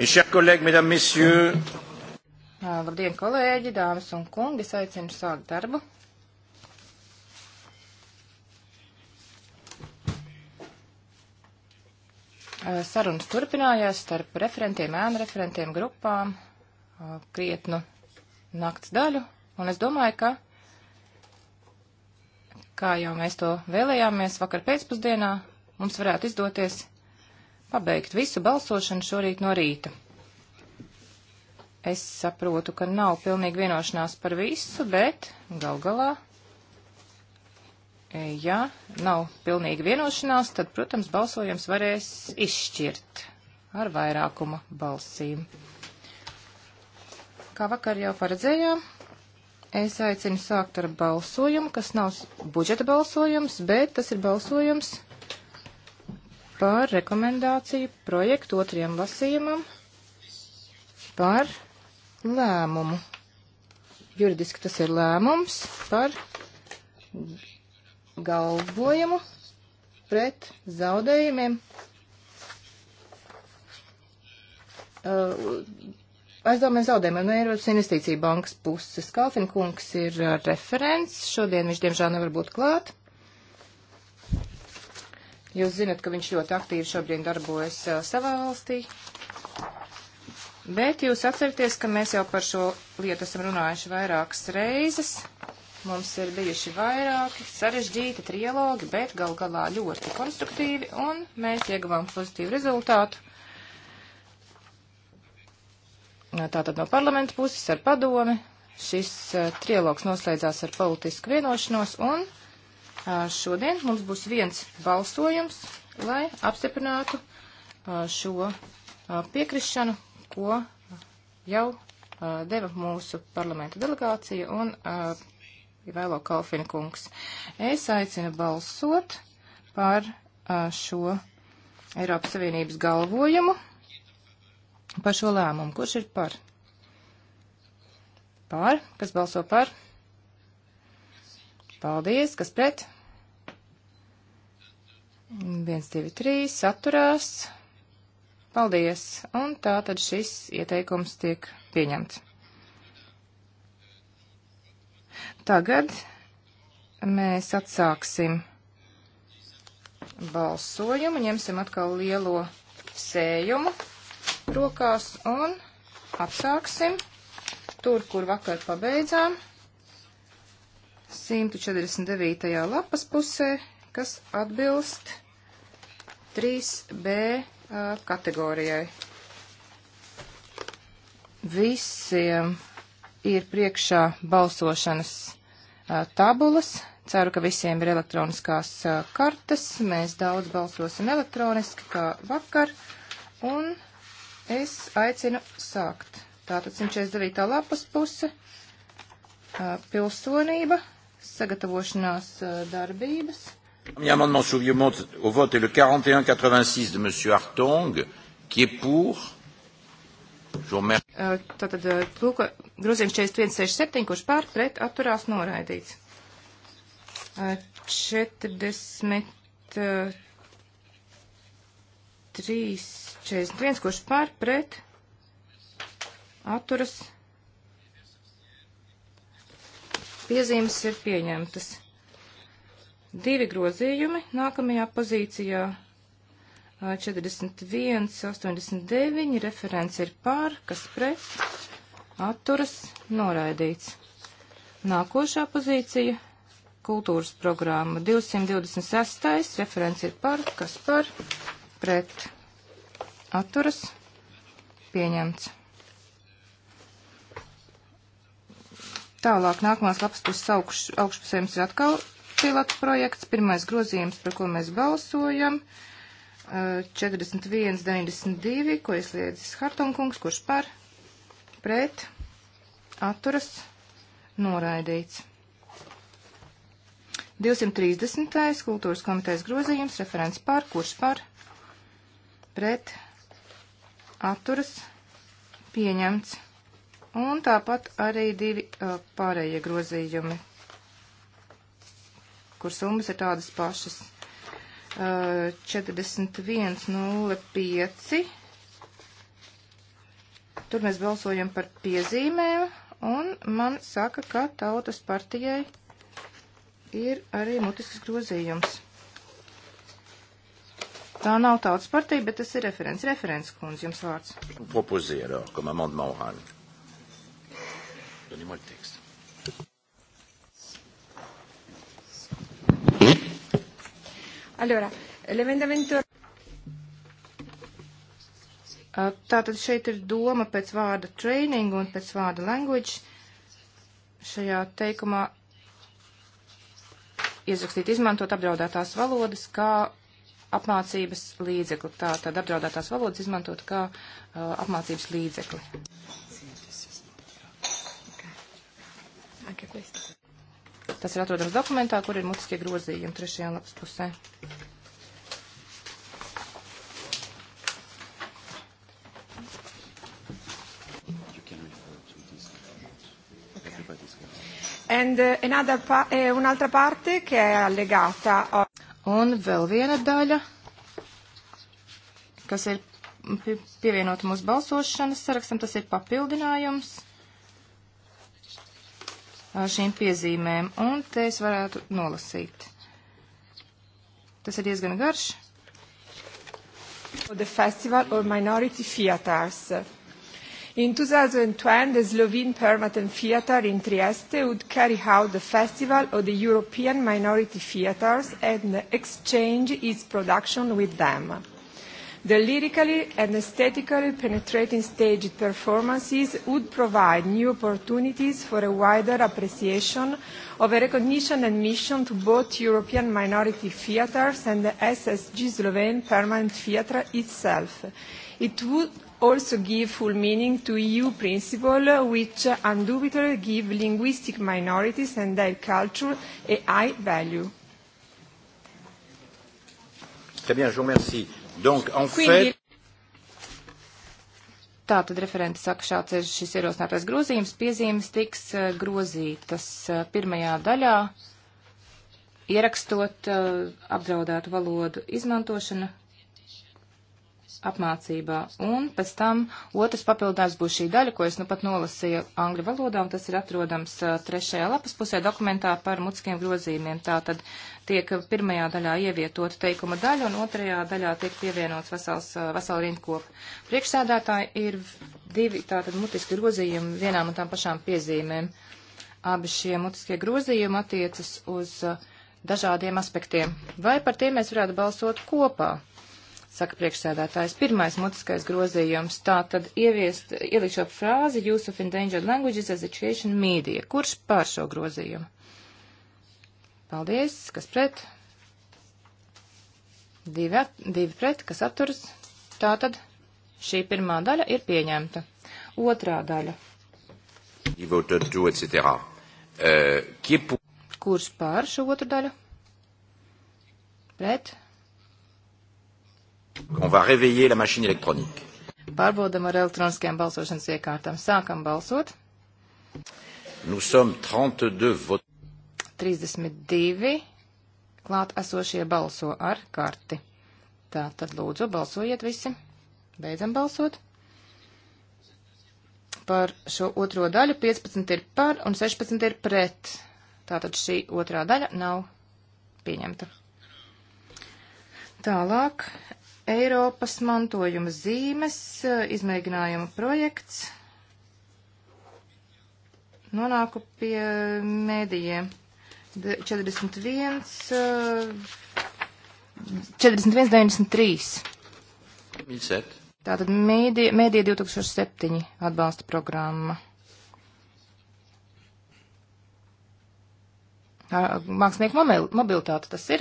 Labdien, kolēģi, dāmas un kungi, es aicinu sākt darbu. Sarunas turpinājās starp referentiem, ēnu referentiem, grupām, krietnu nakts daļu, un es domāju, ka, kā jau mēs to vēlējāmies vakar pēcpusdienā, mums varētu izdoties pabeigt visu balsošanu šorīt no rīta. Es saprotu, ka nav pilnīgi vienošanās par visu, bet gal galā, e, ja nav pilnīgi vienošanās, tad, protams, balsojums varēs izšķirt ar vairākuma balsīm. Kā vakar jau paredzējām, es aicinu sākt ar balsojumu, kas nav budžeta balsojums, bet tas ir balsojums par rekomendāciju projektu otriem lasījumam par lēmumu. Juridiski tas ir lēmums par galvojumu pret zaudējumiem. Uh, aizdomiem zaudējumiem no Eiropas investīcija bankas puses. Kalfinkungs ir uh, referents, šodien viņš diemžēl nevar būt klāt. Jūs zinat, ka viņš ļoti aktīvi šobrīd darbojas savā valstī. Bet jūs atcerieties, ka mēs jau par šo lietu esam runājuši vairākas reizes. Mums ir bijuši vairāki sarežģīti trilogi, bet gal galā ļoti konstruktīvi, un mēs ieguvām pozitīvu rezultātu. Tātad no parlamenta puses ar padomi šis trilogs noslēdzās ar politisku vienošanos, un Šodien mums būs viens balsojums, lai apstiprinātu šo piekrišanu, ko jau deva mūsu parlamenta delegācija un Ivailo Kalfina kungs. Es aicinu balsot par šo Eiropas Savienības galvojumu, par šo lēmumu. Kurš ir par? Par, kas balso par? Paldies, kas pret? 1, 2, 3, atturās. Paldies. Un tā tad šis ieteikums tiek pieņemts. Tagad mēs atsāksim balsojumu, ņemsim atkal lielo sējumu rokās un atsāksim tur, kur vakar pabeidzām. 149. lapas pusē, kas atbilst 3B kategorijai. Visiem ir priekšā balsošanas tabulas. Ceru, ka visiem ir elektroniskās kartes. Mēs daudz balsosim elektroniski, kā vakar. Un es aicinu sākt. Tātad 149. lapas puse, pilsonība, sagatavošanās uh, darbības. Amendement soumis au vote est le 4186 de M. Hartong, qui est pour. Uh, tātad uh, tūko, grozījums 4167, kurš pār pret atturās noraidīts. 43, 41, kurš pār pret atturas noraidīts piezīmes ir pieņemtas. Divi grozījumi nākamajā pozīcijā. 41, 89, referents ir pār, kas pret, atturas, noraidīts. Nākošā pozīcija - kultūras programma 226, referents ir par, kas par, pret, atturas, pieņemts. Tālāk nākamās lapas puses augš, augšpusējums ir atkal pilots projekts, pirmais grozījums, par ko mēs balsojam, 41.92, eh, ko iesliedzis Hartunkungs, kurš par, pret, atturas, noraidīts. 230. kultūras komitejas grozījums, referents par, kurš par, pret, atturas, pieņemts un tāpat arī divi uh, pārējie grozījumi, kur summas ir tādas pašas. Uh, 41.05. Tur mēs balsojam par piezīmēm, un man saka, ka tautas partijai ir arī mutisks grozījums. Tā nav tautas partija, bet tas ir referents. Referents, kundze, jums vārds. Propozīro, ka mamant Mauhāni. Donnez-moi le texte. Allora, l'emendamento... Eh, tātad šeit ir doma pēc vārda training un pēc vārda language. Šajā teikumā izrakstīt izmantot apdraudētās valodas kā apmācības līdzekli. Tātad apdraudētās valodas izmantot kā uh, apmācības līdzekli. Anche questo. Tas ir atrodams dokumentā, kur ir mutiskie grozījumi trešajā lapas pusē. And uh, another pa eh, un'altra parte che è allegata. A... Un vēl viena daļa, kas ir pievienota mūsu balsošanas sarakstam, tas ir papildinājums šīm piezīmēm, un te es varētu nolasīt. Tas ir diezgan garš. The festival of minority theaters. In 2020, the Slovene Permanent Theatre in Trieste would carry out the Festival of the European Minority Theatres and exchange its production with them. The lyrically and aesthetically penetrating staged performances would provide new opportunities for a wider appreciation of a recognition and mission to both European minority theatres and the SSG Slovene Permanent Theatre itself. It would also give full meaning to EU principle, which undoubtedly give linguistic minorities and their culture a high value. Très bien, je vous remercie. Donc, en Quindi... fait... Tātad referenti saka, šāds ir šis ierosinātais grozījums. Piezīmes tiks uh, grozītas uh, pirmajā daļā, ierakstot uh, apdraudētu valodu izmantošanu apmācībā. Un pēc tam otrs papildinājums būs šī daļa, ko es nu pat nolasīju angļu valodā, un tas ir atrodams trešajā lapas pusē dokumentā par mutiskiem grozījumiem. Tā tad tiek pirmajā daļā ievietota teikuma daļa, un otrajā daļā tiek pievienots vesels, vesela rindkopa. Priekšsēdētāji ir divi tātad mutiski grozījumi vienām un tām pašām piezīmēm. Abi šie mutiskie grozījumi attiecas uz dažādiem aspektiem. Vai par tiem mēs varētu balsot kopā? saka priekšsēdētājs. Pirmais mutiskais grozījums - tā tad ieviest, ielikt šo frāzi use of endangered languages as education media. Kurš pār šo grozījumu? Paldies, kas pret? Divi, at, divi pret, kas atturas? Tā tad šī pirmā daļa ir pieņemta. Otrā daļa. Euh, Kurš pār šo otru daļu? Pret? On va réveiller la mašīna elektroniku. Pārbaudam ar elektroniskajām balsošanas iekārtām. Sākam balsot. Nous sommes 32 vot. 32 klāt esošie balso ar karti. Tā tad lūdzu balsojiet visi. Beidzam balsot. Par šo otro daļu 15 ir par un 16 ir pret. Tātad šī otrā daļa nav pieņemta. Tālāk Eiropas mantojuma zīmes eh, izmēģinājuma projekts. Nonāku pie mēdījiem. 41, 41, 93. Tātad mēdija, mēdija 2007 atbalsta programma. Mākslinieku mobilitāte tas ir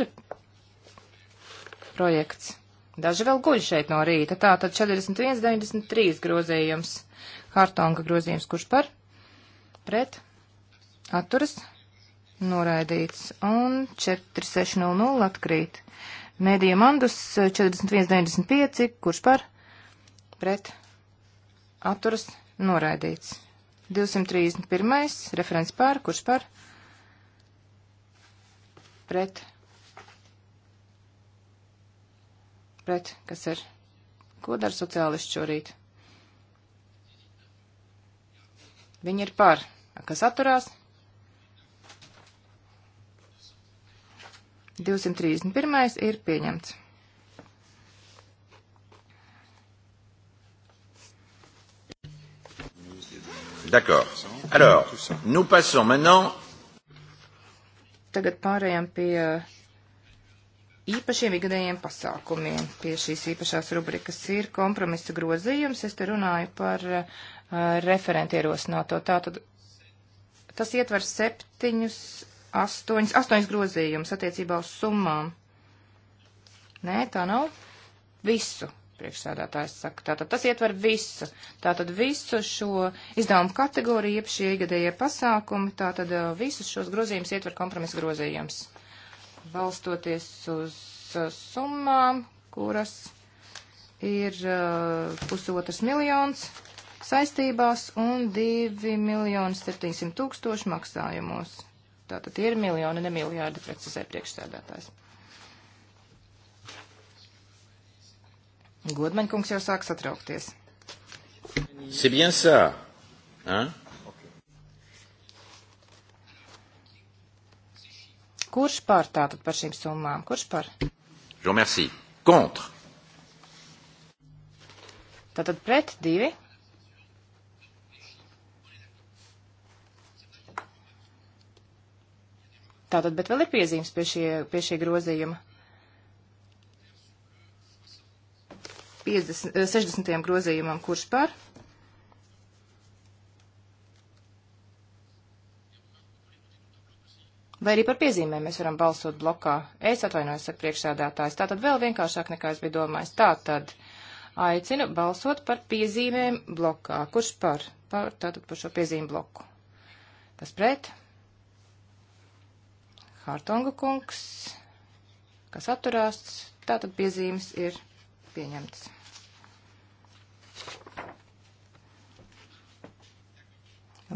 projekts. Daži vēl guļ šeit no rīta. Tātad 41,93 grozījums. Hartonga grozījums, kurš par? Pret? Atturas? Noraidīts. Un 4600 atkrīt. Mēdija Mandus 41,95, kurš par? Pret? Atturas? Noraidīts. 231. referents par, kurš par? Pret? pret, kas ir. Ko dara sociālisti šorīt? Viņi ir par. Kas atturās? 231. ir pieņemts. D'accord. Alors, nous passons maintenant. Tagad pārējām pie uh, īpašiem ikgadējiem pasākumiem. Pie šīs īpašās rubrikas ir kompromisa grozījums. Es te runāju par uh, referentu ierosināto. Tātad tas ietver septiņus, astoņus, astoņus grozījumus attiecībā uz summām. Nē, tā nav. Visu priekšsēdētājs saka. Tātad tas ietver visu. Tātad visu šo izdevumu kategoriju, jeb šie iegadējie pasākumi, tātad uh, visus šos grozījumus ietver kompromisa grozījums balstoties uz uh, summām, kuras ir uh, pusotras miljons saistībās un 2 miljoni 700 tūkstoši maksājumos. Tātad ir miljoni, ne miljārdi, precizē priekšsēdētājs. Godmaņkungs jau sāk satraukties. C'est bien ça, hein? Kurš par tātad par šīm summām? Kurš par? Jo merci. Contre. Tātad pret divi. Tātad, bet vēl ir piezīmes pie, šie, pie šī grozījuma. 50, 60. Eh, grozījumam, kurš par? Vai arī par piezīmēm mēs varam balsot blokā? Es atvainojos, saka priekšsēdētājs. Tā tad vēl vienkāršāk nekā es biju domājis. Tā tad aicinu balsot par piezīmēm blokā. Kurš par? par tātad par šo piezīmu bloku. Kas pret? Hārtonga kungs. Kas atturās? Tātad piezīmes ir pieņemtas.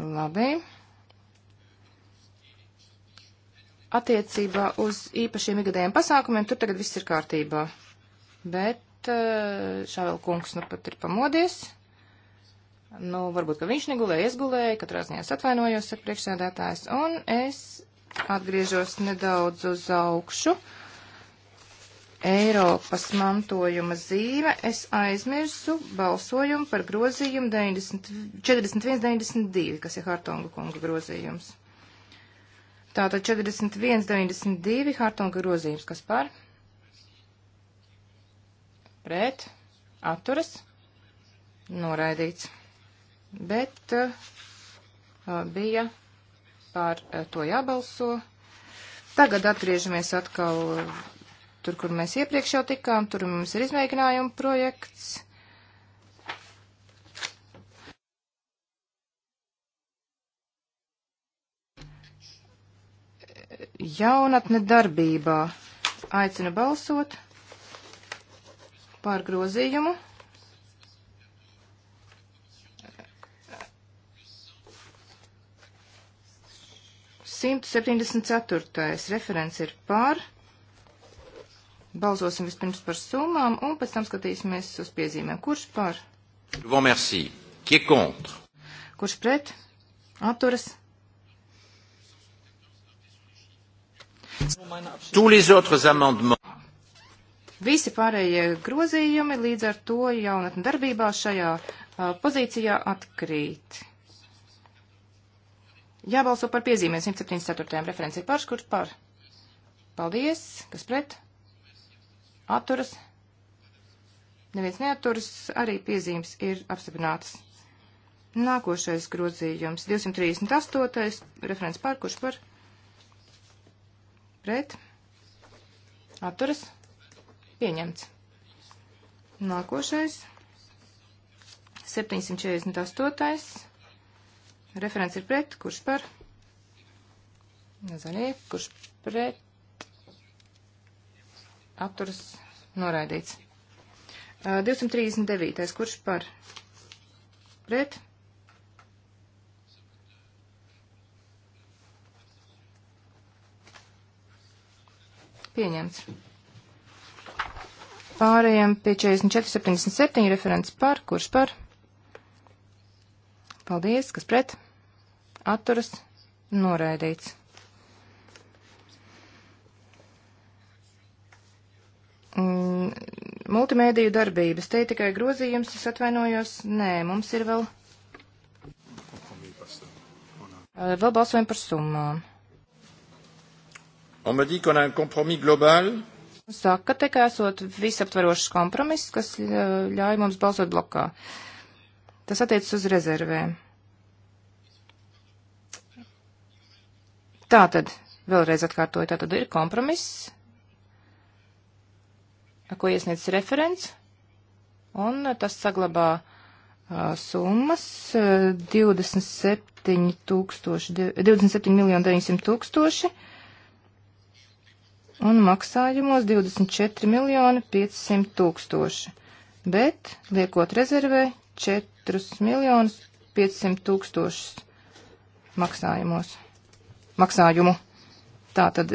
Labi. attiecībā uz īpašiem ikgadējiem pasākumiem, tur tagad viss ir kārtībā. Bet eh, Šāvēl kungs nu pat ir pamodies. Nu, varbūt, ka viņš negulēja, es gulēju, katrā ziņā es atvainojos, saka priekšsēdētājs, un es atgriežos nedaudz uz augšu. Eiropas mantojuma zīme, es aizmirsu balsojumu par grozījumu 41.92, kas ir Hartonga kunga grozījums. Tātad 41.92 Hartunga grozījums, kas par? Pret. Atturas. Noraidīts. Bet uh, bija par uh, to jābalso. Tagad atgriežamies atkal uh, tur, kur mēs iepriekš jau tikām. Tur mums ir izmēģinājuma projekts. jaunatne darbībā. Aicinu balsot par grozījumu. Simt septiņdesmit ceturtais referents ir par. Balsosim vispirms par summām un pēc tam skatīsimies uz piezīmēm. Kurš par? Kurš pret? Atturas? Visi pārējie grozījumi līdz ar to jaunatni darbībā šajā uh, pozīcijā atkrīt. Jābalso par piezīmēm 174. referenci par, kurš par. Paldies, kas pret? Atturas. Neviens neaturas, arī piezīmes ir apstiprinātas. Nākošais grozījums 238. referents par, kurš par pret, atturas, pieņemts. Nākošais, 748. Referents ir pret, kurš par? Zaļie, kurš pret, atturas, noraidīts. 239. kurš par? Pret, atturas Pieņemts. Pārējām pie 44,77 referents par, kurš par. Paldies, kas pret. Atturas noraidīts. Mm, multimēdiju darbības. Te ir tikai grozījums, es atvainojos. Nē, mums ir vēl. Vēl balsojam par summām. On me dit qu'on a un compromis global. Saka, te, ka esot visaptvarošs kompromiss, kas ļauj mums balsot blokā. Tas attiec uz rezervēm. Tātad, vēlreiz atkārtoju, tātad ir kompromiss, ko iesniedz referents, un tas saglabā uh, summas uh, 27 tūkstoši, 27 miljonu 900 tūkstoši. Uh, un maksājumos 24 miljoni 500 tūkstoši, bet liekot rezervē 4 miljonus 500 tūkstošus maksājumos. Maksājumu. Tā tad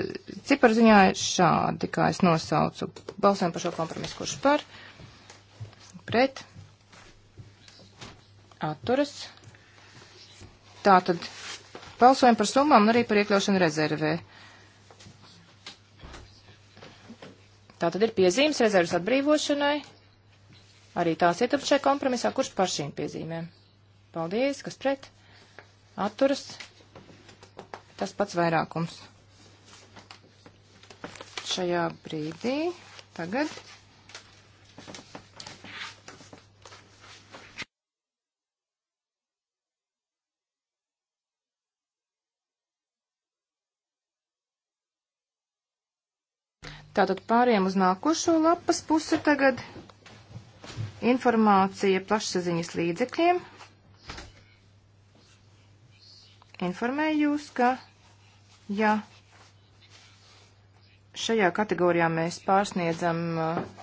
ciparziņā ir šādi, kā es nosaucu. Balsojam par šo kompromisu, kurš par, pret, atturas. Tā tad balsojam par summām un arī par iekļaušanu rezervē. Tā tad ir piezīmes rezervas atbrīvošanai. Arī tās ietilpst šajā kompromisā, kurš par šīm piezīmēm. Paldies, kas pret? Atturas. Tas pats vairākums. Šajā brīdī tagad Tātad pāriem uz nākošo lapas pusi tagad. Informācija plašsaziņas līdzekļiem. Informēju jūs, ka, ja šajā kategorijā mēs pārsniedzam uh,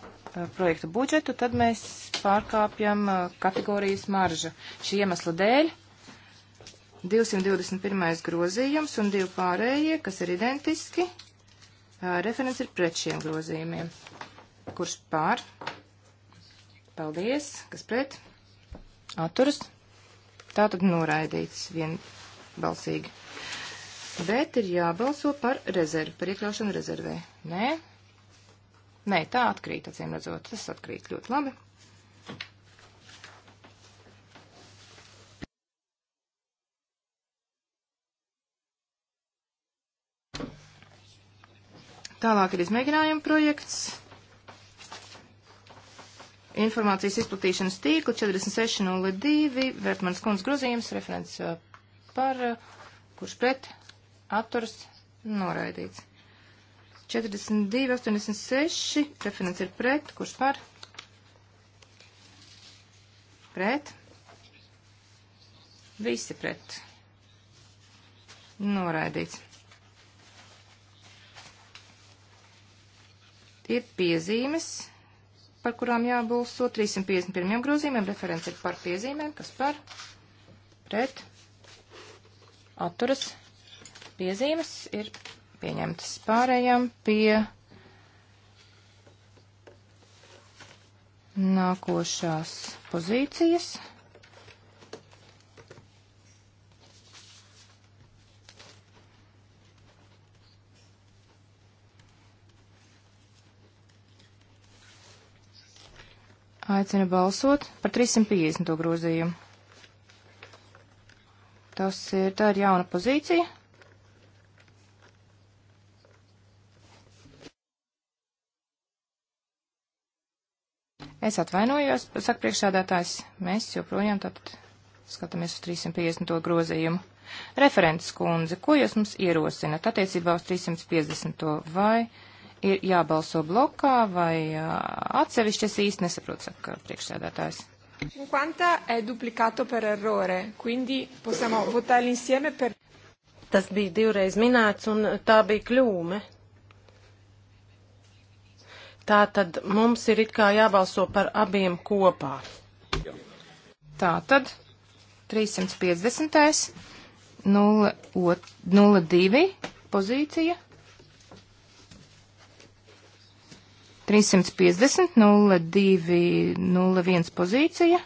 projektu budžetu, tad mēs pārkāpjam uh, kategorijas maržu. Šī iemesla dēļ 221. grozījums un divi pārējie, kas ir identiski, Referents ir pret šiem grozījumiem. Kurš pār? Paldies. Kas pret? Atturas. Tā tad noraidīts vienbalsīgi. Bet ir jābalso par rezervu, par iekļaušanu rezervē. Nē? Nē, tā atkrīt, acīm redzot. Tas atkrīt ļoti labi. Tālāk ir izmēģinājuma projekts. Informācijas izplatīšanas tīkla 4602, Vērtmanas kundzes grozījums, referents uh, par, uh, kurš pret, atturs, noraidīts. 42,86, referents ir pret, kurš par? Pret. Visi pret. Noraidīts. ir piezīmes, par kurām jābalso 351 grozījumiem, referents ir par piezīmēm, kas par, pret, atturas, piezīmes ir pieņemtas pārējām pie nākošās pozīcijas. Aicinu balsot par 350. grozījumu. Tas ir, tā ir jauna pozīcija. Es atvainojos, saka priekšsādātājs, mēs joprojām tātad skatāmies uz 350. grozījumu. Referents kundze, ko jūs mums ierosinat attiecībā uz 350. vai 350 ir jābalso blokā vai atsevišķi, es īsti nesaprotu, saka priekšsēdētājs. 50 è duplicato per errore, quindi possiamo votare insieme per. Tas bija divreiz minēts, un tā bija kļūme. Tā tad mums ir it kā jābalso par abiem kopā. Tā tad 350. 02 pozīcija 350 02 01 pozīcija.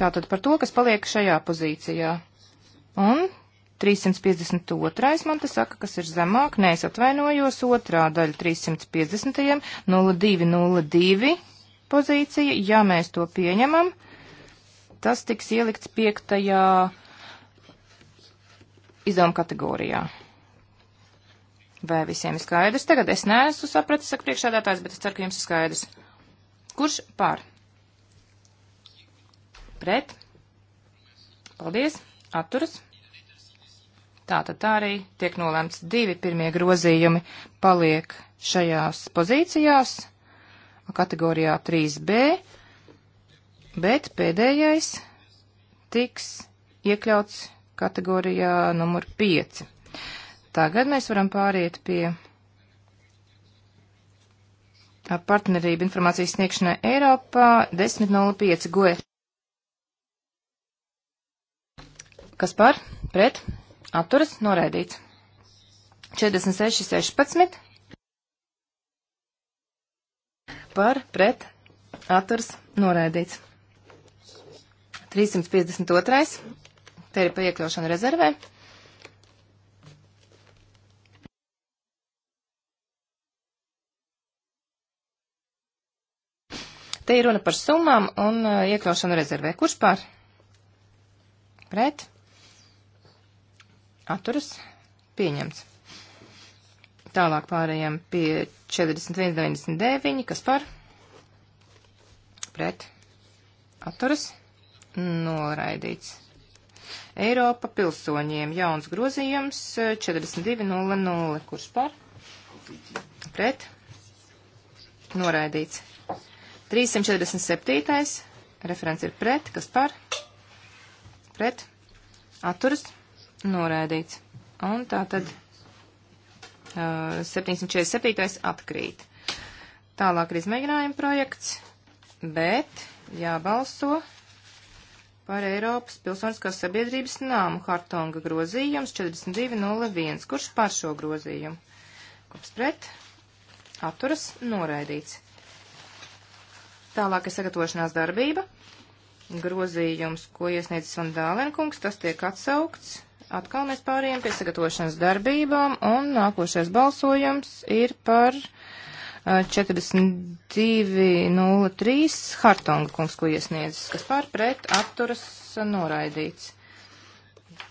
Tātad par to, kas paliek šajā pozīcijā. Un 352. man te saka, kas ir zemāk, nē, es atvainojos, otrā daļa 350. 0202 pozīcija, ja mēs to pieņemam, tas tiks ielikts piektajā izdevuma kategorijā. Vai visiem ir skaidrs? Tagad es neesmu sapratis, saka priekšādātājs, bet es ceru, ka jums ir skaidrs. Kurš pār? Pret? Paldies. Atturas. Tā tad tā arī tiek nolēmts. Divi pirmie grozījumi paliek šajās pozīcijās kategorijā 3B, bet pēdējais tiks iekļauts kategorijā numur 5. Tagad mēs varam pāriet pie partnerību informācijas sniegšanai Eiropā 10.05 goe. Kas par? Pret? Atturas? Noraidīts. 46.16. Par? Pret? Atturas? Noraidīts. 352. Te ir pa iekļaušanu rezervē. Te ir runa par summām un uh, iekļaušanu rezervē. Kurš pār? Pret? Atturas? Pieņemts. Tālāk pārējām pie 41.99. Kas par? Pret? Atturas? Noraidīts. Eiropa pilsoņiem jauns grozījums 42.00. Uh, Kurš par? Pret? Noraidīts. 347. Referents ir pret, kas par? Pret. Atturas. Noraidīts. Un tā tad uh, 747. atkrīt. Tālāk ir izmēģinājuma projekts, bet jābalso par Eiropas pilsoniskās sabiedrības nāmu Hartonga grozījums 4201. Kurš par šo grozījumu? Kurš pret? Atturas noraidīts. Tālāk ir sagatavošanās darbība. Grozījums, ko iesniedzis Van Dālenkungs, tas tiek atsaukts. Atkal mēs pārējām pie sagatavošanas darbībām, un nākošais balsojums ir par 42.03 Hartonga kungs, ko iesniedzis, kas pārpret atturas noraidīts.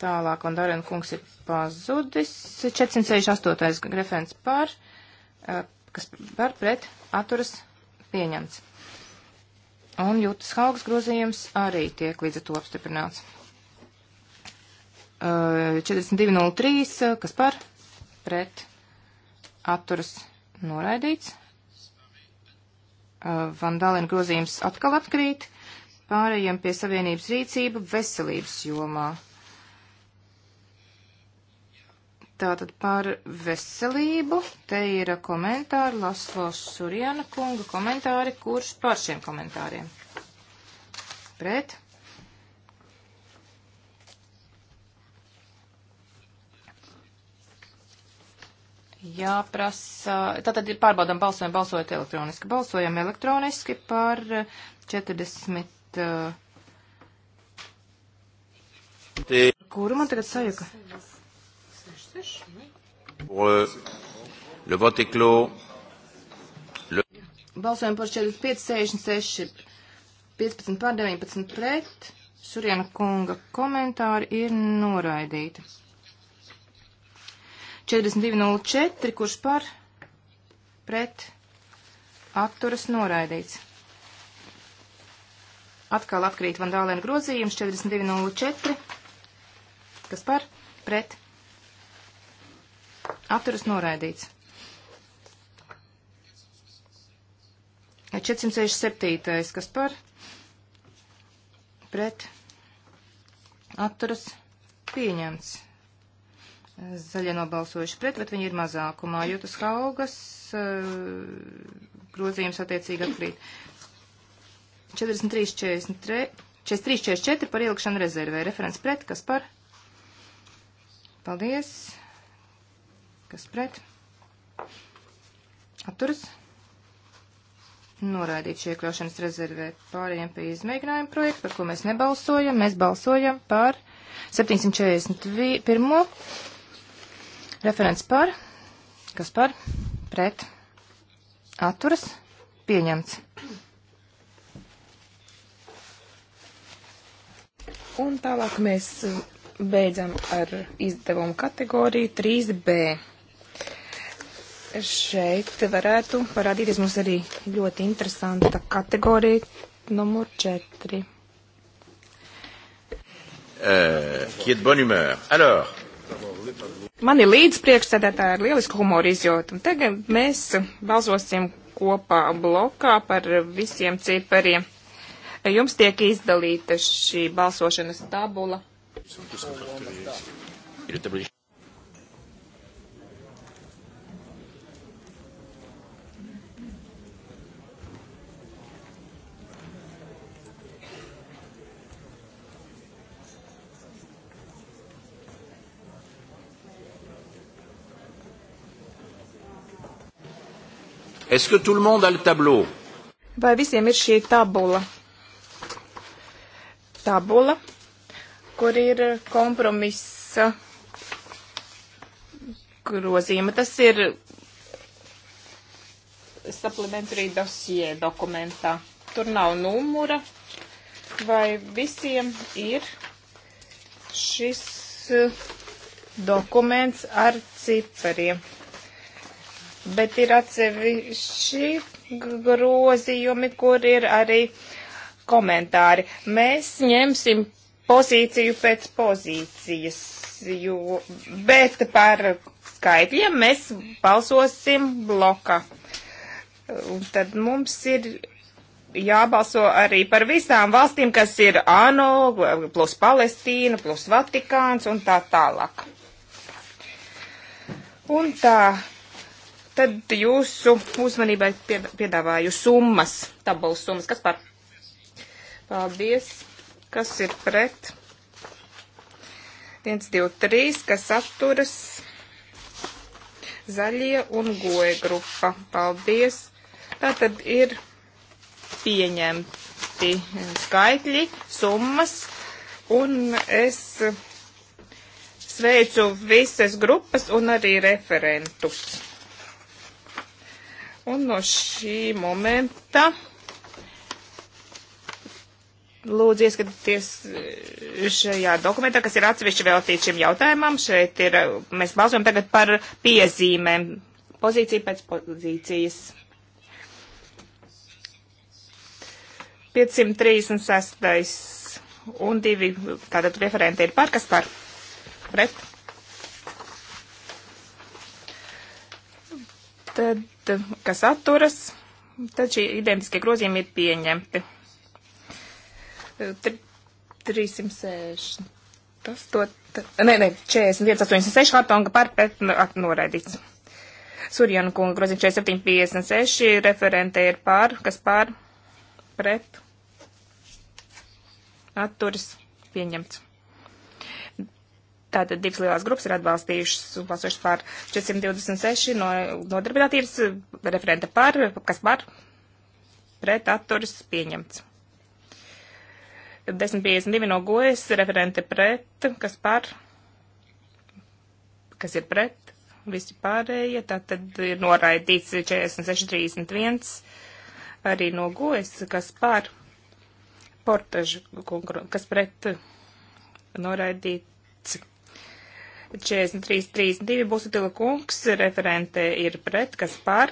Tālāk, un Darēna kungs ir pazudis. 468. referents par, kas par pret atturas pieņemts. Un jūtas haugs grozījums arī tiek līdz ar to apstiprināts. Uh, 42.03, kas par pret atturas noraidīts. Uh, Vandālēna grozījums atkal atkrīt. Pārējiem pie savienības rīcība veselības jomā. Tātad par veselību te ir komentāri Laslo Surjana kunga komentāri, kurš par šiem komentāriem. Pret. Jāprasa. Tātad ir pārbaudām balsojumu, balsojot elektroniski. Balsojam elektroniski par 40. Eh, kuru man tagad sajūka? Balsojam par 45, 66, 15 pār 19 pret. Šuriena kunga komentāri ir noraidīti. 42.04, kurš par pret atturas noraidīts. Atkal atkrīt vandālēna grozījums 42.04, kas par pret Atturas noraidīts. 467. kas par pret atturas pieņemts. Zaļie nobalsojuši pret, bet viņi ir mazākumā, jo tas haugas eh, grozījums attiecīgi atkrīt. 43, 43, 44 par ielikšanu rezervē. Referents pret, kas par? Paldies kas pret, atturas, noraidīt šī iekļaušanas rezervē. Pārējiem pie izmēģinājuma projekta, par ko mēs nebalsojam, mēs balsojam par 741. referents par, kas par, pret, atturas, pieņemts. Un tālāk mēs beidzam ar izdevumu kategoriju 3B šeit varētu parādīties mums arī ļoti interesanta kategorija numur 4. Eh, uh, Man ir līdz priekšsēdētāji ar lielisku humoru izjūtu. Tagad mēs balsosim kopā blokā par visiem cipariem. Jums tiek izdalīta šī balsošanas tabula. Ir Est-ce que tout le monde a le tableau? Vai visiem ir šī tabula? Tabula, kur ir kompromisa grozījuma. Tas ir supplementary dosie dokumentā. Tur nav numura. Vai visiem ir šis dokuments ar cipariem? bet ir atsevišķi grozījumi, kur ir arī komentāri. Mēs ņemsim pozīciju pēc pozīcijas, jo, bet par skaitļiem mēs balsosim bloka. Un tad mums ir jābalso arī par visām valstīm, kas ir ANO, plus Palestīna, plus Vatikāns un tā tālāk. Un tā Tad jūsu uzmanībai piedāvāju summas, tabulas summas. Kas par? Paldies. Kas ir pret? 1, 2, 3, kas atturas? Zaļie un goja grupa. Paldies. Tā tad ir pieņemti skaitļi, summas, un es sveicu visas grupas un arī referentus. Un no šī momenta lūdzu ieskatieties eh, šajā dokumentā, kas ir atsevišķi veltīts šim jautājumam. Šeit ir, eh, mēs balsojam tagad par piezīmēm, pozīciju pēc pozīcijas. 536. un divi, tātad referenti ir par, kas par? Pret? Tad, kas atturas, tad šie identiskie grozījumi ir pieņemti. 306. Tas to, nē, nē, 41, 86, Hartonga par pret nu, noraidīts. Surjana kunga grozījums 47, 56, referente ir pār, kas pār, pret, atturis, pieņemts. Tātad divas lielās grupas ir atbalstījušas un balsojušas par 426 no nodarbinātības referenta par, kas par pret atturis pieņemts. 1052 no gojas referente pret, kas par, kas ir pret, visi pārējie, tātad ir noraidīts 4631 arī no gojas, kas par portažu, kas pret noraidīt 43.32 būs utila kungs, referente ir pret, kas par.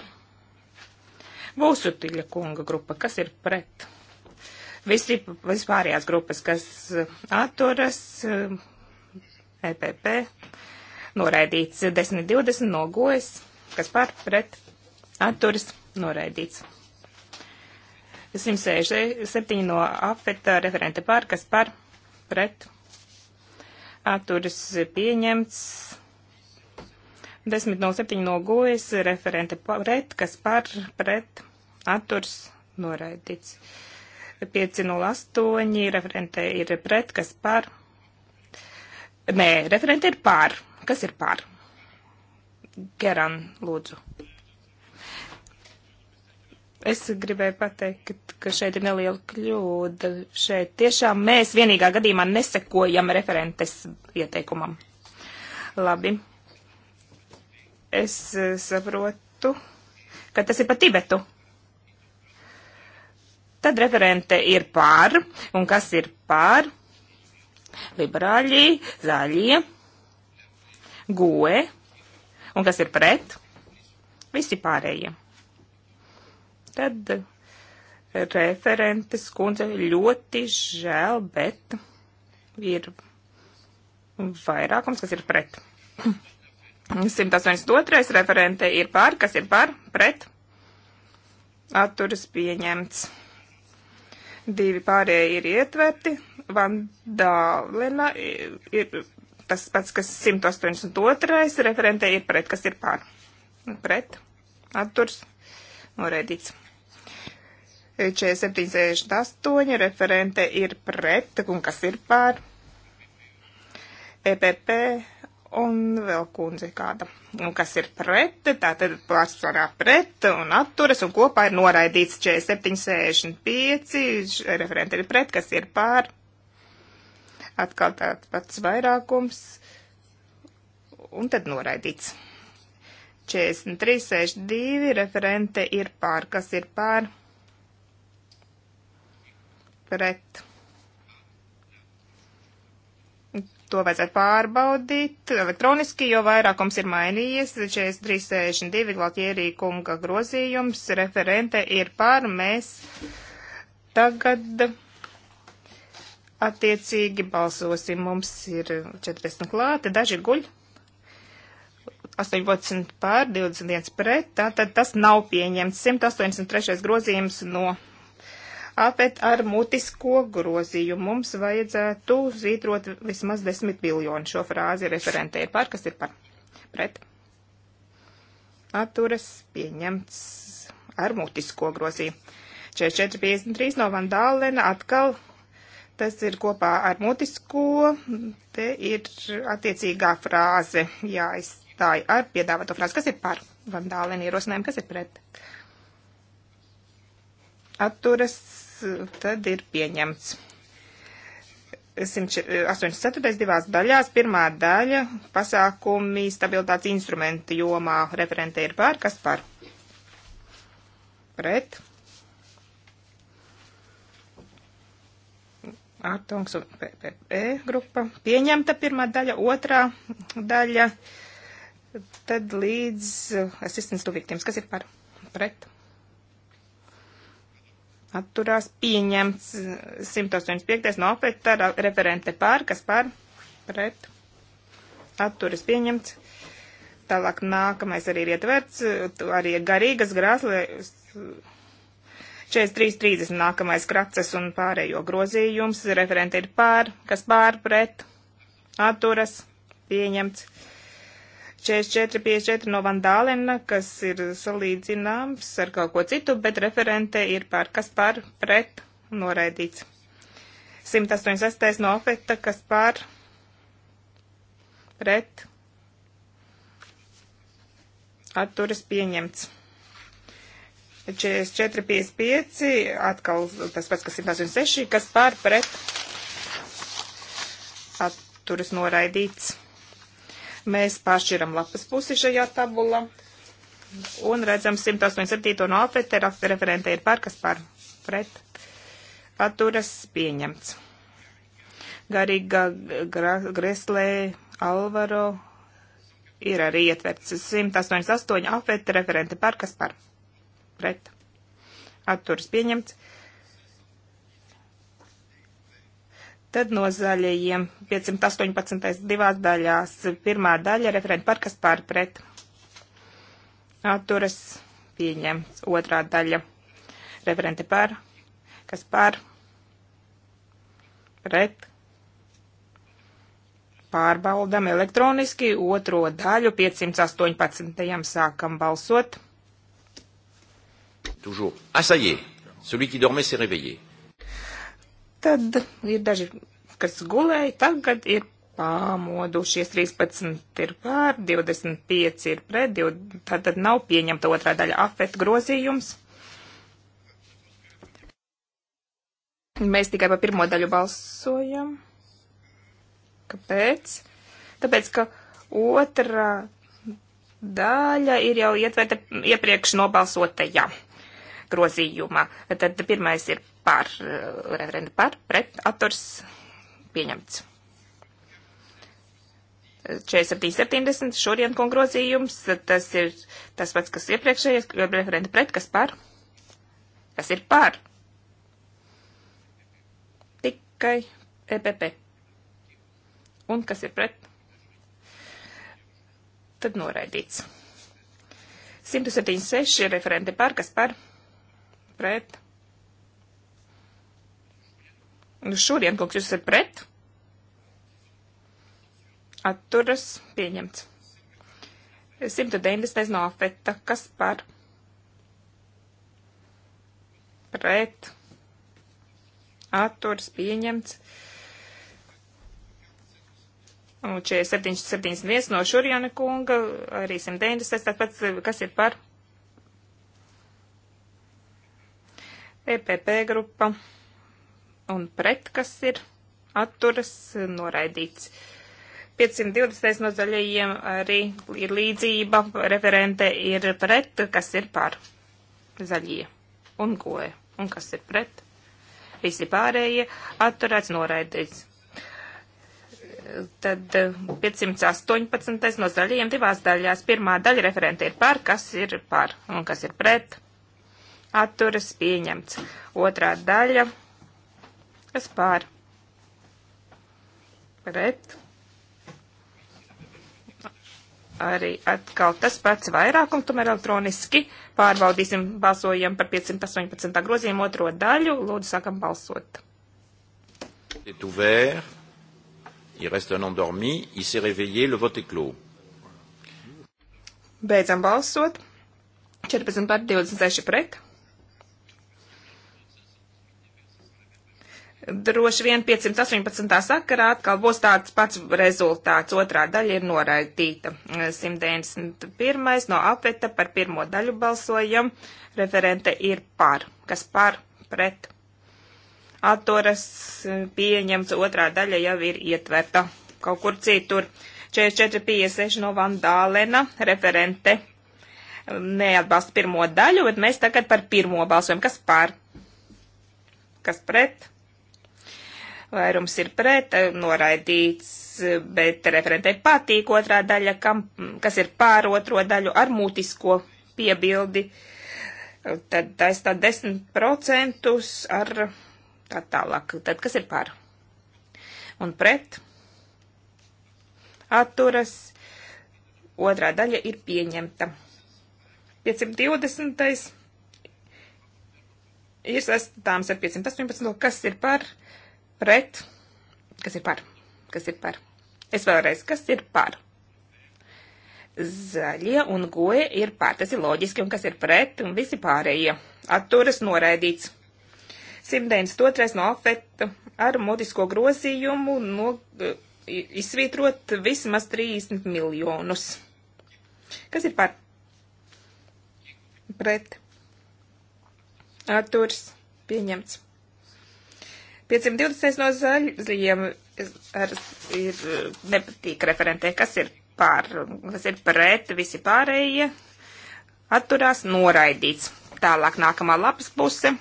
Būs utila kunga grupa, kas ir pret. Visi, vispārējās grupas, kas atturas, EPP, noraidīts 10.20 nogojas, kas par, pret, atturas, noraidīts. 167 no apveta referente par, kas par, pret, atturas pieņemts. 10 no 7 no gojas referente pret, kas par pret atturs noraidīts. 5 no 8 referente ir pret, kas par. Nē, referente ir pār. Kas ir pār? Geran, lūdzu. Es gribēju pateikt, ka šeit ir neliela kļūda. Šeit tiešām mēs vienīgā gadījumā nesekojam referentes ieteikumam. Labi. Es eh, saprotu, ka tas ir pa Tibetu. Tad referente ir pār, un kas ir pār? Liberāļi, zaļie, goe, un kas ir pret? Visi pārējie. Tad eh, referentes kundze ļoti žēl, bet ir vairākums, kas ir pret. 182. referente ir pār, kas ir pār, pret. Atturas pieņemts. Divi pārējie ir ietverti. Vandālena ir tas pats, kas 182. referente ir pret, kas ir pār. Pret. Atturs. Noreidīts. 47, 68, referente ir pret, un kas ir pār? EPP un vēl kundze kāda. Un kas ir pret, tātad pārsvarā pret un atturas, un kopā ir noraidīts 47, 65, referente ir pret, kas ir pār? Atkal tāds pats vairākums, un tad noraidīts. 43, 62, referente ir pār, kas ir pār? pret. To vajadzētu pārbaudīt elektroniski, jo vairākums ir mainījies. 4362 Latjērī kunga grozījums, referente ir pār, mēs tagad attiecīgi balsosim. Mums ir 40 klāti, daži guļ. 18 pār, 21 pret, tātad tas nav pieņemts. 183. grozījums no apet ar mutisko grozījumu. Mums vajadzētu zītrot vismaz 10 miljonu. Šo frāzi referentē ir par, kas ir par pret. Atturas pieņemts ar mutisko grozījumu. 4453 no Vandālena atkal tas ir kopā ar mutisko, te ir attiecīgā frāze jāizstāj ar piedāvāto frāzi, kas ir par vandālēnu ierosinājumu, kas ir pret. Atturas tad ir pieņemts. 184. Eh, divās daļās. Pirmā daļa - pasākumi stabilitātes instrumenta jomā. Referente ir pār, kas par? Pret. Artungs un PPE grupa. Pieņemta pirmā daļa, otrā daļa. Tad līdz eh, asistents tuvīktiem. Kas ir par? Pret atturās pieņemts 185. no apetā referente pār, kas pār pret atturas pieņemts. Tālāk nākamais arī ir ietverts, arī garīgas grāslas 43.30 nākamais kraces un pārējo grozījums. Referente ir pār, kas pār pret atturas pieņemts. 4454 no Vandālena, kas ir salīdzināms ar kaut ko citu, bet referente ir par kas par pret noraidīts. 186 no Ofeta, kas par pret atturas pieņemts. 4455, atkal tas pats, kas 186, kas par pret atturas noraidīts. Mēs pāršķiram lapas pusi šajā tabulā un redzam 187. no apete referente ir par, kas par pret atturas pieņemts. Garīga Greslē Alvaro ir arī ietverts 188 apete referente par, kas par pret atturas pieņemts. Tad no zaļajiem 518. divās daļās. Pirmā daļa referenta par, kas pār pret. Atturas pieņemts. Otrā daļa referenta par, kas pār pret. Pārbaudam elektroniski otro daļu 518. sākam balsot. Toujours. Ah, ça y est. Celui qui dormait s'est réveillé tad ir daži, kas gulēja, tagad ir pāmodušies, 13 ir pār, 25 ir pret, 20, tātad nav pieņemta otrā daļa afet grozījums. Mēs tikai par pirmo daļu balsojam. Kāpēc? Tāpēc, ka otrā daļa ir jau ietverta iepriekš nobalsotajā. Ja grozījumā. Tad pirmais ir par eh, referendu par, pret, atturs pieņemts. 4770 šodien kongrozījums, tas ir tas pats, kas iepriekšējais, jo referenta pret, kas par? Kas ir par? Tikai EPP. Un kas ir pret? Tad noraidīts. 176 referenti par, kas par? pret. Nu, šodien kaut kas jūs ir pret. Atturas pieņemts. 190 no afeta. Kas par? Pret. Atturas pieņemts. Un 47, 71 no Šurjana kunga, arī 190, tāpēc kas ir par? EPP grupa un pret, kas ir atturas noraidīts. 520 no zaļajiem arī ir līdzība, referente ir pret, kas ir par zaļie un goja, un kas ir pret. Visi pārējie atturēts noraidīts. Tad 518 eh, no zaļajiem divās daļās. Pirmā daļa referente ir par, kas ir par un kas ir pret atturas pieņemts. Otrā daļa, kas pār, pret, arī atkal tas pats vairākums, tomēr elektroniski pārbaudīsim, balsojam par 518. grozījumu otro daļu, lūdzu sākam balsot. Est ouvert, il reste un endormi, il s'est réveillé, le vote est clos. Beidzam balsot. 14 par 26 pret. Droši vien 518. sakarā atkal būs tāds pats rezultāts. Otrā daļa ir noraidīta. 191. no apveta par pirmo daļu balsojam. Referente ir par. Kas par? Pret. Atturas eh, pieņemts. Otrā daļa jau ir ietverta. Kaut kur citur. 4456 no Vandālena. Referente eh, neatbalsta pirmo daļu, bet mēs tagad par pirmo balsojam. Kas par? Kas pret? vairums ir pret, noraidīts, bet referentei patīk otrā daļa, kam, kas ir pār otro daļu ar mutisko piebildi. Tad aizstāt 10% ar tā tālāk. Tad kas ir pār? Un pret atturas otrā daļa ir pieņemta. 520. ir sastāms ar 518, kas ir par pret, kas ir par, kas ir par. Es vēlreiz, kas ir par? Zaļie un goja ir par, tas ir loģiski, un kas ir pret, un visi pārējie. Atturas noraidīts. 192. no afeta ar modisko grozījumu no, izsvītrot vismaz 30 miljonus. Kas ir par? Pret. Atturs pieņemts. 520 no zaļiem ar, ir nepatīk referentē, kas ir pār, kas ir pret, visi pārējie atturās noraidīts. Tālāk nākamā lapas puse.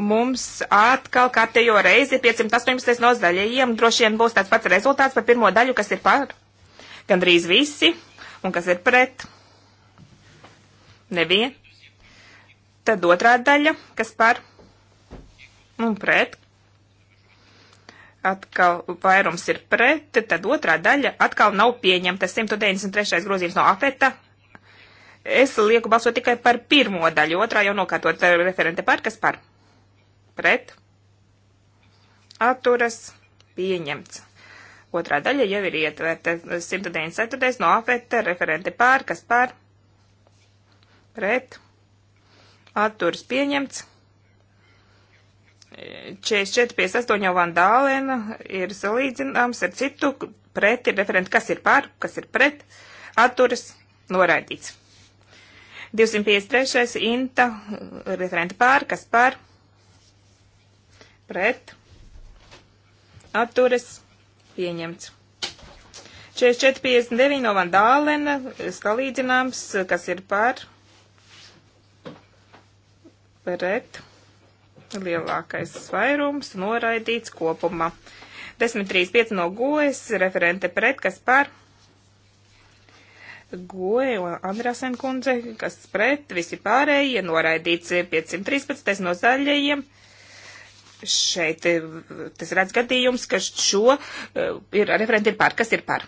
Mums atkal kārtējo reizi 518 no zaļajiem droši vien būs tāds pats rezultāts par pirmo daļu, kas ir pār gandrīz visi un kas ir pret. Nevien. Tad otrā daļa, kas par un pret. Atkal vairums ir pret, tad otrā daļa atkal nav pieņemta. 193. grozījums no afeta. Es lieku balsot tikai par pirmo daļu, otrā jau nokārtot referente par, kas par. Pret. Atturas. Pieņemts. Otrā daļa jau ir ietverta 194. no afeta referente pār, kas pār. Pret. Atturas pieņemts. 44 pie 8 jau Vandālēna ir salīdzināms ar citu preti referentu, kas ir par, kas ir pret, atturas noraidīts. 253. Inta referenta pār, kas pār, pret, atturas pieņemts. 44, 59 no Vandālēna, salīdzināms, kas ir pār, pret, lielākais vairums noraidīts kopumā. 10.35 no gojas, referente pret, kas par goja un Andrāsen kundze, kas pret, visi pārējie noraidīts 513 no zaļajiem. Šeit eh, tas redz gadījums, ka šo eh, ir referenti ir par, kas ir par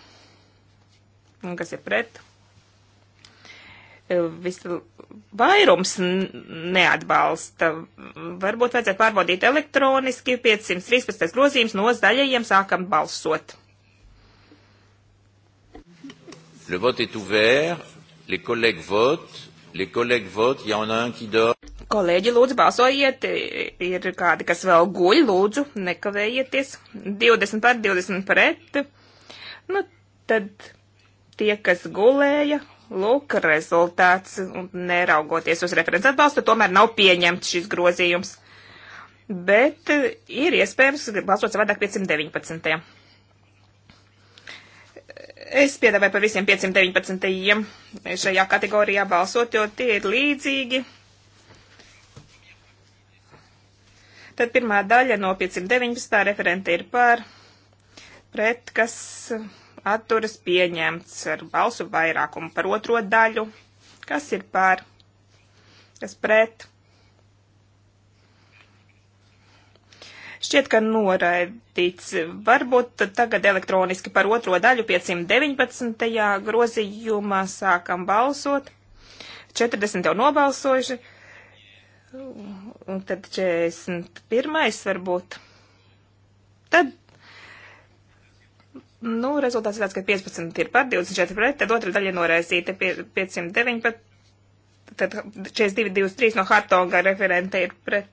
un kas ir pret vairums neatbalsta. Varbūt vajadzētu pārbaudīt elektroniski 513. grozījums no zaļajiem sākam balsot. Le vote est ouvert, les collègues votent, les collègues votent, il y en a un qui dort. Kolēģi, lūdzu, balsojiet, ir kādi, kas vēl guļ, lūdzu, nekavējieties. 20 par 20 pret. Nu, tad tie, kas gulēja, Lūk, rezultāts, neraugoties uz referents atbalstu, tomēr nav pieņemts šis grozījums. Bet eh, ir iespējams balsot savādāk 519. Es piedāvāju par visiem 519. šajā kategorijā balsot, jo tie ir līdzīgi. Tad pirmā daļa no 519. referenta ir par pret, kas atturas pieņemts ar balsu vairākumu par otro daļu. Kas ir pār? Kas pret? Šķiet, ka noraidīts. Varbūt tagad elektroniski par otro daļu 519. grozījumā sākam balsot. 40 jau nobalsojuši. Un tad 41. varbūt. Tad Nu, rezultāts ir tāds, ka 15 ir par 24 pret, tad otra daļa noraisīta 509, tad 42, 23 no Hartonga referente ir pret,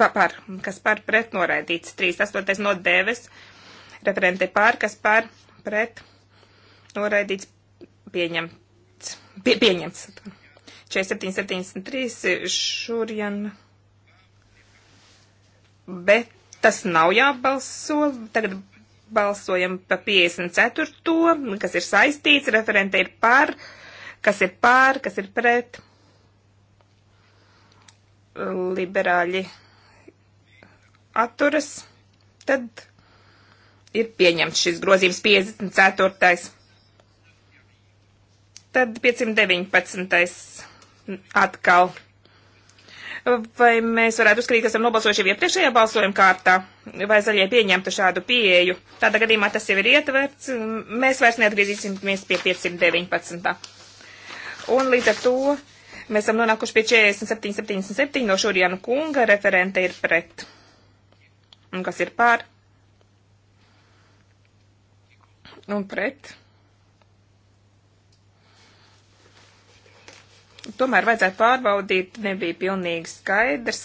pa, par, kas par pret noraidīts, 38 no Deves referente par, kas par pret noraidīts pieņemts, pie, pieņemts. 47, 73 šurien, bet tas nav jābalso, tagad balsojam par 54. To, kas ir saistīts, referente ir par, kas ir pār, kas ir pret. Liberāļi atturas, tad ir pieņemts šis grozījums 54. Tad 519. atkal Vai mēs varētu uzskatīt, ka esam nobalsojuši jau iepriekšējā balsojuma kārtā, vai zaļie pieņemtu šādu pieeju? Tādā gadījumā tas jau ir ietverts, mēs vairs neatgriezīsimies pie 519. Un līdz ar to mēs esam nonākuši pie 4777 no Šurjana kunga, referente ir pret. Un kas ir pār? Un pret? tomēr vajadzētu pārbaudīt, nebija pilnīgi skaidrs.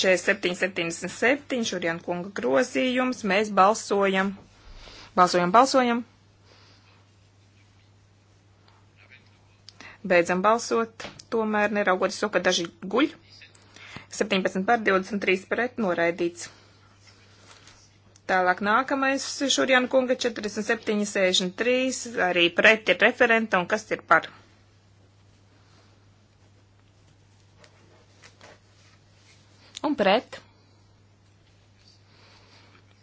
4777, šurien kunga grozījums, mēs balsojam. Balsojam, balsojam. Beidzam balsot, tomēr neraugoties to, ka daži guļ. 17 par 23 pret noraidīts. Tālāk nākamais šurien kunga 4763, arī pret ir referenta un kas ir par. un pret.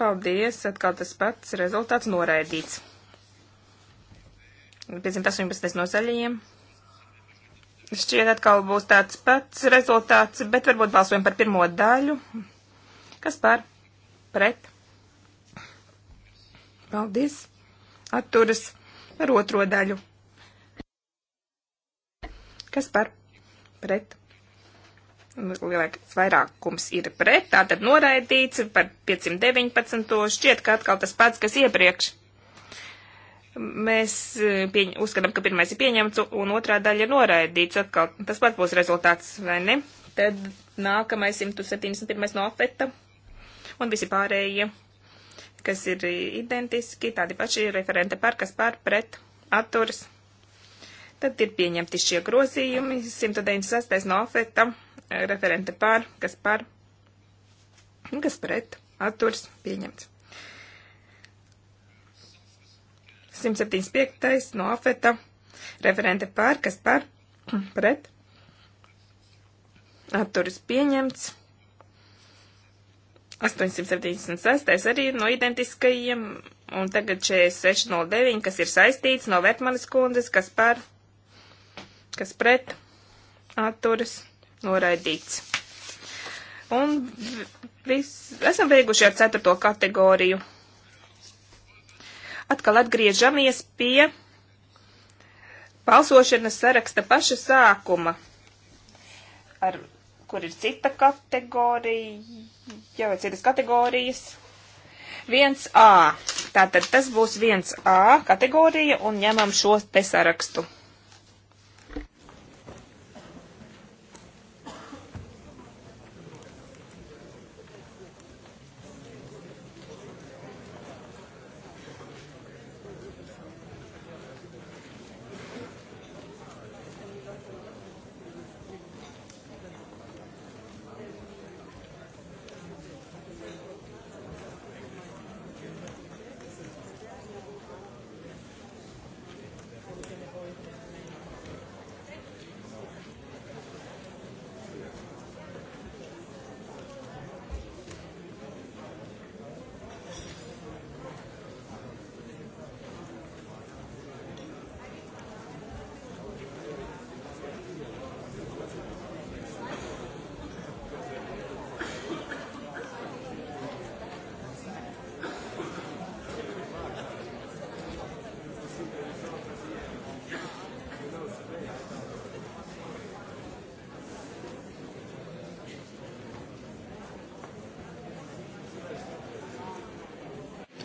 Paldies, atkal tas pats rezultāts noraidīts. 518 no zaļajiem. Šķiet atkal būs tāds pats rezultāts, bet varbūt balsojam par pirmo daļu. Kas par? Pret. Paldies. Atturas ar otro daļu. Kas par? Pret lielāks vairākums ir pret, tātad noraidīts par 519. šķiet, ka atkal tas pats, kas iepriekš. Mēs e, pieņ, uzskatām, ka pirmais ir pieņemts un otrā daļa ir noraidīts, atkal tas pats būs rezultāts, vai ne? Tad nākamais 171. no afeta un visi pārējie, kas ir identiski, tādi paši referente par, kas par, pret, atturas. Tad ir pieņemti šie grozījumi, 196. no afeta referente pār, kas par, kas pret, atturs pieņemts. 175. no afeta, referente pār, kas par, pret, atturs pieņemts. 876. arī no identiskajiem, un tagad 4609, kas ir saistīts no Vetmanas kundzes, kas par, kas pret, atturas pieņemts noraidīts. Un vis, esam beiguši ar ceturto kategoriju. Atkal atgriežamies pie balsošanas saraksta paša sākuma, ar, kur ir cita kategorija, jau ir citas kategorijas. 1A. Tātad tas būs 1A kategorija un ņemam šo te sarakstu.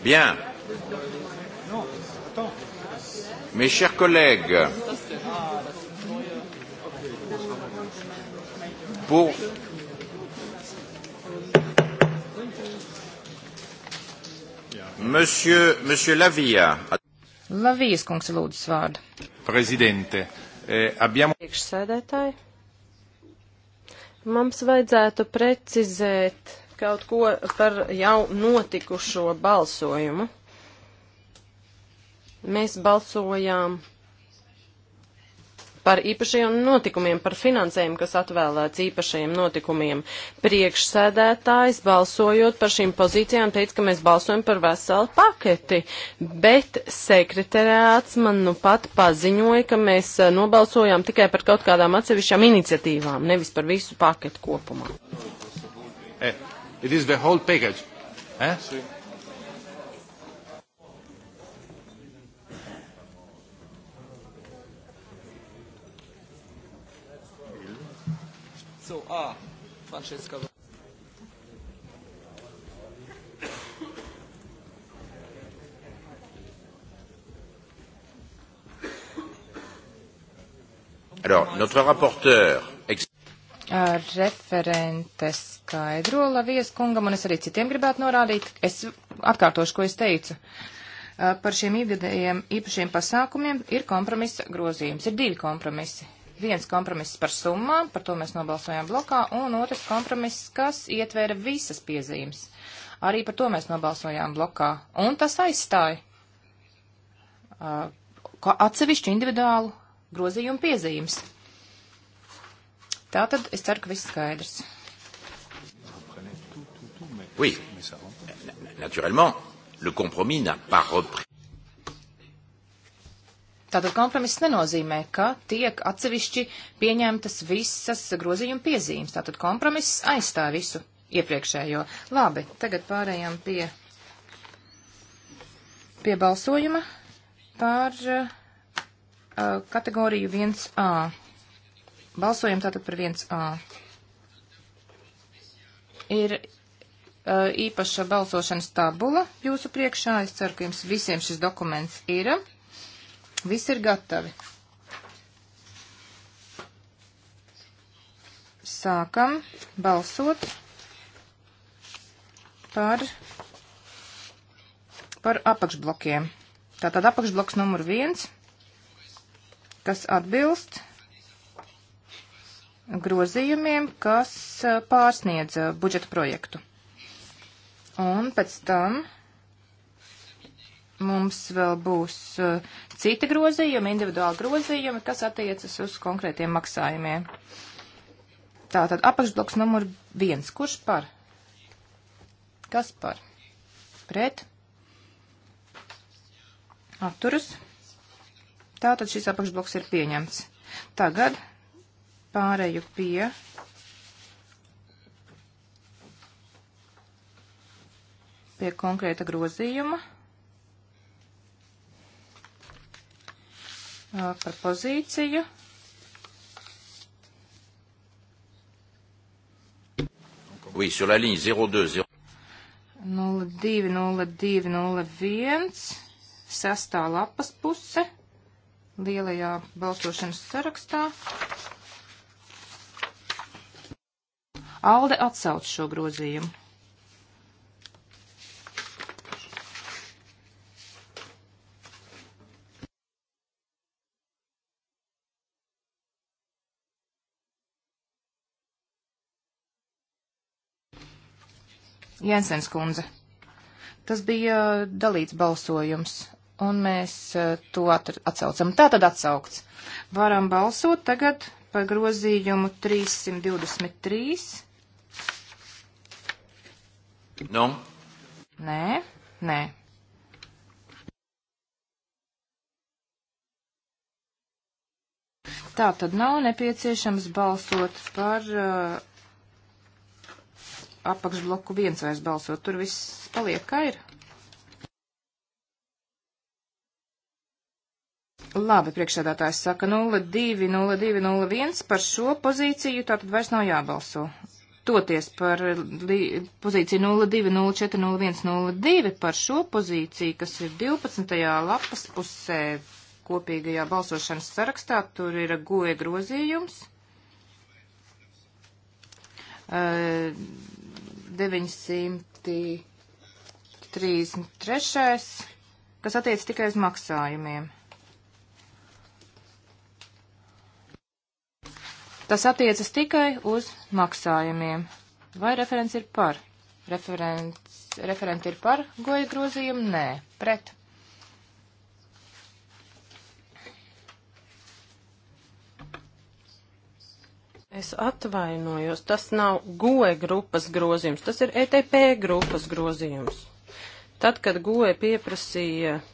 Bien. Mes chers collègues, pour Monsieur, Monsieur Lavija. Lavijas kungs lūdzu vārdu. Prezidente, eh, abbiamo. Priekšsēdētāji. Mums vajadzētu precizēt kaut ko par jau notikušo balsojumu. Mēs balsojām par īpašajiem notikumiem, par finansējumu, kas atvēlēts īpašajiem notikumiem. Priekšsēdētājs balsojot par šīm pozīcijām teica, ka mēs balsojam par veselu paketi, bet sekretariāts man nu pat paziņoja, ka mēs eh, nobalsojām tikai par kaut kādām atsevišķām iniciatīvām, nevis par visu paketu kopumā. Eh. It is the whole package. Eh? Sí. So, ah, Francesca. Alors, notre rapporteur referente skaidro Lavijas kungam, un es arī citiem gribētu norādīt, es atkārtošu, ko es teicu. Par šiem īgadējiem īpašiem pasākumiem ir kompromisa grozījums, ir divi kompromisi. Viens kompromiss par summām, par to mēs nobalsojām blokā, un otrs kompromiss, kas ietvēra visas piezīmes. Arī par to mēs nobalsojām blokā, un tas aizstāja atsevišķu individuālu grozījumu piezīmes. Tātad es ceru, ka viss skaidrs. Oui, naturellement, le compromis n'a pas repris. Tātad kompromiss nenozīmē, ka tiek atsevišķi pieņemtas visas grozījuma piezīmes. Tātad kompromiss aizstāv visu iepriekšējo. Labi, tagad pārējām pie, pie balsojuma par uh, kategoriju 1A. Balsojam tātad par 1A. Ir īpaša balsošanas tabula jūsu priekšā. Es ceru, ka jums visiem šis dokuments ir. Viss ir gatavi. Sākam balsot par, par apakšblokiem. Tātad apakšbloks numur viens, kas atbilst grozījumiem, kas pārsniedz budžeta projektu. Un pēc tam mums vēl būs citi grozījumi, individuāli grozījumi, kas attiecas uz konkrētiem maksājumiem. Tātad apakšbloks numur viens. Kurš par? Kas par? Pret? Atturas? Tātad šis apakšbloks ir pieņemts. Tagad pāreju pie pie konkrēta grozījuma par pozīciju. Oui, sur la ligne 02. 02, 02, 01, sastā lapas puse, lielajā balsošanas sarakstā. Alde atsauc šo grozījumu. Jensens kundze. Tas bija uh, dalīts balsojums, un mēs uh, to atsaucam. Tā tad atsaukts. Varam balsot tagad par grozījumu 323. Nu? Nē, nē. Tā tad nav nepieciešams balsot par uh, apakšbloku viens vairs balsot. Tur viss paliek, kā ir. Labi, priekšsēdētājs saka 02, 02, 01 par šo pozīciju, tātad vairs nav jābalso toties par pozīciju 02040102 par šo pozīciju, kas ir 12. lapas pusē kopīgajā balsošanas sarakstā. Tur ir goja grozījums. Uh, eh, 933. kas attiec tikai uz maksājumiem. Tas attiecas tikai uz maksājumiem. Vai referents ir par? Referents, referenti ir par goja grozījumu? Nē, pret. Es atvainojos, tas nav goja grupas grozījums, tas ir ETP grupas grozījums. Tad, kad goja pieprasīja uh,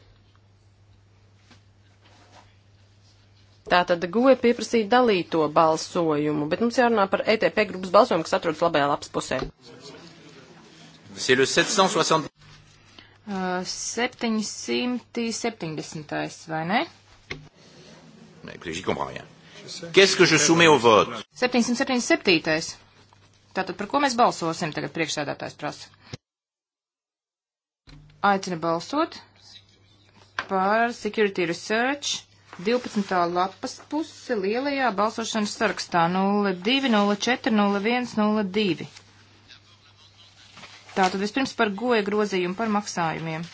Tātad goja pieprasīja dalīto balsojumu, bet mums jārunā par ETP grupas balsojumu, kas atrodas labajā lapas pusē. Uh, 770. vai ne? J'y comprends rien. Qu'est-ce que je soumets au vote? 777. Tātad par ko mēs balsosim tagad priekšsēdētājs prasa? Aicina balsot par security research 12. lapas puse lielajā balsošanas sarakstā 02040102. Tātad vispirms par goja grozījumu par maksājumiem.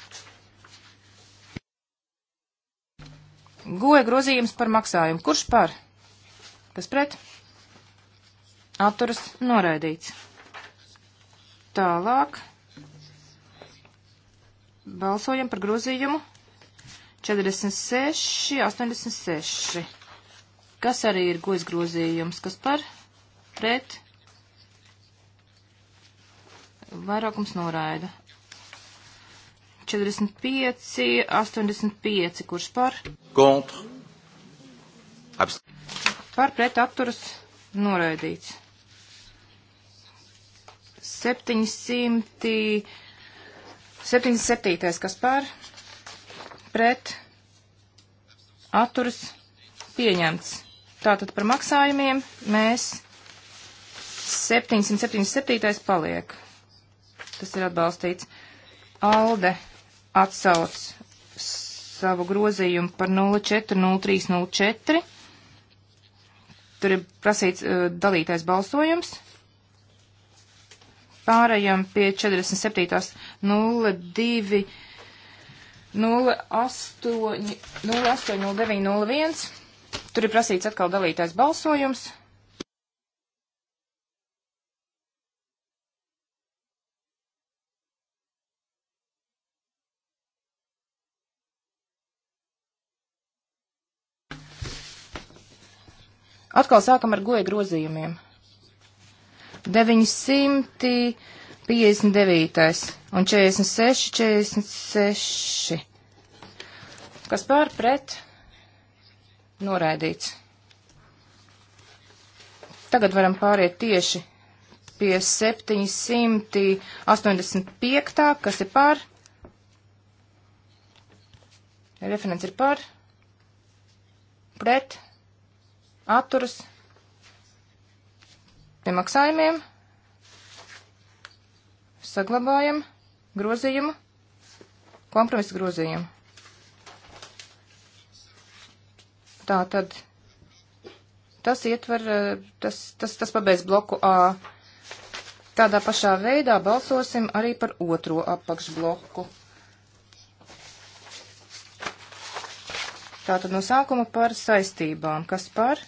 Goja grozījums par maksājumu. Kurš par? Kas pret? Atturas noraidīts. Tālāk. Balsojam par grozījumu 46, 86. Kas arī ir gojas grozījums? Kas par? Pret? Vairākums noraida. 45, 85. Kurš par? Kontra. Par pret atturas noraidīts. 700. 77. kas par? pret atturas pieņemts. Tātad par maksājumiem mēs 777. paliek. Tas ir atbalstīts. Alde atsauc savu grozījumu par 040304. Tur ir prasīts uh, dalītais balsojums. Pārējām pie 47.02. 080901. Tur ir prasīts atkal dalītais balsojums. Atkal sākam ar goja grozījumiem. 900. 59. un 46, 46. Kas pār pret? Noraidīts. Tagad varam pāriet tieši pie 785, kas ir pār. Referents ir pār. Pret. Atturas. Pie maksājumiem saglabājam grozījumu, kompromisa grozījumu. Tā tad tas ietver, eh, tas, tas, tas pabeidz bloku A. Tādā pašā veidā balsosim arī par otro apakšbloku. Tātad no sākuma par saistībām. Kas par?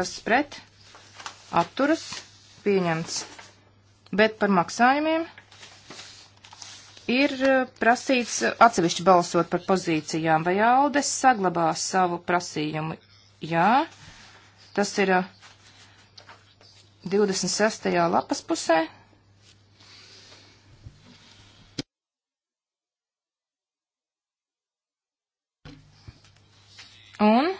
Kas pret? Atturas? pieņemts. Bet par maksājumiem ir eh, prasīts atsevišķi balsot par pozīcijām, vai Aldes saglabā savu prasījumu. Jā, tas ir 26. Eh, lapas pusē. Un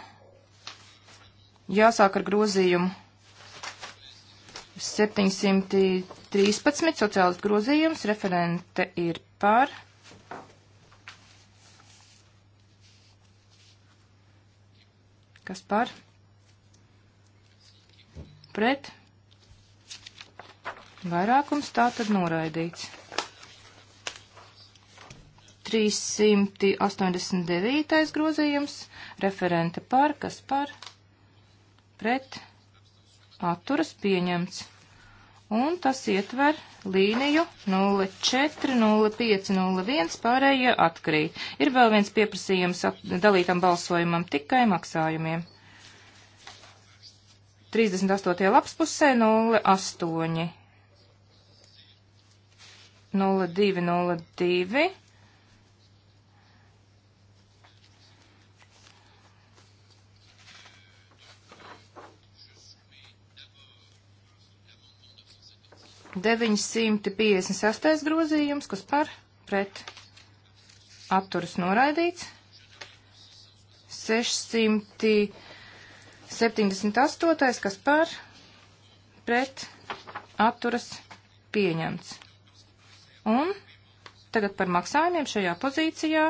jāsāk ar grozījumu 713 sociālas grozījums, referente ir par. Kas par? Pret. Vairākums tā tad noraidīts. 389. grozījums, referente par, kas par, pret, atturas pieņemts. Un tas ietver līniju 040501, pārējie atkrīt. Ir vēl viens pieprasījums dalītam balsojumam tikai maksājumiem. 38. lapspusē 08. 0202 958. grozījums, kas par pret atturas noraidīts. 678. kas par pret atturas pieņemts. Un tagad par maksājumiem šajā pozīcijā.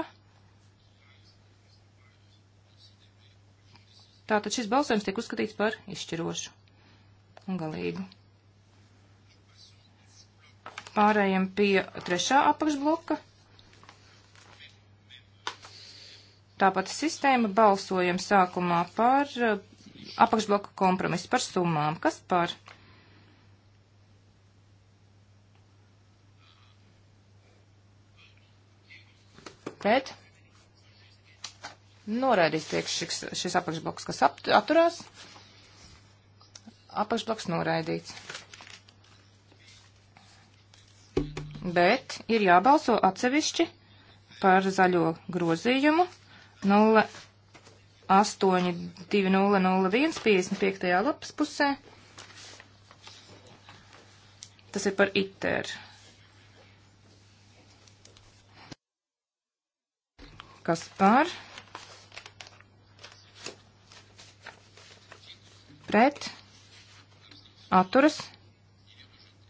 Tātad šis balsojums tiek uzskatīts par izšķirošu un galīgu pārējiem pie trešā apakšbloka. Tāpat sistēma balsojam sākumā par eh, apakšbloka kompromisu par summām. Kas par? Pēc? Noraidīts tiek šis, šis apakšbloks, kas ap, atturās. Apakšbloks noraidīts. bet ir jābalso atsevišķi par zaļo grozījumu 082001 55. lapas pusē. Tas ir par ITER. Kas par? Pret? Atturas?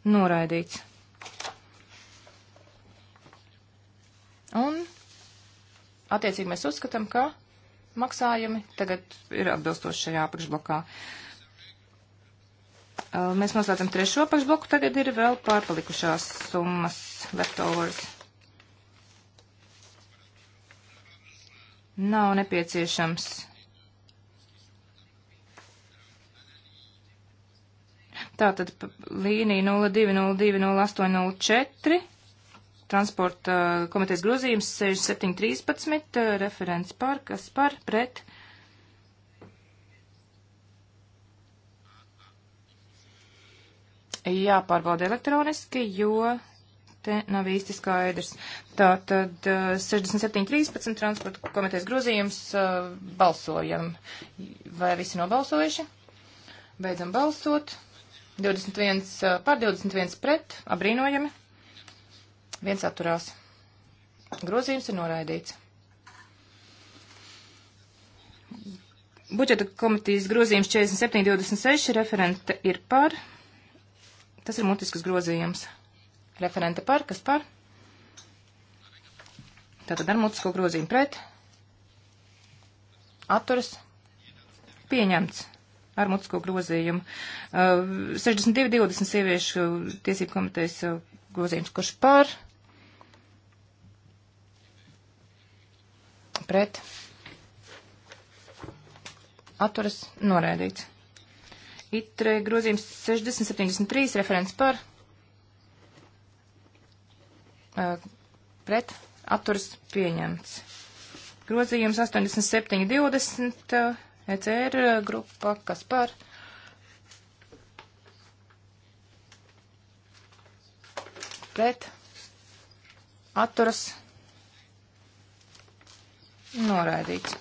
Noraidīts. Un, attiecīgi, mēs uzskatām, ka maksājumi tagad ir atbilstoši šajā apakšblokā. Mēs noslēdzam trešo apakšbloku, tagad ir vēl pārpalikušās summas, leftovers. Nav nepieciešams Tātad līnija 02020804 transporta komitejas grozījums 6713, uh, referents par, kas par, pret. Jāpārbauda elektroniski, jo te nav īsti skaidrs. Tātad 6713 uh, transporta komitejas grozījums uh, balsojam. Vai visi nobalsojuši? Beidzam balsot. 21 pār 21 pret, abrīnojami. Viens atturās. Grozījums ir noraidīts. Budžeta komitīs grozījums 4726, referente ir par. Tas ir mutisks grozījums. Referente par, kas par? Tātad ar mutisko grozījumu pret. Atturas. Pieņemts ar mutisko grozījumu. Uh, 62.20 sieviešu tiesību komitejas uh, grozījums, kurš par pret atturas noraidīts. Itre grozījums 6073 referents par pret atturas pieņemts. Grozījums 8720 ECR grupa, kas par pret atturas pieņemts Noraidīts.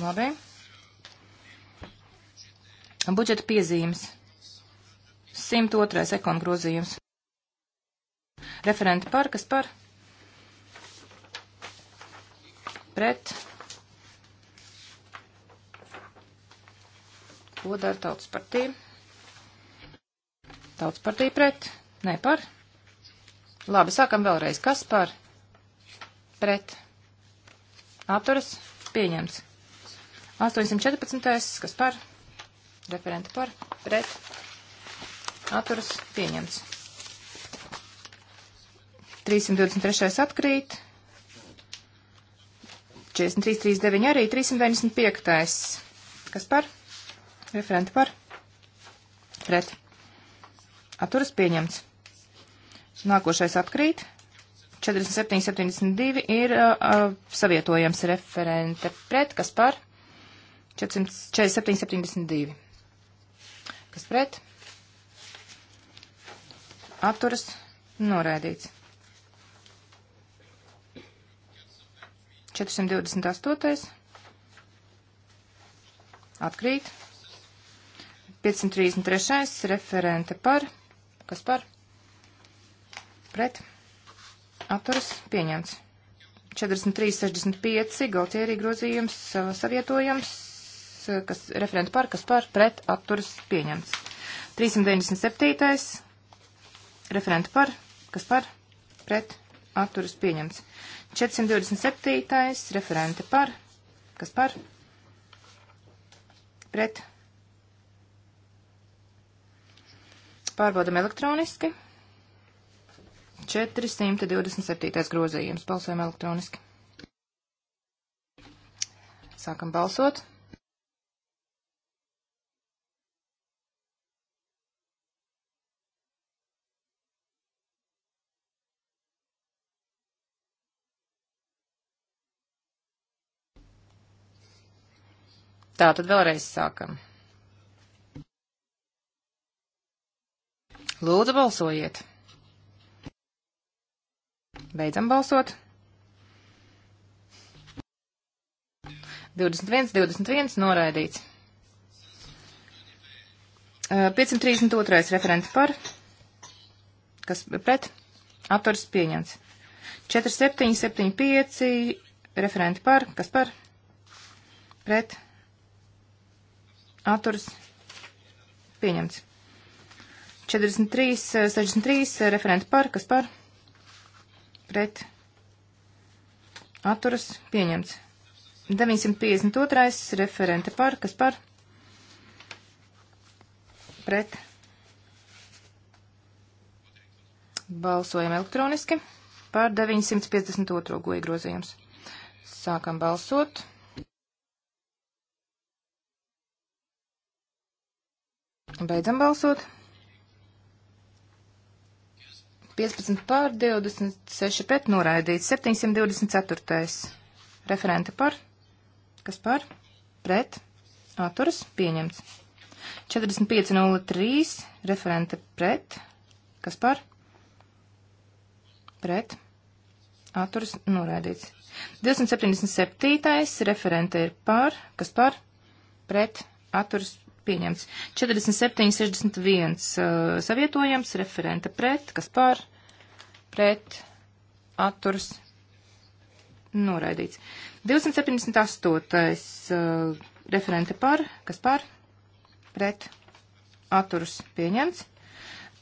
Labi. Budžeta piezīmes. 102. ekon grozījums. Referenti par, kas par? Pret. Ko dara tautas partija? Tautas partija pret. Nē, par. Labi, sākam vēlreiz. Kas par? pret atturas pieņemts. 814. kas par referenta par pret atturas pieņemts. 323. atkrīt. 43, 39 arī 395. Kas par? Referenti par? Pret. Atturas pieņemts. Nākošais atkrīt. 47,72 ir uh, uh, savietojams referente pret, kas par 47,72. Kas pret? Atturas norēdīts. 428. Atkrīt. 533. referente par. Kas par? Pret. Atturas pieņemts. 43.65 Galtierī grozījums uh, savietojams, uh, kas referenta par, kas par, pret, atturas pieņemts. 397. referenta par, kas par, pret, atturas pieņemts. 427. referenta par, kas par, pret. Pārbaudam elektroniski. 427. 427. grozījums. Balsojam elektroniski. Sākam balsot. Tā, tad vēlreiz sākam. Lūdzu, balsojiet! Beidzam balsot. 21, 21 noraidīts. 532. referents par, kas pret, apturs pieņemts. 4775 referenti par, kas par, pret, apturs pieņemts. 43, 63 referenti par, kas par, pret pret atturas pieņemts. 952. referente par, kas par pret balsojam elektroniski par 952. goja grozījums. Sākam balsot. Beidzam balsot. 15 pār 26 pret noraidīts. 724. Referenti par. Kas par? Pret. Atturas. Pieņemts. 45.03. Referente pret. Kas par? Pret. Atturas. Noraidīts. 277. Referente ir par. Kas par? Pret. Atturas pieņemts. 47, 61 uh, savietojams, referenta pret, kas par, pret, atturs, noraidīts. 278, uh, referenta par, kas par, pret, atturs, pieņemts.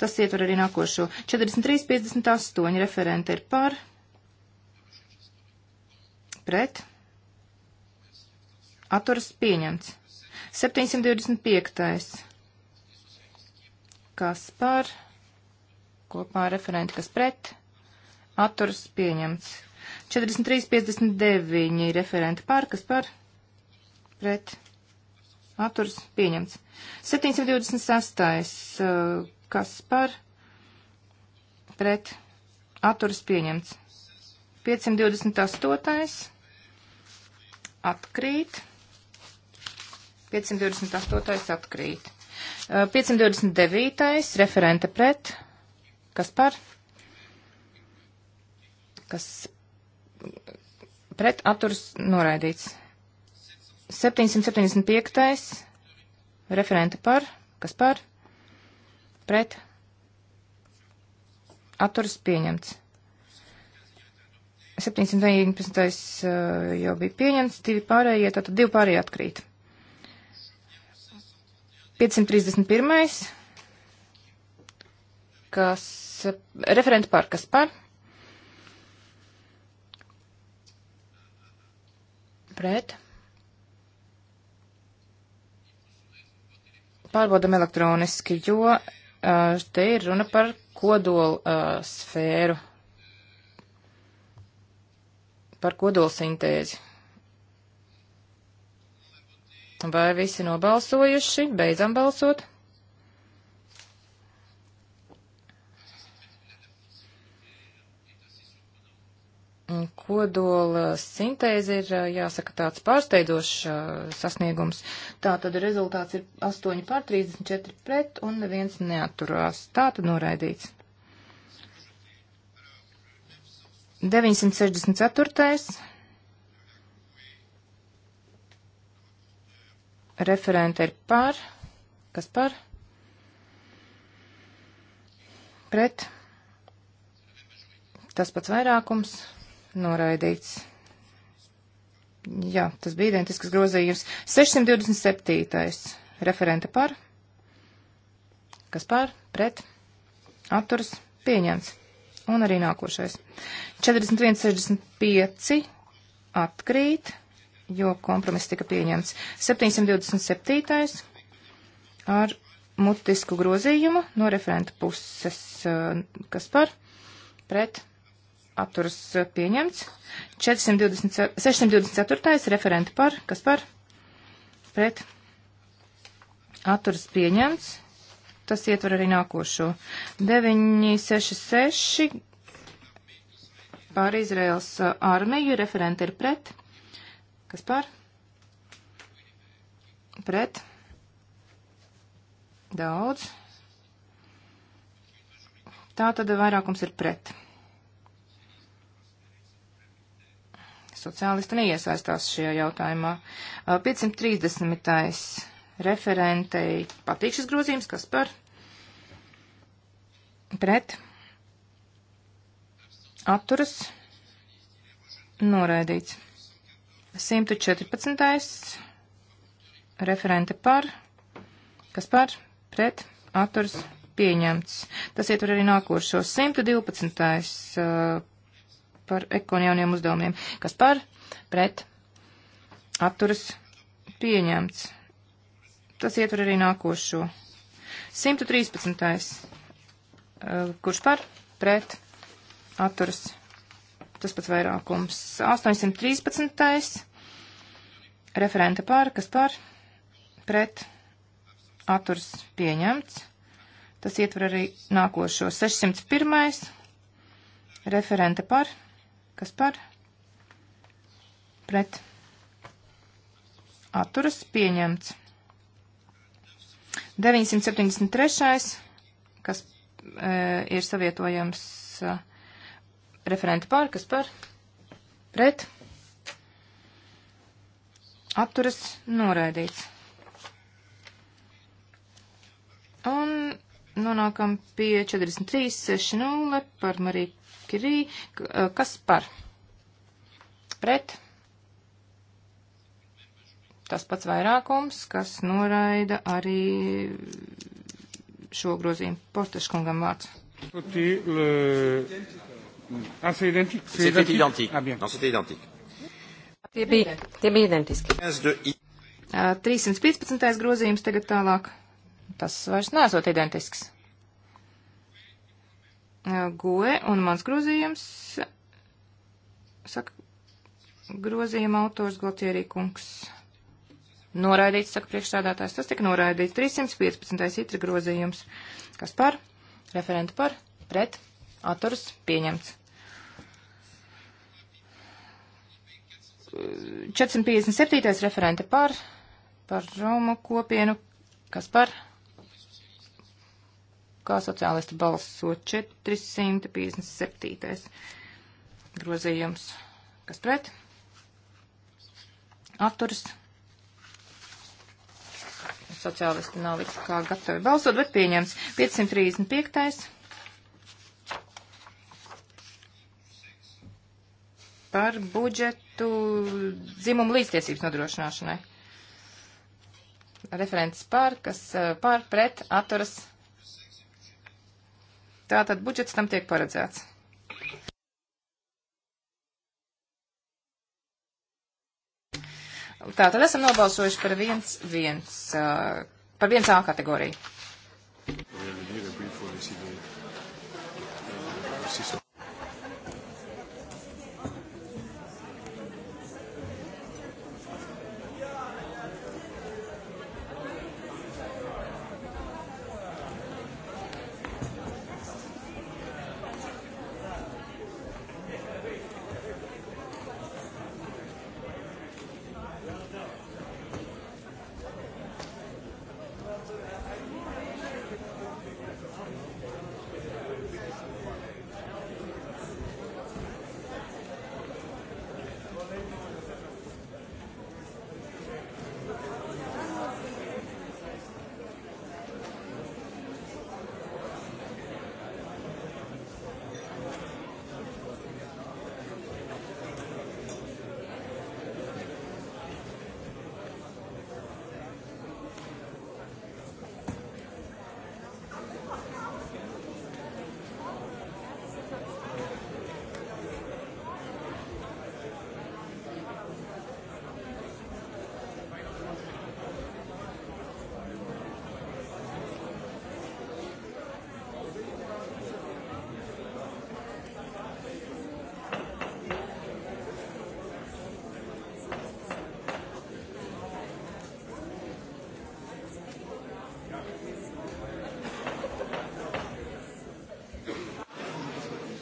Tas ietver arī nākošo. 43, 58 referenta ir par, pret, atturs, pieņemts. 725. Kas par? Kopā referenti, kas pret? Atturs pieņemts. 43,59 referenti par, kas par? Pret. Atturs pieņemts. 728. Kas par? Pret. Atturs pieņemts. 528. Atkrīt. 528. atkrīt. 529. referente pret. Kas par? Kas pret atturs noraidīts. 775. referente par. Kas par? Pret. Atturs pieņemts. 719. jau bija pieņemts, divi pārējie, tātad divi pārējie atkrīt. 531. Kas referenta par, kas par? Pret. Pārbaudam elektroniski, jo uh, te ir runa par kodolu uh, sfēru, par kodolu sintēzi. Vai visi nobalsojuši? Beidzam balsot. Kodola sintēze ir, jāsaka, tāds pārsteidošs sasniegums. Tā tad rezultāts ir 8 pār 34 pret un neviens neaturās. Tā tad noraidīts. 964. Referente ir par. Kas par? Pret. Tas pats vairākums noraidīts. Jā, tas bija identisks grozījums. 627. Referente par. Kas par? Pret. Atturs. Pieņemts. Un arī nākošais. 41.65. Atkrīt jo kompromiss tika pieņemts. 727. ar mutisku grozījumu no referenta puses, eh, kas par pret apturas eh, pieņemts. 420, 624. referenta par, kas par pret apturas pieņemts. Tas ietver arī nākošo. 966 par Izraels eh, armiju, referenta ir pret Kas par? Pret. Daudz. Tā tad vairākums ir pret. Sociālisti neiesaistās šajā jautājumā. 530. referentei patīk šis grozījums, kas par? Pret. Atturas. Noraidīts. 114. referente par, kas par, pret, atturs pieņemts. Tas ietver arī nākošo 112. Uh, par ekonomiem uzdevumiem, kas par, pret, atturs pieņemts. Tas ietver arī nākošo 113. Uh, kurš par, pret, atturs pieņemts tas pats vairākums. 813. referente par, kas par, pret, atturs pieņemts. Tas ietver arī nākošo 601. referente par, kas par, pret, atturas pieņemts. 973. kas e, ir savietojams. E, Referenti pār, kas par? Pret. Atturas noraidīts. Un nonākam pie 43.60 par Mariju Kirī. Eh, kas par? Pret. Tas pats vairākums, kas noraida arī šo grozījumu. Portaškungam vārds. Le... Ah, c'est identique C'était identique. Ah, bien. Non, c'était identique. Tie bija, tie bija identiski. 315. Ah, grozījums tagad tālāk. Tas vairs nesot identisks. Ah, goe un mans grozījums, saka, grozījuma autors Gotierī kungs. Noraidīts, saka priekšstādātājs, tas tika noraidīts. 315. itra grozījums. Kas par? Referenti par? Pret? Autors pieņemts. 457. referente par, par Romu kopienu, kas par, kā sociālisti balso 457. grozījums, kas pret, atturas, sociālisti nav līdz kā gatavi balsot, bet pieņems 535. par budžetu vērstu dzimumu līdztiesības nodrošināšanai. Referents pār, kas eh, pār pret atturas. Tātad budžets tam tiek paredzēts. Tā, tad esam nobalsojuši par viens, viens, uh, par viens A kategoriju.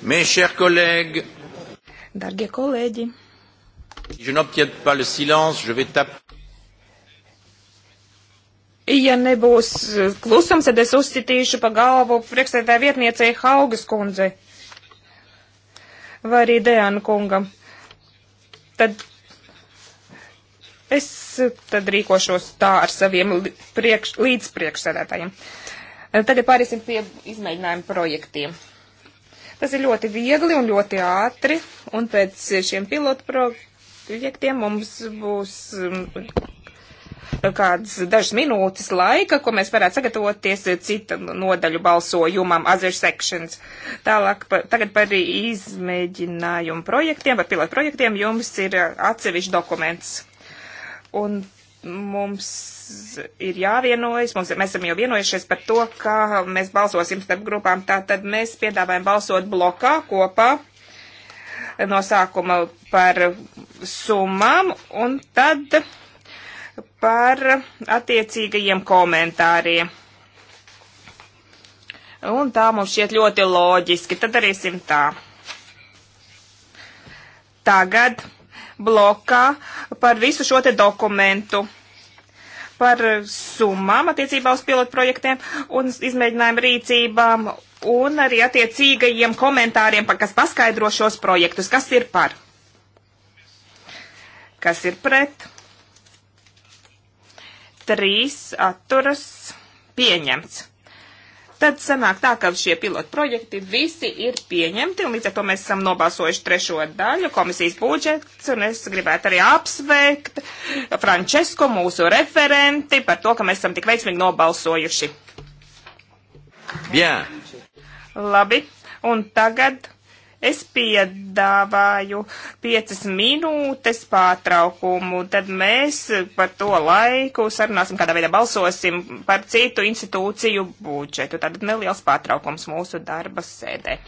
Mes chers collègues, Dargie kolēģi, je n'obtiens pas le silence, je vais taper. Ja nebūs e, klusums, tad es uzsitīšu pa galvu priekšsēdētāja vietniecei Haugas kundzei vai arī Dejana kungam. Tad es e, tad rīkošos tā ar saviem priekš, līdzpriekšsēdētājiem. E, tagad pāriesim pie izmēģinājuma projektiem. Tas ir ļoti viegli un ļoti ātri, un pēc šiem pilotu projektiem mums būs um, kādas dažas minūtes laika, ko mēs varētu sagatavoties cita nodaļu balsojumam, other sections. Tālāk, par, tagad par izmēģinājumu projektiem, par pilotu projektiem jums ir atsevišķi dokuments. Un mums ir jāvienojas, mums, mēs esam jau vienojušies par to, kā mēs balsosim starp grupām, tātad mēs piedāvājam balsot blokā kopā no sākuma par summām un tad par attiecīgajiem komentāriem. Un tā mums šķiet ļoti loģiski. Tad darīsim tā. Tagad blokā par visu šo te dokumentu par summām attiecībā uz pilotprojektiem un izmēģinājumu rīcībām un arī attiecīgajiem komentāriem, kas paskaidro šos projektus, kas ir par, kas ir pret, trīs atturas pieņemts tad sanāk tā, ka šie pilotu projekti visi ir pieņemti, un līdz ar to mēs esam nobalsojuši trešo daļu komisijas budžets, un es gribētu arī apsveikt Frančesko, mūsu referenti, par to, ka mēs esam tik veiksmīgi nobalsojuši. Bien. Labi, un tagad Es piedāvāju piecas minūtes pārtraukumu, tad mēs par to laiku sarunāsim, kādā veidā balsosim par citu institūciju budžetu. Tad neliels pārtraukums mūsu darba sēdē.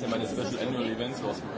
ja meine Special Annual Events rausgekommen.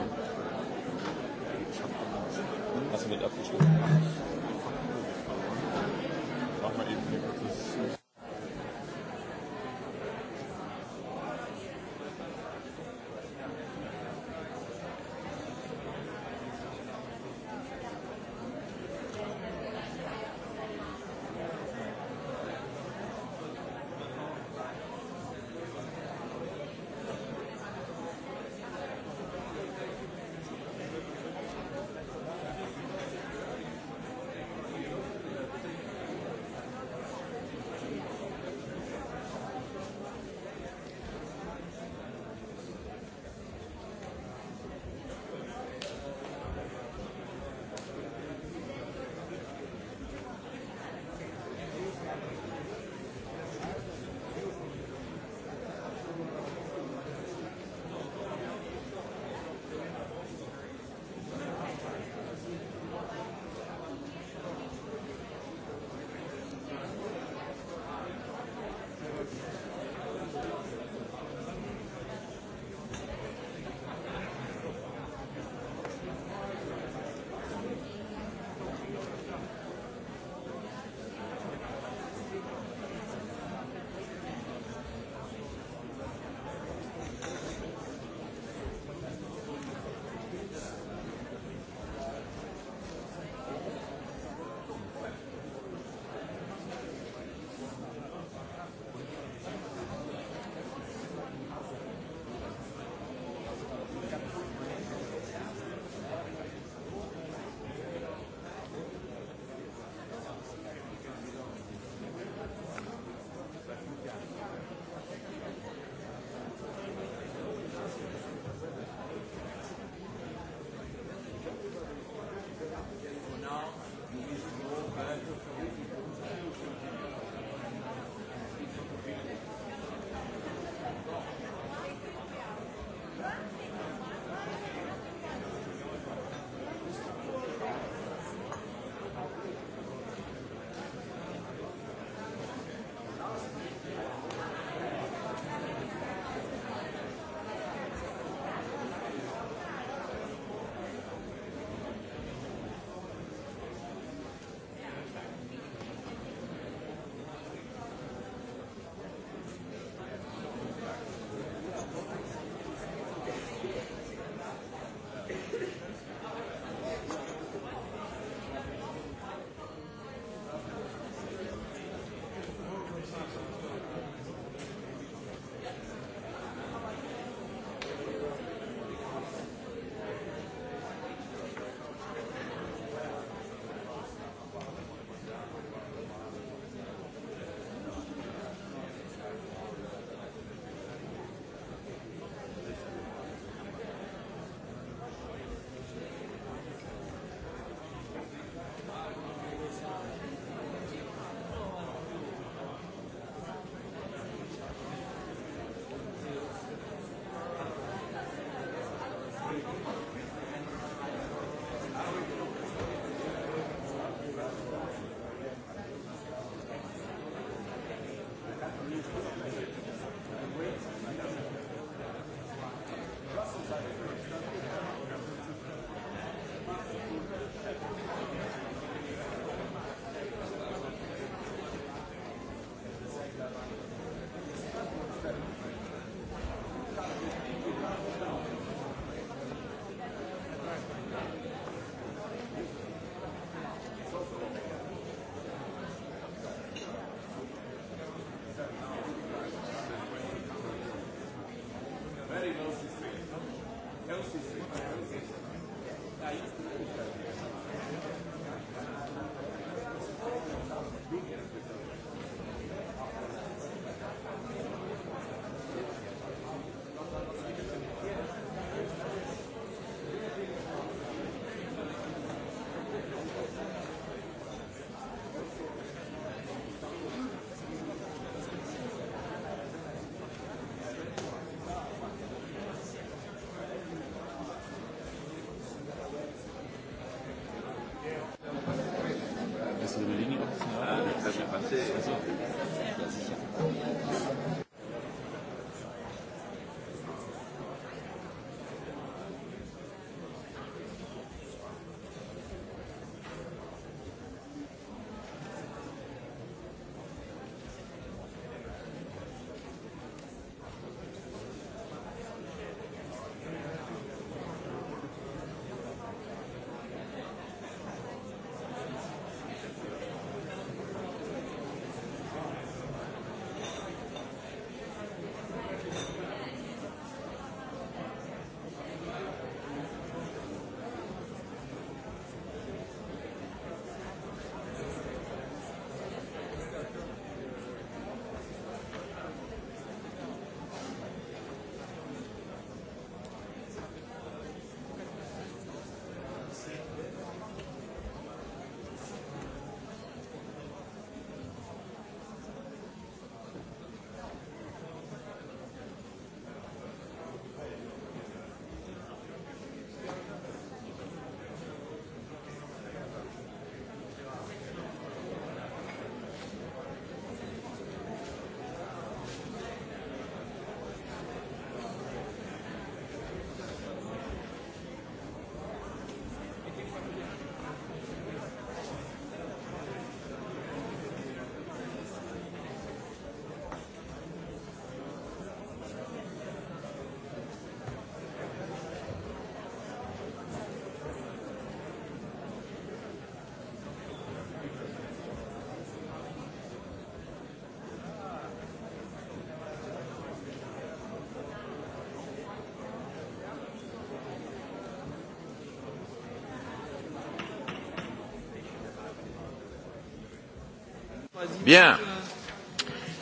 Bien.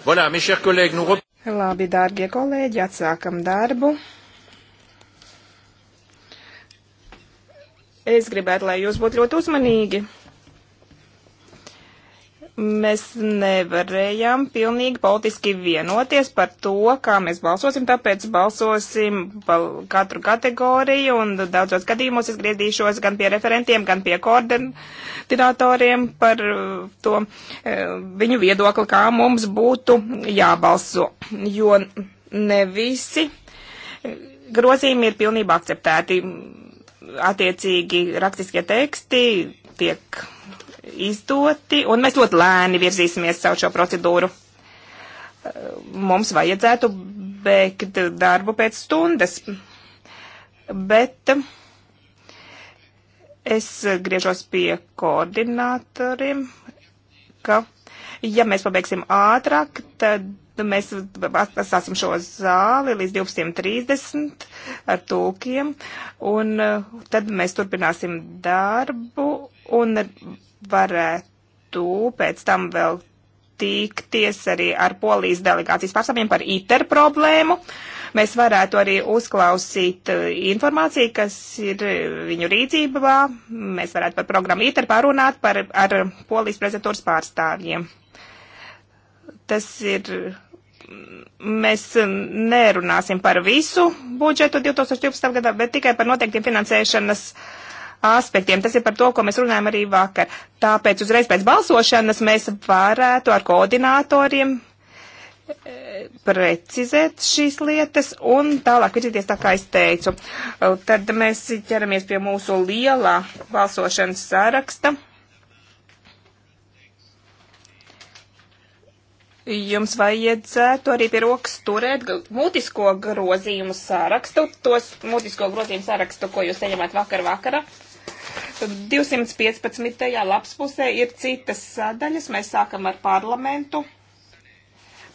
Voilà, mes chers collègues, nous rep... Labi, dārgie kolēģi, atsākam darbu. Es gribētu, lai jūs būtu ļoti uzmanīgi. Mēs nevarējām pilnīgi politiski vienoties par to, kā mēs balsosim, tāpēc balsosim par katru kategoriju un daudzos gadījumos es griezīšos gan pie referentiem, gan pie koordinatoriem koordinatoriem par uh, to uh, viņu viedokli, kā mums būtu jābalso, jo ne visi uh, grozījumi ir pilnībā akceptēti. Attiecīgi rakstiskie teksti tiek izdoti, un mēs ļoti lēni virzīsimies caur šo procedūru. Mums vajadzētu beigt darbu pēc stundas, bet uh, Es griežos pie koordinatoriem, ka ja mēs pabeigsim ātrāk, tad mēs atstāsim šo zāli līdz 12.30 ar tūkiem, un uh, tad mēs turpināsim darbu un varētu pēc tam vēl tikties arī ar polijas delegācijas pārstāvjiem par ITER problēmu. Uh, mēs varētu arī uzklausīt eh, informāciju, kas ir viņu rīcībā. Mēs varētu par programmu ITER pārunāt par, ar polijas prezidentūras pārstāvjiem. Tas ir. Mēs nerunāsim par visu budžetu 2012. gadā, bet tikai par noteiktiem finansēšanas uh, aspektiem. Tas ir par to, ko mēs runājam arī vakar. Tāpēc uzreiz pēc balsošanas mēs varētu ar koordinatoriem precizēt šīs lietas un tālāk virzīties tā kā es teicu. Tad mēs ķeramies pie mūsu lielā balsošanas saraksta. Jums vajadzētu arī pie rokas turēt mutisko grozījumu sārakstu, tos mutisko grozījumu sārakstu, ko jūs saņemat vakar vakara. 215. lapspusē ir citas sadaļas. Mēs sākam ar parlamentu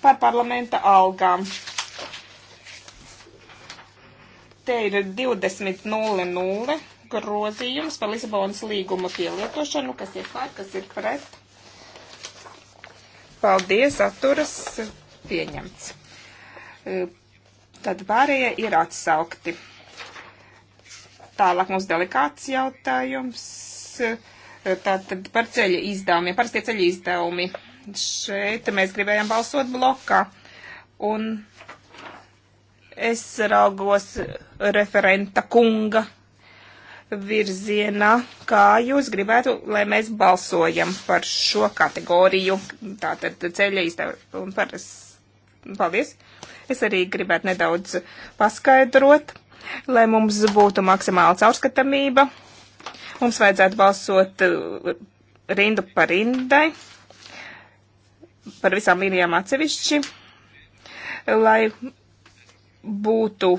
par parlamenta algām. Te ir 20.00 grozījums par Lisabonas līguma pielietošanu, kas ir pār, kas ir pret. Paldies, atturas pieņemts. E, tad pārējie ir atsaukti. Tālāk mums delikāts jautājums. E, tātad par ceļa izdevumiem, parastie ceļa izdevumi. Par Šeit mēs gribējām balsot blokā. Un es raugos referenta kunga virzienā, kā jūs gribētu, lai mēs balsojam par šo kategoriju, tātad ceļa izdevumu un paras. Paldies! Es arī gribētu nedaudz paskaidrot, lai mums būtu maksimāla caurskatamība. Mums vajadzētu balsot uh, rindu pa rindai par visām līnijām atsevišķi, lai būtu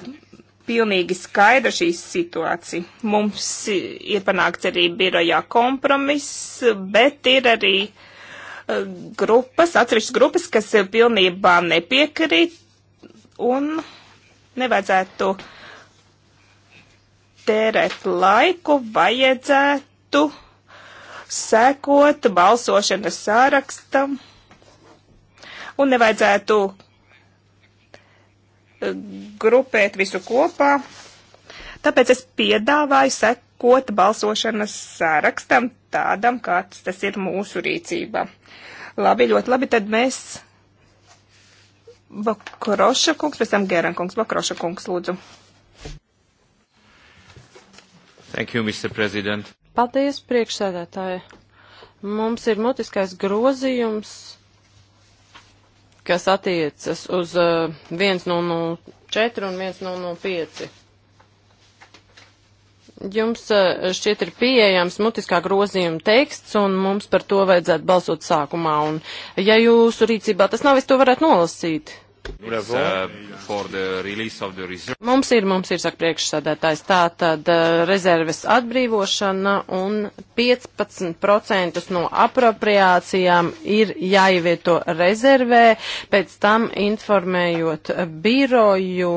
pilnīgi skaidra šī situācija. Mums ir panākts arī birojā kompromiss, bet ir arī eh, grupas, atsevišķas grupas, kas pilnībā nepiekrīt un nevajadzētu tērēt laiku, vajadzētu sekot balsošanas sārakstam un nevajadzētu eh, grupēt visu kopā. Tāpēc es piedāvāju sekot balsošanas sārakstam tādam, kāds tas ir mūsu rīcībā. Labi, ļoti labi, tad mēs Bakroša kungs, pēc tam Geran kungs, Bakroša kungs, lūdzu. Thank you, Mr. President. Paldies, priekšsēdētāji. Mums ir mutiskais grozījums kas attiecas uz 104 eh, un 105. Jums eh, šķiet ir pieejams mutiskā grozījuma teksts, un mums par to vajadzētu balsot sākumā. Un, ja jūsu rīcībā tas nav, es to varētu nolasīt. Uh, mums ir, mums ir, saka priekšsādātājs, tā tad uh, rezerves atbrīvošana un 15% no apropriācijām ir jāievieto rezervē, pēc tam informējot biroju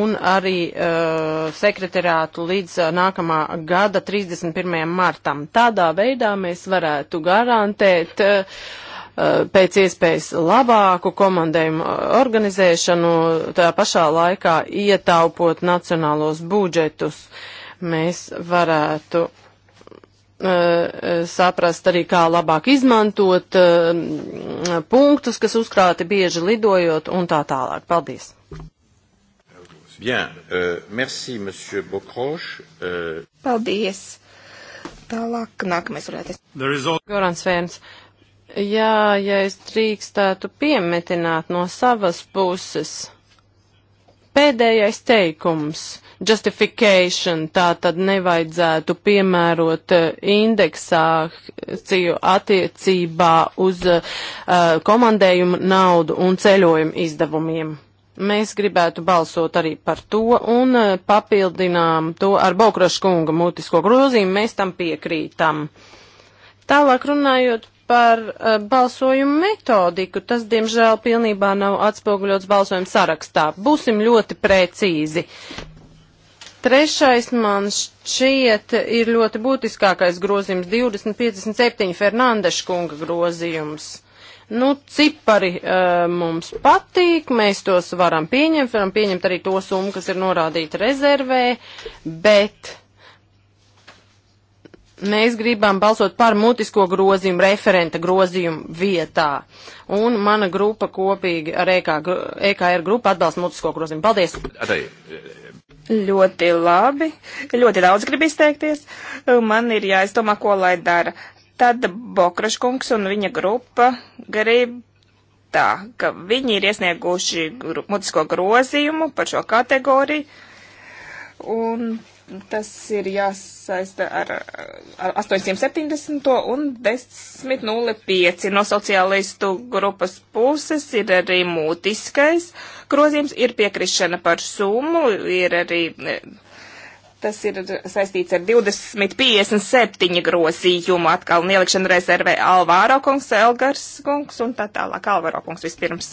un arī uh, sekretariātu līdz uh, nākamā gada 31. martam. Tādā veidā mēs varētu garantēt uh, Eh, pēc iespējas labāku komandējumu organizēšanu, tā pašā laikā ietaupot nacionālos budžetus. Mēs varētu uh, saprast arī, kā labāk izmantot uh, punktus, kas uzkrāti bieži lidojot un tā tālāk. Paldies! Bien, euh, merci, monsieur Bokroche. Euh... Paldies. Tālāk, nākamais varētu. All... Gorans Vērns. Uh, Jā, ja es drīkstētu piemetināt no savas puses. Pēdējais teikums - justification, tā tad nevajadzētu piemērot eh, indeksāciju attiecībā uz uh, komandējumu naudu un ceļojumu izdevumiem. Mēs gribētu balsot arī par to un uh, papildinām to ar Bokraškunga mutisko grozīmu, mēs tam piekrītam. Tālāk runājot par uh, balsojumu metodiku. Tas, diemžēl, pilnībā nav atspoguļots balsojuma sarakstā. Būsim ļoti precīzi. Trešais man šķiet ir ļoti būtiskākais grozījums - 2057 Fernandeša kunga grozījums. Nu, cipari uh, mums patīk, mēs tos varam pieņemt, varam pieņemt arī to summu, kas ir norādīta rezervē, bet mēs gribam balsot par mutisko grozījumu, referenta grozījumu vietā. Un mana grupa kopīgi ar EK, EKR grupu atbalsta mutisko grozījumu. Paldies! Atei. Ļoti labi. Ļoti daudz grib izteikties. Man ir jāizdomā, ko lai dara. Tad Bokraškungs un viņa grupa grib tā, ka viņi ir iesnieguši mutisko grozījumu par šo kategoriju. Un Tas ir jāsaista ar, ar 870 un 10.05. No sociālistu grupas puses ir arī mūtiskais grozījums, ir piekrišana par summu, ir arī tas ir saistīts ar 2057 grozījumu atkal un ielikšanu rezervē Alvāro kungs, Elgars kungs un tā tālāk. Alvāro kungs vispirms.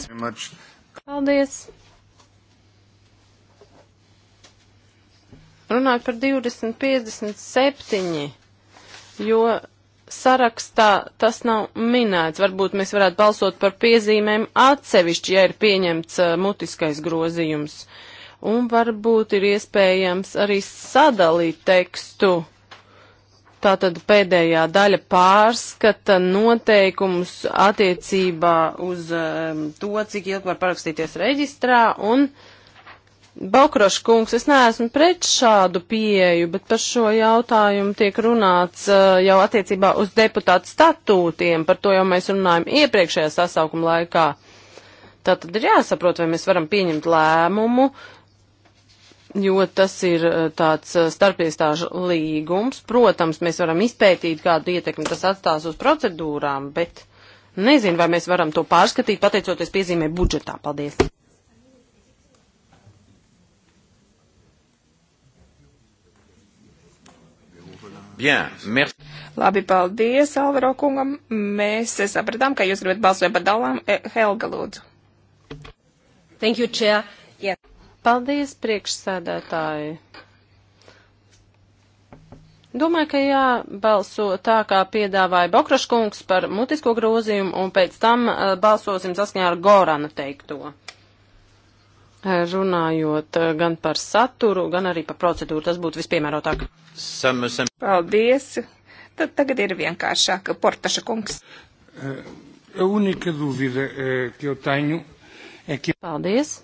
Paldies! Runāt par 2057, jo sarakstā tas nav minēts. Varbūt mēs varētu balsot par piezīmēm atsevišķi, ja ir pieņemts uh, mutiskais grozījums. Un varbūt ir iespējams arī sadalīt tekstu. Tātad pēdējā daļa pārskata noteikumus attiecībā uz um, to, cik ilgi var parakstīties reģistrā un uh, Baukroša kungs, es neesmu pret šādu pieeju, bet par šo jautājumu tiek runāts uh, jau attiecībā uz deputātu statūtiem, par to jau mēs runājam iepriekšējā sasaukuma laikā. Tā tad ir jāsaprot, vai mēs varam pieņemt lēmumu, jo tas ir uh, tāds uh, starpiestāžu līgums. Protams, mēs varam izpētīt, kādu ietekmi tas atstās uz procedūrām, bet nezinu, vai mēs varam to pārskatīt, pateicoties piezīmē budžetā. Paldies! Bien, merci. Labi, paldies Alvaro kungam. Mēs sapratām, ka jūs gribat balsot par dalām. E, Helga, lūdzu. Thank you, Chair. Yeah. Paldies, priekšsēdētāji. Domāju, ka jābalso tā, kā piedāvāja Bokraškungs par mutisko grozījumu, un pēc tam uh, balsosim saskaņā ar Gorana teikto runājot eh, gan par saturu, gan arī par procedūru. Tas būtu vispiemērotāk. Sam, sam. Paldies. Tad tagad ir vienkāršāk. Portaša kungs. Eh, a única dúvida eh, que eu tenho é que. Paldies.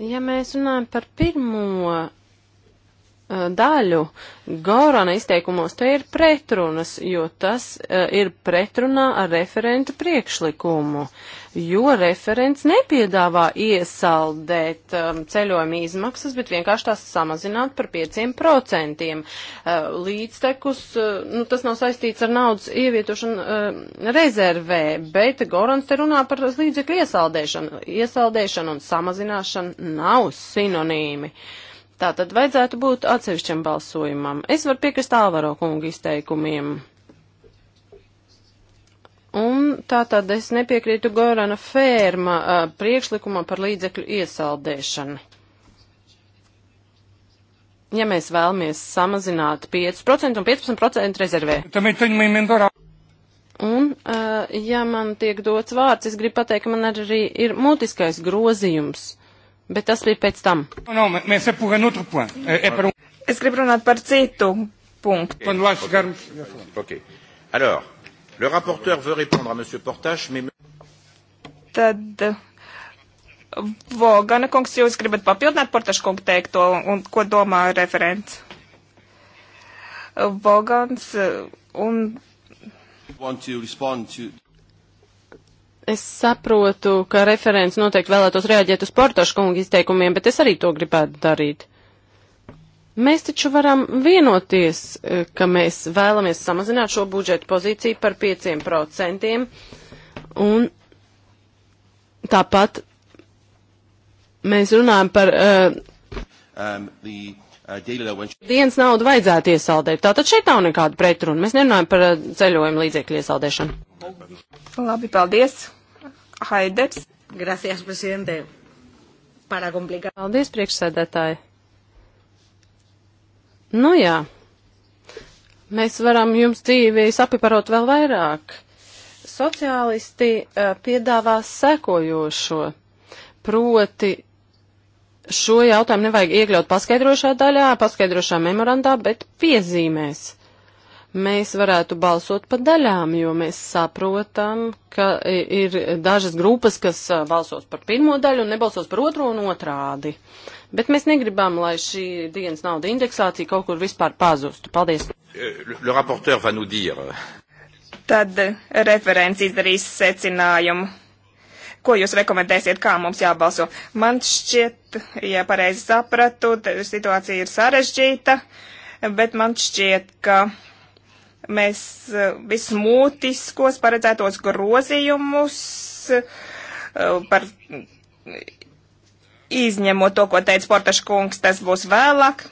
Ja mēs runājam par pirmo daļu Gorana izteikumos te ir pretrunas, jo tas uh, ir pretrunā ar referenta priekšlikumu, jo referents nepiedāvā iesaldēt um, ceļojuma izmaksas, bet vienkārši tās samazināt par 5%. Uh, līdztekus, uh, nu, tas nav saistīts ar naudas ievietošanu uh, rezervē, bet Gorans te runā par līdzekļu iesaldēšanu. Iesaldēšana un samazināšana nav sinonīmi. Uh, Tā tad vajadzētu būt atsevišķam balsojumam. Es varu piekrist Alvaro kungu izteikumiem. Un tā tad es nepiekrītu Gorana Fērma priekšlikumā par līdzekļu iesaldēšanu. Ja mēs vēlamies samazināt 5% un 15% rezervē. Un, ja man tiek dots vārds, es gribu pateikt, ka man arī ir mutiskais grozījums bet tas bija pēc tam. Euh, es gribu runāt par citu punktu. Okay. Okay. Alors, le rapporteur veut répondre à M. Portage, mais... Tad, Vogana kungs, jūs gribat papildināt Portašu kungu teikto, un ko domā referents? Vogans un... To to... Es saprotu, ka referents noteikti vēlētos reaģēt uz portašu kungu izteikumiem, bet es arī to gribētu darīt. Mēs taču varam vienoties, eh, ka mēs vēlamies samazināt šo budžetu pozīciju par 5% un tāpat mēs runājam par. Uh, um, the Dienas naudu vajadzētu iesaldēt. Tātad šeit nav nekāda pretruna. Mēs nerunājam par eh, ceļojumu līdzekļu iesaldēšanu. Labi, paldies. Haiders. Gracias, presidente. Para complicar. Paldies, priekšsēdētāji. Nu jā. Mēs varam jums dzīvi sapiparot vēl vairāk. Sociālisti uh, eh, piedāvās sekojošo proti šo jautājumu nevajag iekļaut paskaidrošā daļā, paskaidrošā memorandā, bet piezīmēs. Mēs varētu balsot pa daļām, jo mēs saprotam, ka ir dažas grupas, kas balsos par pirmo daļu un nebalsos par otro un otrādi. Bet mēs negribam, lai šī dienas nauda indeksācija kaut kur vispār pazustu. Paldies. Eh, le, le Tad referents izdarīs secinājumu ko jūs rekomendēsiet, kā mums jābalso? Man šķiet, ja pareizi sapratu, situācija ir sarežģīta, bet man šķiet, ka mēs eh, vismūtiskos paredzētos grozījumus eh, par izņemot to, ko teica Portaša kungs, tas būs vēlāk.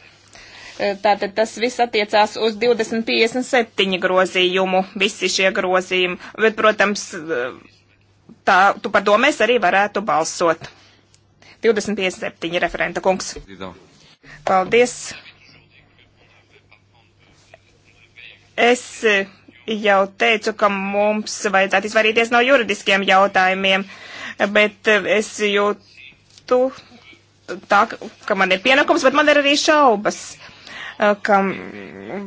Eh, tātad tas viss attiecās uz 2057 grozījumu, visi šie grozījumi, bet, protams, tā, tu par to mēs arī varētu balsot. 25.7. referenta kungs. Paldies. Es jau teicu, ka mums vajadzētu izvairīties no juridiskiem jautājumiem, bet es jūtu tā, ka man ir pienākums, bet man ir arī šaubas ka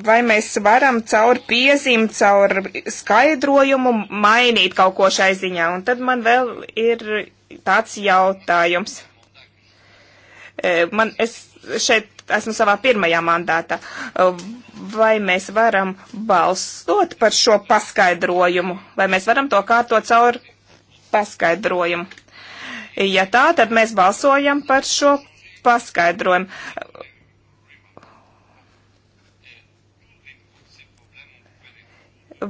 vai mēs varam caur piezīm, caur skaidrojumu mainīt kaut ko šai ziņā. Un tad man vēl ir tāds jautājums. Man, es šeit esmu savā pirmajā mandātā. Vai mēs varam balstot par šo paskaidrojumu? Vai mēs varam to kārtot caur paskaidrojumu? Ja tā, tad mēs balsojam par šo paskaidrojumu.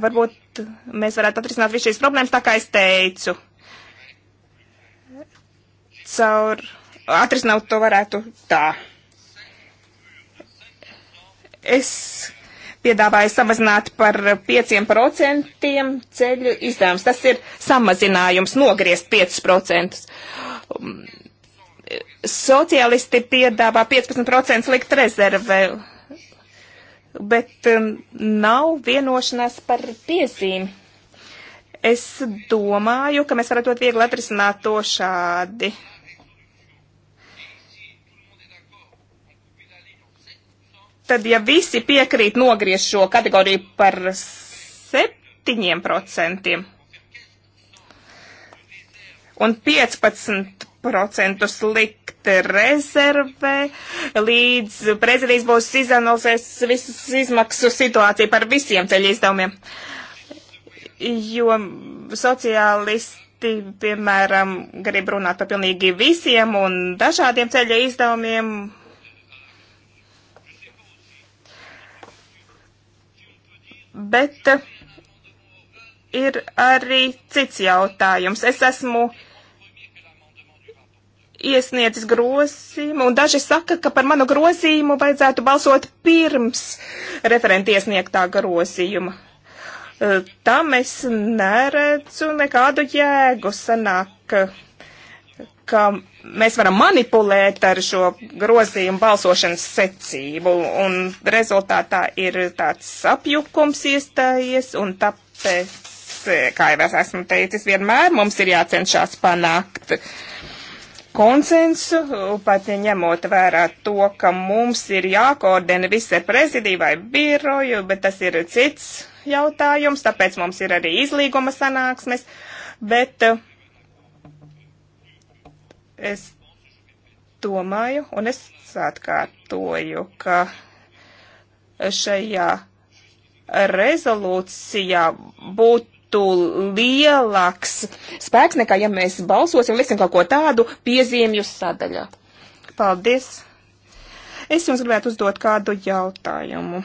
varbūt mēs varētu atrisināt visu šīs problēmas, tā kā es teicu. Caur atrisināt to varētu tā. Es piedāvāju samazināt par 5% ceļu izdevumus. Tas ir samazinājums, nogriezt 5%. Sociālisti piedāvā 15% likt rezervē bet um, nav vienošanās par piezīmi. Es domāju, ka mēs varētu ļoti viegli atrisināt to šādi. Tad, ja visi piekrīt nogriezt šo kategoriju par 7%, un 15 procentu slikti rezervē, līdz prezidents būs izanalizējis visus izmaksu situāciju par visiem ceļu izdevumiem. Jo sociālisti, piemēram, grib runāt par pilnīgi visiem un dažādiem ceļu izdevumiem. Bet ir arī cits jautājums. Es esmu uh, iesniedzis grozījumu, un daži saka, ka par manu grozījumu vajadzētu balsot pirms referenta iesniegtā grozījuma. E, tam es neredzu nekādu jēgu sanāk, ka mēs varam manipulēt ar šo grozījumu balsošanas secību, un rezultātā ir tāds apjukums iestājies, un tāpēc, kā jau es esmu teicis, vienmēr mums ir jācenšas panākt uh, konsensu, pat ņemot vērā to, ka mums ir jākoordina visi ar prezidiju vai biroju, bet tas ir cits jautājums, tāpēc mums ir arī izlīguma sanāksmes, bet eh, es domāju un es atkārtoju, ka šajā rezolūcijā būtu būtu lielāks spēks nekā, ja mēs balsosim, liksim kaut ko tādu piezīmju sadaļā. Paldies! Es jums gribētu uzdot kādu jautājumu.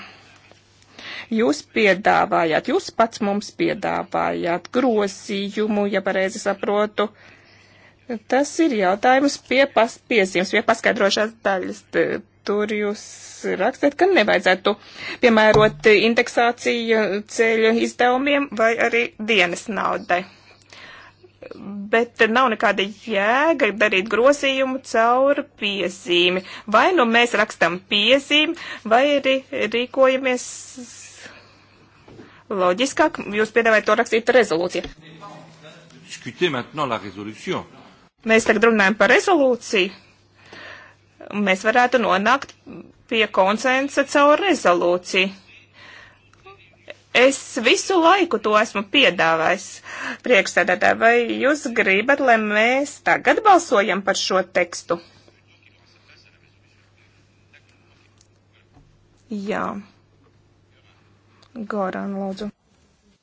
Jūs piedāvājāt, jūs pats mums piedāvājāt grozījumu, ja pareizi saprotu. Tas ir jautājums pie pas, piezīmes, pie paskaidrošās daļas tur jūs rakstāt, ka nevajadzētu piemērot indeksāciju ceļu izdevumiem vai arī dienas naudai. Bet nav nekāda jēga darīt grozījumu caur piezīmi. Vai nu mēs rakstam piezīmi, vai arī rīkojamies loģiskāk. Jūs piedāvājat to rakstīt rezolūciju. Mēs tagad runājam par rezolūciju mēs varētu nonākt pie konsensa caur rezolūciju. Es visu laiku to esmu piedāvājis priekšsēdētāji, vai jūs gribat, lai mēs tagad balsojam par šo tekstu? Jā. Goran, lūdzu.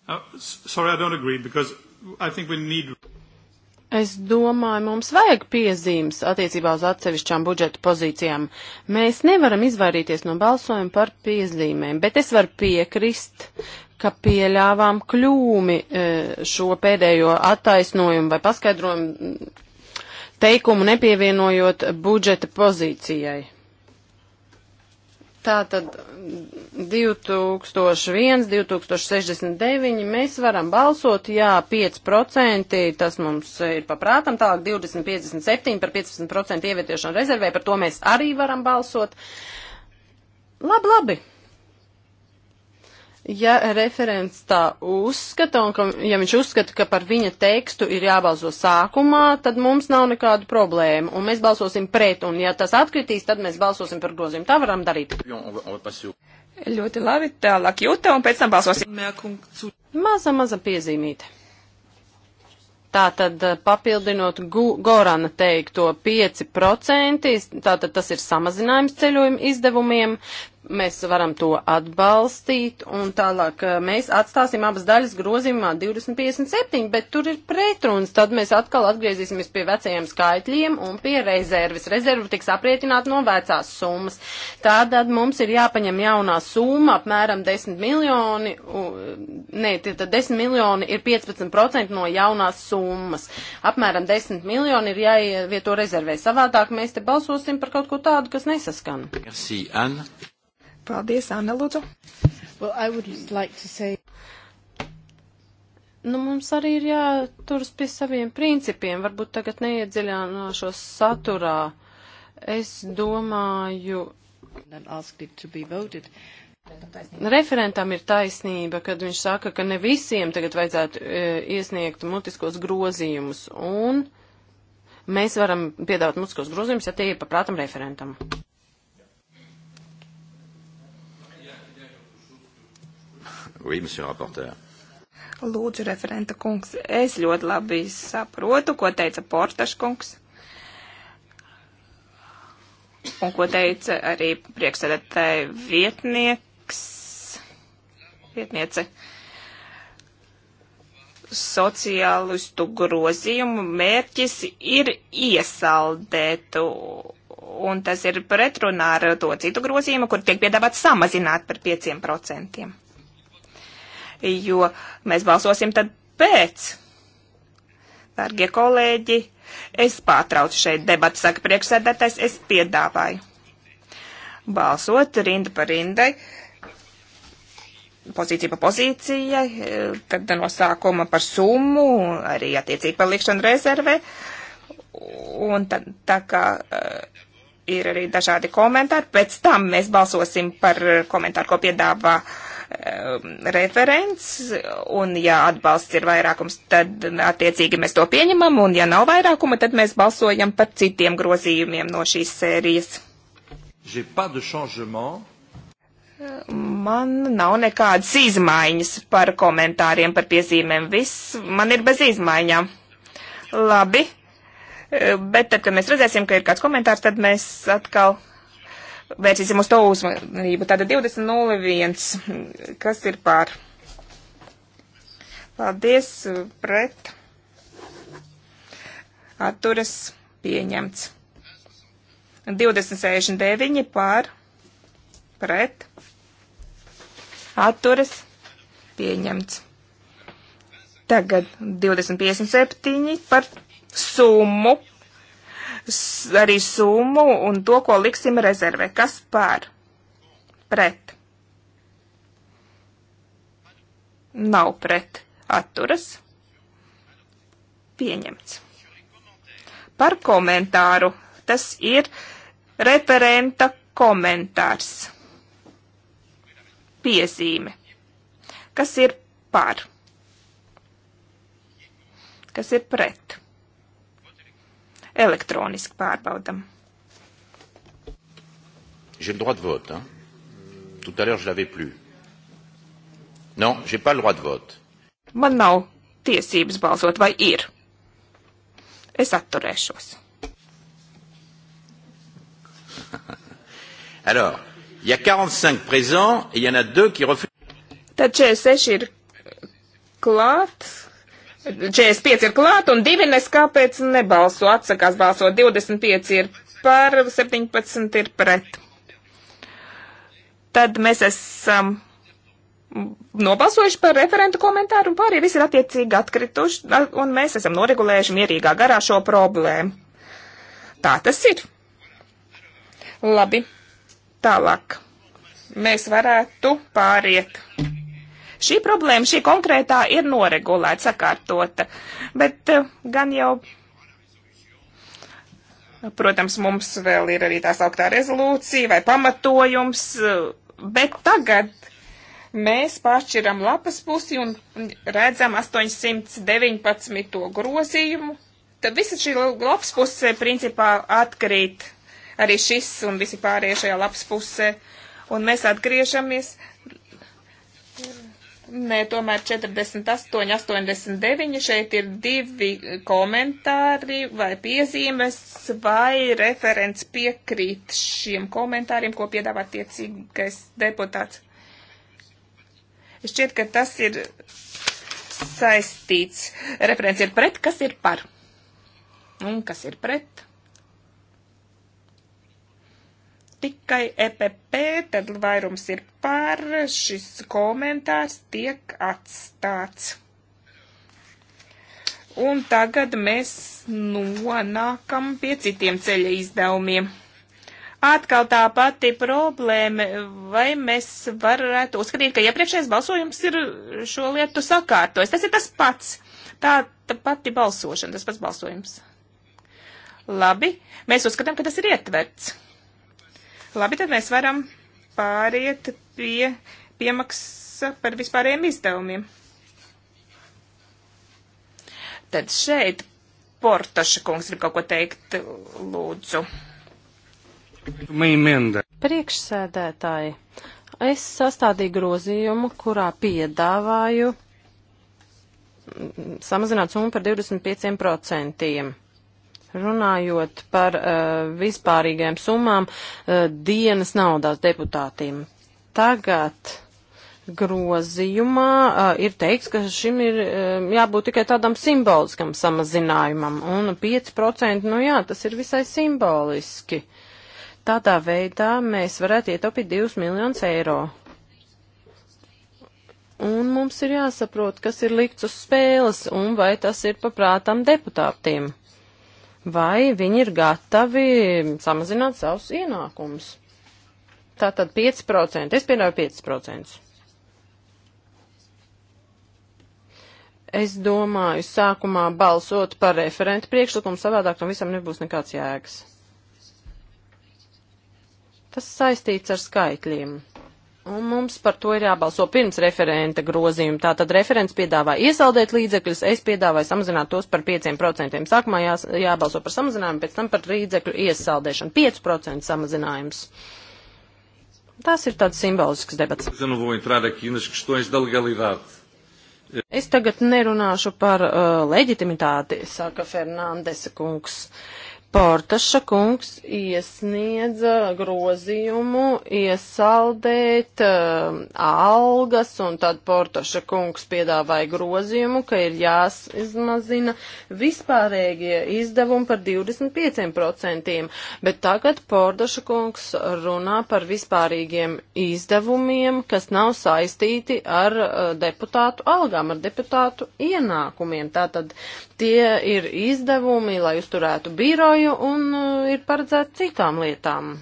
Uh, sorry, I don't agree because I think we need. Es domāju, mums vajag piezīmes attiecībā uz atsevišķām budžeta pozīcijām. Mēs nevaram izvairīties no balsojuma par piezīmēm, bet es varu piekrist, ka pieļāvām kļūmi e, šo pēdējo attaisnojumu vai paskaidrojumu teikumu nepievienojot budžeta pozīcijai. Tātad 2001, 2069 mēs varam balsot, jā, 5% tas mums ir paprātam, tālāk 20, 57 par 15% ievietošanu rezervē, par to mēs arī varam balsot. Labi, labi. Ja referents tā uzskata, un ka, ja viņš uzskata, ka par viņa tekstu ir jābalso sākumā, tad mums nav nekādu problēmu, un mēs balsosim pret, un ja tas atkritīs, tad mēs balsosim par grozījumu. Tā varam darīt. Ļoti labi, tālāk jūta, un pēc tam balsosim. Maza, maza piezīmīte. Tātad eh, papildinot Gu Gorana teikto 5%, tātad tas ir samazinājums ceļojuma izdevumiem, mēs varam to atbalstīt, un tālāk eh, mēs atstāsim abas daļas grozījumā 2057, bet tur ir pretruns, tad mēs atkal atgriezīsimies pie vecajiem skaitļiem un pie rezerves. Rezervu tiks aprieķināt no vecās summas. Tātad mums ir jāpaņem jaunā summa, apmēram 10 miljoni, ne, tad 10 miljoni ir 15% no jaunās summas. Apmēram 10 miljoni ir jāievieto rezervē. Savādāk mēs te balsosim par kaut ko tādu, kas nesaskan. Merci, Anne. Paldies, Anna Lūdzu. Well, I would like to say... Nu, mums arī ir jāturas pie saviem principiem, varbūt tagad neiedziļināšos saturā. Es domāju. Referentam ir taisnība, kad viņš saka, ka ne visiem tagad vajadzētu e, iesniegt mutiskos grozījumus, un mēs varam piedāvāt mutiskos grozījumus, ja tie ir paprātam referentam. Oui, monsieur le rapporteur. Lūdzu, referenta kungs, es ļoti labi saprotu, ko teica Portaškungs un ko teica arī priekšsēdētāja vietnieks, vietniece. Sociālistu grozījumu mērķis ir iesaldēt, un tas ir pretrunā ar to citu grozījumu, kur tiek piedāvāts samazināt par 5% jo mēs balsosim tad pēc. Dargie kolēģi, es pārtraucu šeit debatu, saka priekšsēdētājs, es piedāvāju balsot rinda par rindai, pozīcija pa pozīcijai, tad no sākuma par summu, arī attiecīgi par likšanu rezervē. Un tad, tā kā uh, ir arī dažādi komentāri, pēc tam mēs balsosim par komentāru, ko piedāvā uh, Eh, referents, un ja atbalsts ir vairākums, tad attiecīgi mēs to pieņemam, un ja nav vairākuma, tad mēs balsojam par citiem grozījumiem no šīs sērijas. Man nav nekādas izmaiņas par komentāriem, par piezīmēm. Viss man ir bez izmaiņām. Labi, eh, bet tad, kad mēs redzēsim, ka ir kāds komentārs, tad mēs atkal vērsīsim uz to uzmanību. Tātad 20.01. Kas ir pār? Paldies pret. Atturas pieņemts. 20.69 pār. Pret. Atturas pieņemts. Tagad 20.57 par summu arī summu un to, ko liksim rezervē. Kas pār? Pret. Nav pret. Atturas. Pieņemts. Par komentāru. Tas ir referenta komentārs. Piezīme. Kas ir par? Kas ir pret? elektroniski pārbaudam. J'ai le droit de vote. Hein? Tout à l'heure, je l'avais plus. Non, j'ai pas le droit de vote. Man nav tiesības balsot, vai ir? Es atturēšos. Alors, il y a 45 présents et il y en a deux qui refusent. Tad 46 ir klāt, 45 ir klāt un divi nes kāpēc nebalso, atsakās balsot, 25 ir par, 17 ir pret. Tad mēs esam nobalsojuši par referentu komentāru un pārējie visi ir attiecīgi atkrituši un mēs esam noregulējuši mierīgā garā šo problēmu. Tā tas ir. Labi, tālāk. Mēs varētu pāriet. Šī problēma, šī konkrētā ir noregulēta, sakārtota, bet eh, gan jau. Protams, mums vēl ir arī tā sauktā rezolūcija vai pamatojums, eh, bet tagad mēs pāršķiram lapas pusi un redzam 819. grozījumu. Tad visa šī lapas puse principā atkrīt arī šis un visi pārējie šajā lapas pusē. Un mēs atgriežamies Nē, tomēr 48, 89. Šeit ir divi komentāri vai piezīmes, vai referents piekrīt šiem komentāriem, ko piedāvā tiecīgais deputāts. Šķiet, ka tas ir saistīts. Referents ir pret, kas ir par? Un kas ir pret? tikai EPP, tad vairums ir pār, šis komentārs tiek atstāts. Un tagad mēs nonākam pie citiem ceļa izdevumiem. Atkal tā pati problēma, vai mēs varētu uzskatīt, ka iepriekšējais balsojums ir šo lietu sakārtojis. Tas ir tas pats, tā, tā pati balsošana, tas pats balsojums. Labi, mēs uzskatām, ka tas ir ietverts. Labi, tad mēs varam pāriet pie piemaksa par vispārējiem izdevumiem. Tad šeit Portaša kungs ir kaut ko teikt, lūdzu. Priekšsēdētāji, es sastādīju grozījumu, kurā piedāvāju samazināt summu par 25%. Runājot par uh, vispārīgajām summām uh, dienas naudās deputātiem. Tagad grozījumā uh, ir teikts, ka šim ir uh, jābūt tikai tādam simboliskam samazinājumam, un 5%, nu jā, tas ir visai simboliski. Tādā veidā mēs varētu ietaupīt 2 miljonus eiro. Un mums ir jāsaprot, kas ir likts uz spēles, un vai tas ir paprātām deputātiem vai viņi ir gatavi samazināt savus ienākumus. Tātad 5%, es piedāvu 5%. Es domāju, sākumā balsot par referentu priekšlikumu, savādāk tam visam nebūs nekāds jēgas. Tas saistīts ar skaitļiem. Un mums par to ir jābalso pirms referenta grozījuma. Tātad referents piedāvā iesaldēt līdzekļus, es piedāvāju samazināt tos par 5%. Sākumā jā, jābalso par samazinājumu, pēc tam par līdzekļu iesaldēšanu. 5% samazinājums. Tas ir tāds simbolisks debats. Es tagad nerunāšu par uh, leģitimitāti, saka Fernandesa kungs. Uh, Portaša kungs iesniedza grozījumu iesaldēt uh, algas, un tad Portaša kungs piedāvāja grozījumu, ka ir jāizmazina vispārējie izdevumi par 25%, bet tagad Portaša kungs runā par vispārīgiem izdevumiem, kas nav saistīti ar uh, deputātu algām, ar deputātu ienākumiem. Tātad tie ir izdevumi, lai uzturētu biroju, Spāniju un uh, ir paredzēta citām lietām.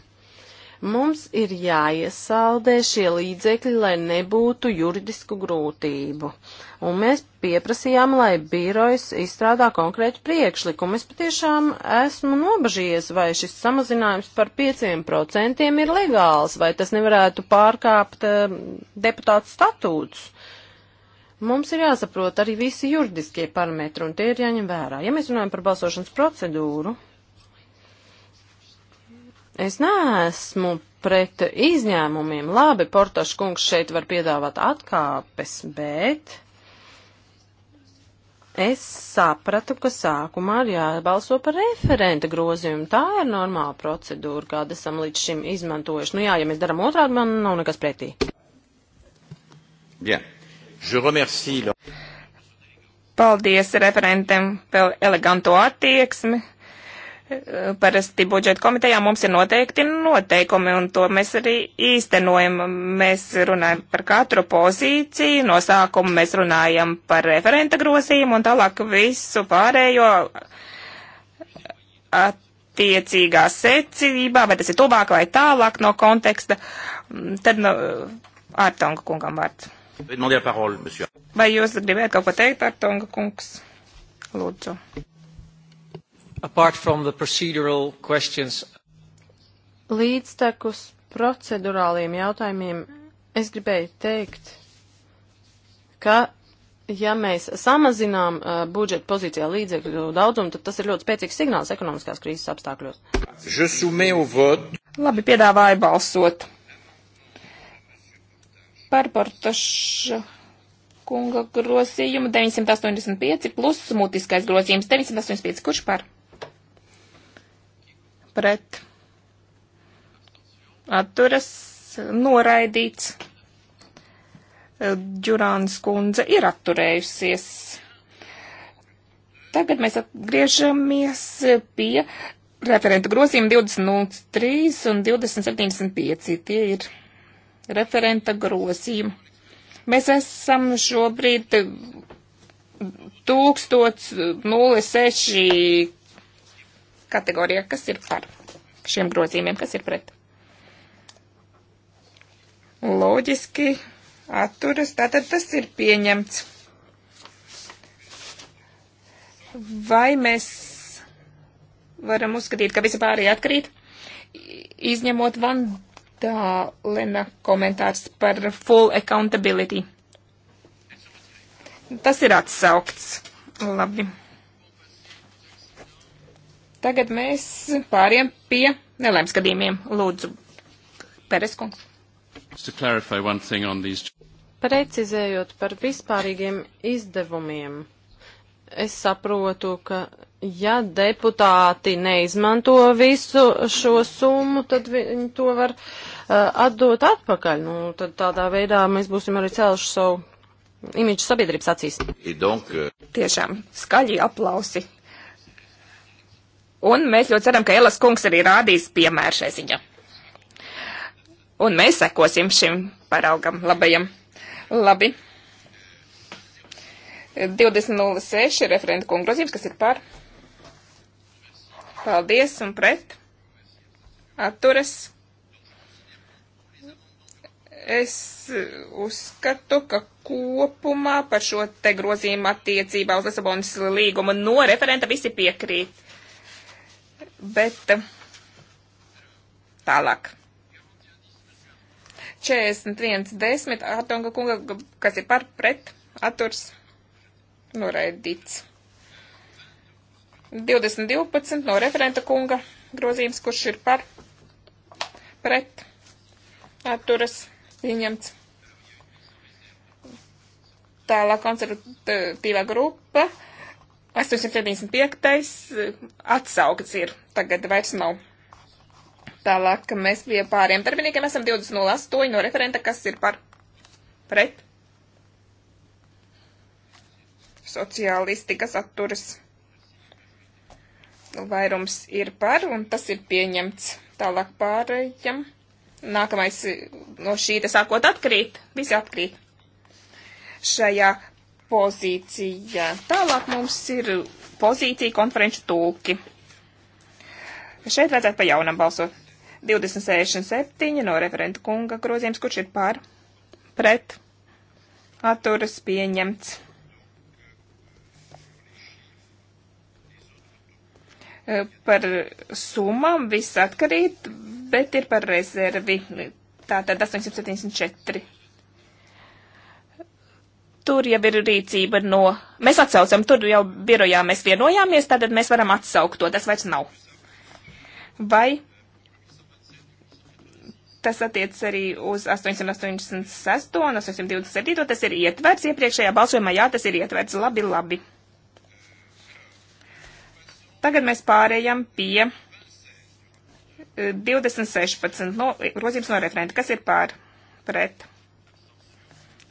Mums ir jāiesaldē šie līdzekļi, lai nebūtu juridisku grūtību. Un mēs pieprasījām, lai birojas izstrādā konkrētu priekšlikumu. Es patiešām esmu nobažījies, vai šis samazinājums par 5% ir legāls, vai tas nevarētu pārkāpt uh, deputātu statūtus. Mums ir jāsaprot arī visi juridiskie parametri, un tie ir jāņem vērā. Ja mēs runājam par balsošanas procedūru, Es neesmu pret izņēmumiem. Labi, Portašs kungs šeit var piedāvāt atkāpes, bet es sapratu, ka sākumā ir jābalso par referenta grozījumu. Tā ir normāla procedūra, kāda esam līdz šim izmantojuši. Nu jā, ja mēs daram otrādi, man nav nekas pretī. Bien. Je remercie. Paldies referentam par eleganto attieksmi Parasti budžeta komitejā mums ir noteikti noteikumi, un to mēs arī īstenojam. Mēs runājam par katru pozīciju, no sākuma mēs runājam par referenta grozījumu, un tālāk visu pārējo attiecīgā secībā, vai tas ir tuvāk vai tālāk no konteksta. Tad no nu, Ārtonga kungam vārds. Vai jūs gribētu kaut ko teikt, Ārtonga kungs? Lūdzu apart from the procedural questions. Līdztekus procedurāliem jautājumiem es gribēju teikt, ka ja mēs samazinām uh, budžeta pozīcijā līdzekļu daudzumu, tad tas ir ļoti spēcīgs signāls ekonomiskās krīzes apstākļos. Labi, piedāvāju balsot. Par portašu kunga grozījumu 985 plus mutiskais grozījums 985. Kurš par? pret atturas noraidīts. Džurāns kundze ir atturējusies. Tagad mēs atgriežamies pie referentu grozījuma 2003 un 2075. Tie ir referenta grozījumi. Mēs esam šobrīd 1006 kategorijā, kas ir par šiem grozījumiem, kas ir pret. Loģiski atturas, tātad tas ir pieņemts. Vai mēs varam uzskatīt, ka visi pārējie atkrīt, izņemot Vandālena komentārs par full accountability? Tas ir atsaukts. Labi. Tagad mēs pāriem pie nelēm skatījumiem. Lūdzu, Pereskungs. Precizējot par vispārīgiem izdevumiem, es saprotu, ka ja deputāti neizmanto visu šo summu, tad viņi to var uh, atdot atpakaļ. Nu, tad tādā veidā mēs būsim arī cēluši savu imidžu sabiedrības acīs. Donc, uh, Tiešām skaļi aplausi Un mēs ļoti ceram, ka Elas kungs arī rādīs piemēru šai ziņā. Un mēs sekosim šim paraugam labajam. Labi. 20.06 referenta kungrozības, kas ir par. Paldies un pret. Atturas. Es uzskatu, ka kopumā par šo te grozījumu attiecībā uz Lisabonas līgumu no referenta visi piekrīt bet eh, tālāk. 41.10. Artonga kunga, kas ir par pret, atturs noraidīts. 20.12. no referenta kunga grozījums, kurš ir par pret, atturas pieņemts. Tālāk konservatīvā grupa 875. Eh, atsaukts ir, tagad vairs nav. Tālāk mēs pie pāriem darbiniekiem esam 2008 no referenta, kas ir par pret. Sociālisti, kas atturas. Nu, vairums ir par, un tas ir pieņemts. Tālāk pārējiem. Nākamais eh, no šīta sākot atkrīt, visi atkrīt. Šajā pozīcijā. Tālāk mums ir pozīcija konferenču tulki. Šeit vajadzētu pa jaunam balsot. 26,7 no referenta kunga grozījums, kurš ir pār, pret, atturas pieņemts. E, par summām viss atkarīt, bet ir par rezervi. Tātad 874 Tur jau ir rīcība no, mēs atsaucam, tur jau birojā mēs vienojāmies, tad mēs varam atsaukt to, tas vairs nav. Vai tas attiec arī uz 886 un 827, tas ir ietverts iepriekšējā balsojumā, jā, tas ir ietverts, labi, labi. Tagad mēs pārējām pie 2016 eh, no, grozījums no referenta, kas ir pār, pret,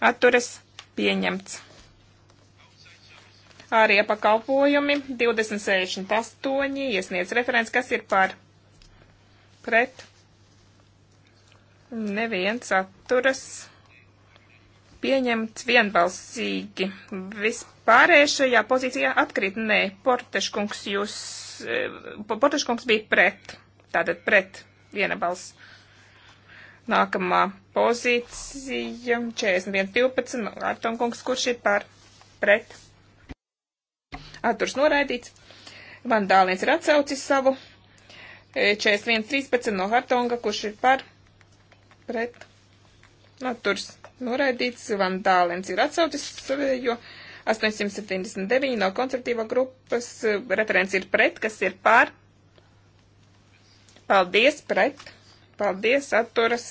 atturas, pieņemts. Arī pakalpojumi 2068 iesniedz referents, kas ir par pret. Neviens atturas pieņemts vienbalsīgi. Vispārējā pozīcijā atkrīt, nē, Porteškungs jūs, eh, Porteškungs bija pret, tātad pret viena balss. Nākamā pozīcija 41.12. Artonkungs, kurš ir par pret. Atturs noraidīts. Vandāliens ir atsaucis savu. 41.13 e, no Hartonga, kurš ir par pret. Atturs noraidīts. Vandāliens ir atsaucis savējo. 879 no koncertīva grupas. E, referents ir pret, kas ir par. Paldies, pret Paldies, atturas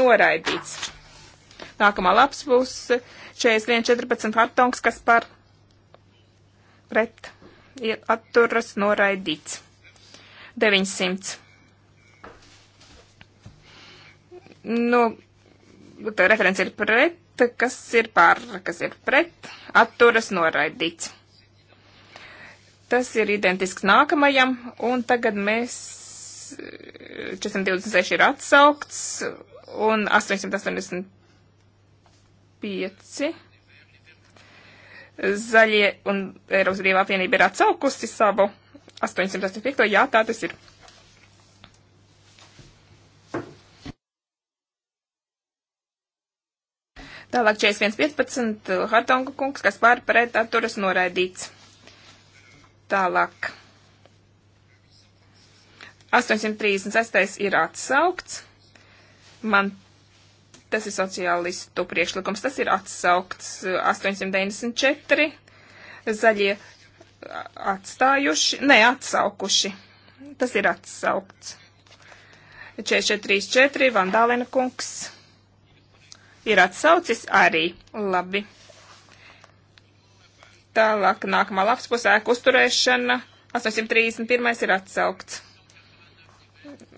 noraidīts. Nākamā laps būs 41.14 hartongs, kas par pret atturas noraidīts. 900. Nu, tā referents ir pret, kas ir par, kas ir pret, atturas noraidīts. Tas ir identisks nākamajam, un tagad mēs 426 ir atsaukts un 885. Zaļie un Eiropas brīvā apvienība ir atsaukusi savu 885. Jā, tā tas ir. Tālāk 41.15. Hartonga kungs, kas pārpret atturas noraidīts. Tālāk. 836. ir atsaukts. Man tas ir sociālistu priekšlikums, tas ir atsaukts 894. Zaļie atstājuši, ne, atsaukuši. Tas ir atsaukts. 4434, Vandālena kungs ir atsaucis arī. Labi. Tālāk nākamā lapspusē uzturēšana. 831 ir atsaukts.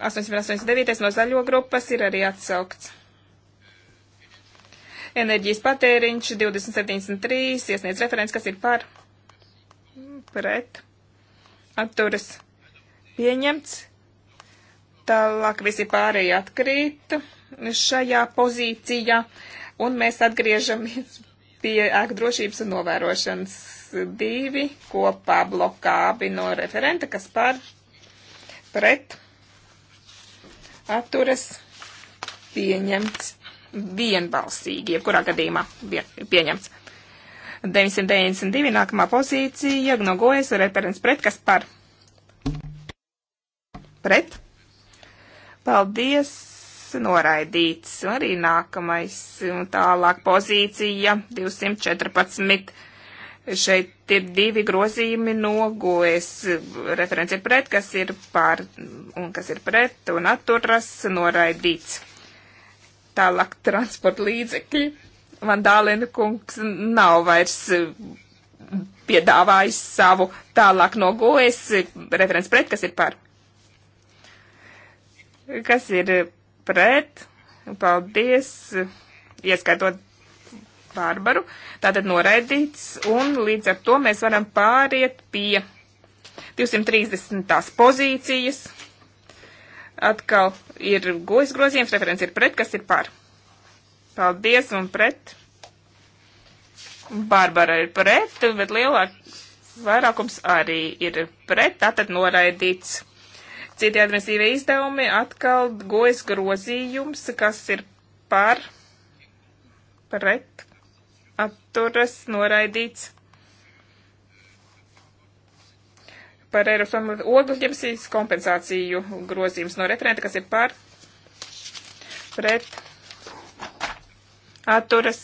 889 no zaļo grupas ir arī atsaukts. Enerģijas patēriņš 2073 iesniedz referents, kas ir par pret atturas pieņemts. Tālāk visi pārējie atkrīt šajā pozīcijā un mēs atgriežamies pie ēku drošības un novērošanas divi kopā blokā abi no referenta, kas par pret atturas pieņemts vienbalsīgi, jebkurā gadījumā pieņemts. 992. nākamā pozīcija, no gojas referents pret, kas par? Pret. Paldies, noraidīts. Arī nākamais un tālāk pozīcija 214 Šeit ir divi grozījumi no gojas referents ir pret, kas ir pār un kas ir pret un atturas noraidīts. Tālāk transporta līdzekļi. Vandālina kungs nav vairs mm, piedāvājis savu tālāk no gojas referents pret, kas ir par. Kas ir pret? Paldies. Ieskaitot Bārbaru. Tātad noraidīts, un līdz ar to mēs varam pāriet pie 230. pozīcijas. Atkal ir gojas grozījums, referents ir pret, kas ir par. Paldies un pret. Bārbara ir pret, bet lielāks vairākums arī ir pret, tātad noraidīts. Citi administīvie izdevumi atkal gojas grozījums, kas ir par, pret, atturas noraidīts. Par Eiropas ogļu ņemsīs kompensāciju grozījums no referenta, kas ir par pret atturas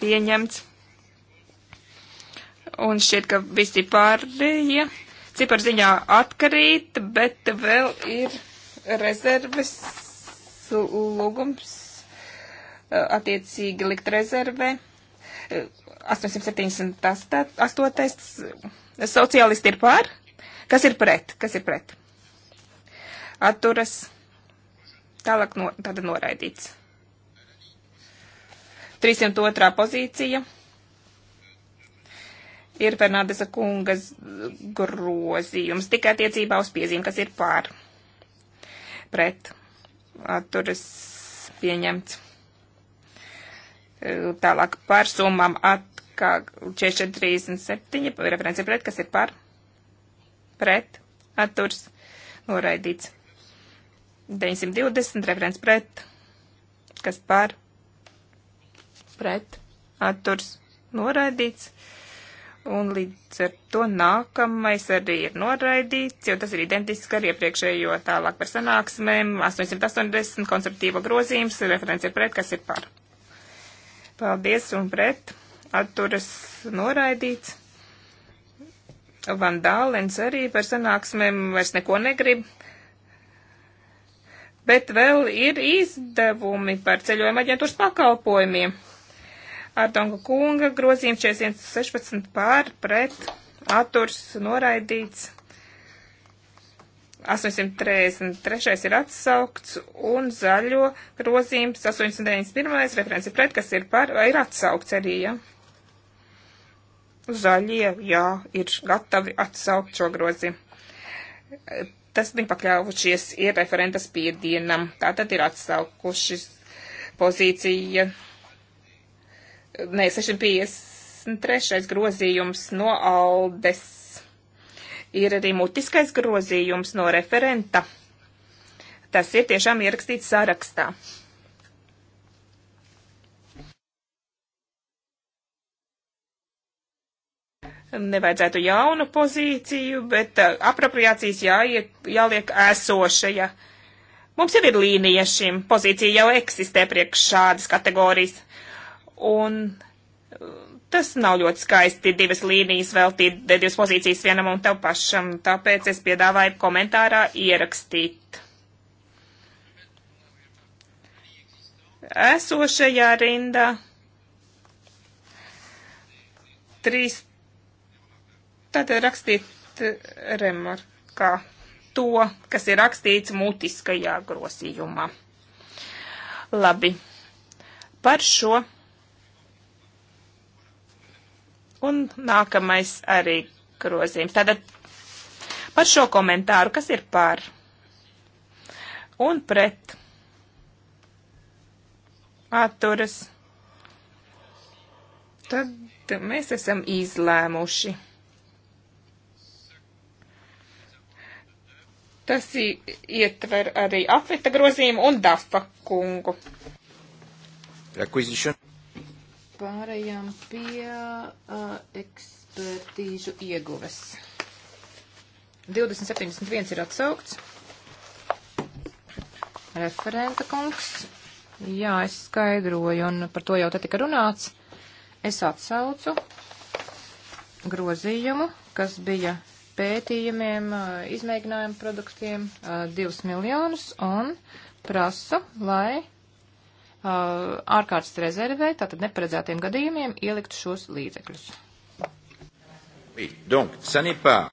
pieņemts. Un šķiet, ka visi pārējie cipar ziņā atkarīt, bet vēl ir rezerves lūgums attiecīgi likt rezervē. 878. Sociālisti ir pār. Kas ir pret? Kas ir pret? Atturas. Tālāk no, tāda noraidīts. 302. pozīcija ir Fernandesa kungas grozījums tikai attiecībā uz piezīmi, kas ir pār. Pret. Atturas pieņemts. Tālāk par summām atkā 4437, referenci pret, kas ir par, pret, atturs, noraidīts. 920, referenci pret, kas par, pret, atturs, noraidīts. Un līdz ar to nākamais arī ir noraidīts, jo tas ir identisks ar iepriekšējo tālāk par sanāksmēm. 880 konservatīva grozījums, referenci ir pret, kas ir par Paldies un pret. Atturas noraidīts. Vandālens arī par sanāksmēm vairs neko negrib. Bet vēl ir izdevumi par ceļojuma aģentūras pakalpojumiem. Artonga kunga grozījums 416 pār pret atturs noraidīts. 833 ir atsaukts un zaļo grozījums 891 referenci pret, kas ir par, vai ir atsaukts arī, ja? Zaļie, jā, ir gatavi atsaukt šo grozījumu. Tas bija pakļāvušies ir referentas piedienam, tātad ir atsaukuši pozīcija. Nē, 653 grozījums no Aldes ir arī mutiskais grozījums no referenta. Tas ir tiešām ierakstīts sarakstā. Nevajadzētu jaunu pozīciju, bet uh, apropriācijas jāiek, jāliek esošaja. Mums jau ir līnija šim, pozīcija jau eksistē priekš šādas kategorijas. Un uh, Tas nav ļoti skaisti divas līnijas veltīt, divas pozīcijas vienam un tev pašam, tāpēc es piedāvāju komentārā ierakstīt. Esošajā rindā 3. Tātad rakstīt eh, remarkā to, kas ir rakstīts mutiskajā grosījumā. Labi. Par šo Un nākamais arī grozījums. Tātad par šo komentāru, kas ir par un pret atturas. Tad mēs esam izlēmuši. Tas ietver arī afeta grozījumu un dafa kungu. Acquisition pārējām pie uh, ekspertīžu ieguves. 2071 ir atsaukts. Referenta kungs. Jā, es skaidroju, un par to jau te tika runāts. Es atsaucu grozījumu, kas bija pētījumiem, izmēģinājumu produktiem 2 miljonus un prasu, lai Uh, ārkārtas rezervē, tātad neparedzētiem gadījumiem, ielikt šos līdzekļus. Oui, donc, ça n'est pas.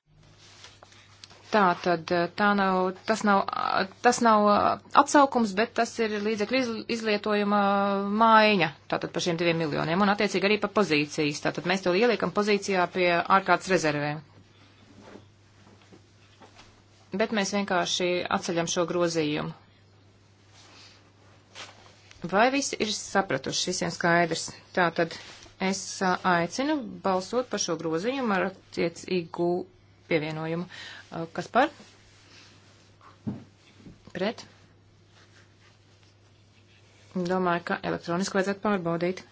Tā tad uh, tā nav, tas nav, uh, tas nav atsaukums, bet tas ir līdzekļu izlietojuma maiņa, tātad par šiem diviem miljoniem, un attiecīgi arī par pozīcijas, tātad mēs to ieliekam pozīcijā pie ārkārtas rezervēm. Bet mēs vienkārši atceļam šo grozījumu. Vai visi ir sapratuši, visiem skaidrs? Tā tad es aicinu balsot par šo groziņu ar attiecīgu pievienojumu. Kas par? Pret? Domāju, ka elektroniski vajadzētu pārbaudīt.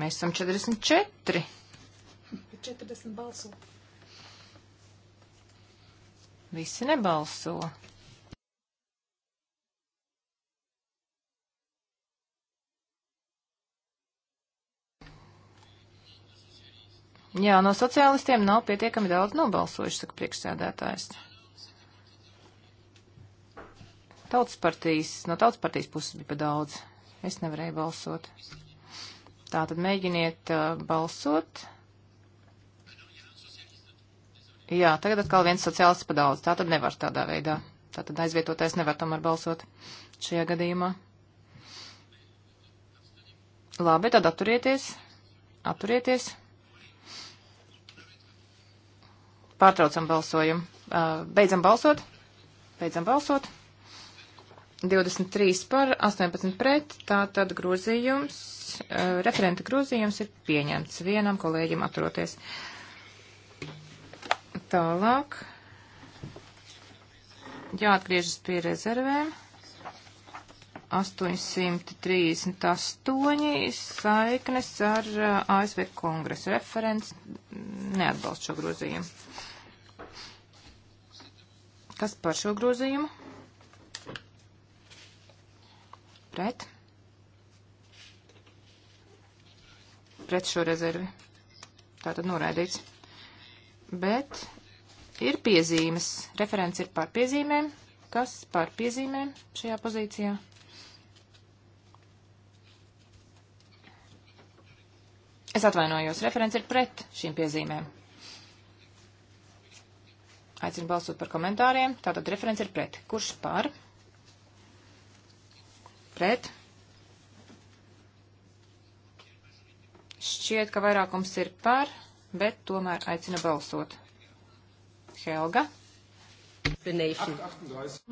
Mēs esam 44. 40 balso. Visi nebalso. Jā, no sociālistiem nav pietiekami daudz nobalsojuši, saka priekšsēdētājs. Tautas partijas, no tautas partijas puses bija pa daudz. Es nevarēju balsot. Tātad mēģiniet uh, balsot. Jā, tagad atkal viens sociālists padaudz. Tā tad nevar tādā veidā. Tā tad aizvietotais nevar tomēr balsot šajā gadījumā. Labi, tad atturieties. Atturieties. Pārtraucam balsojumu. Uh, beidzam balsot. Beidzam balsot. 23 par 18 pret, tā tad grozījums, uh, referenta grozījums ir pieņemts vienam kolēģim atroties. Tālāk. Jāatgriežas pie rezervēm. 838 saiknes ar uh, eh, ASV kongresa referents neatbalst šo grozījumu. Kas par šo grozījumu? Pret. Pret šo rezervi. Tātad noraidīts. Bet ir piezīmes. Referents ir par piezīmēm. Kas par piezīmēm šajā pozīcijā? Es atvainojos, referents ir pret šīm piezīmēm. Aicinu balsot par komentāriem. Tātad referents ir pret. Kurš par? Pret. Šķiet, ka vairākums ir par, bet tomēr aicina balsot. Helga.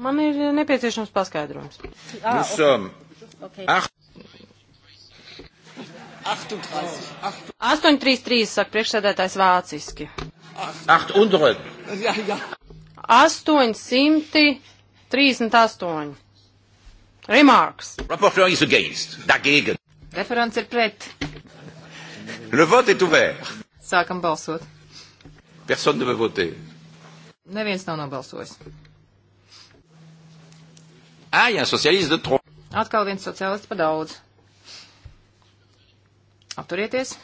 Man ir nepieciešams paskaidrojums. Ah, okay. Um, okay. 833, saka priekšsēdētājs vāciski. 838. 838. Remarks. Rapporteur is against. Dagegen. Referents ir pret. Le vote est ouvert. Sākam balsot. Personne ne veut voter. Neviens nav nobalsojis. Ah, jā, sociālists de trop. Atkal viens sociālists pa daudz. Atturieties.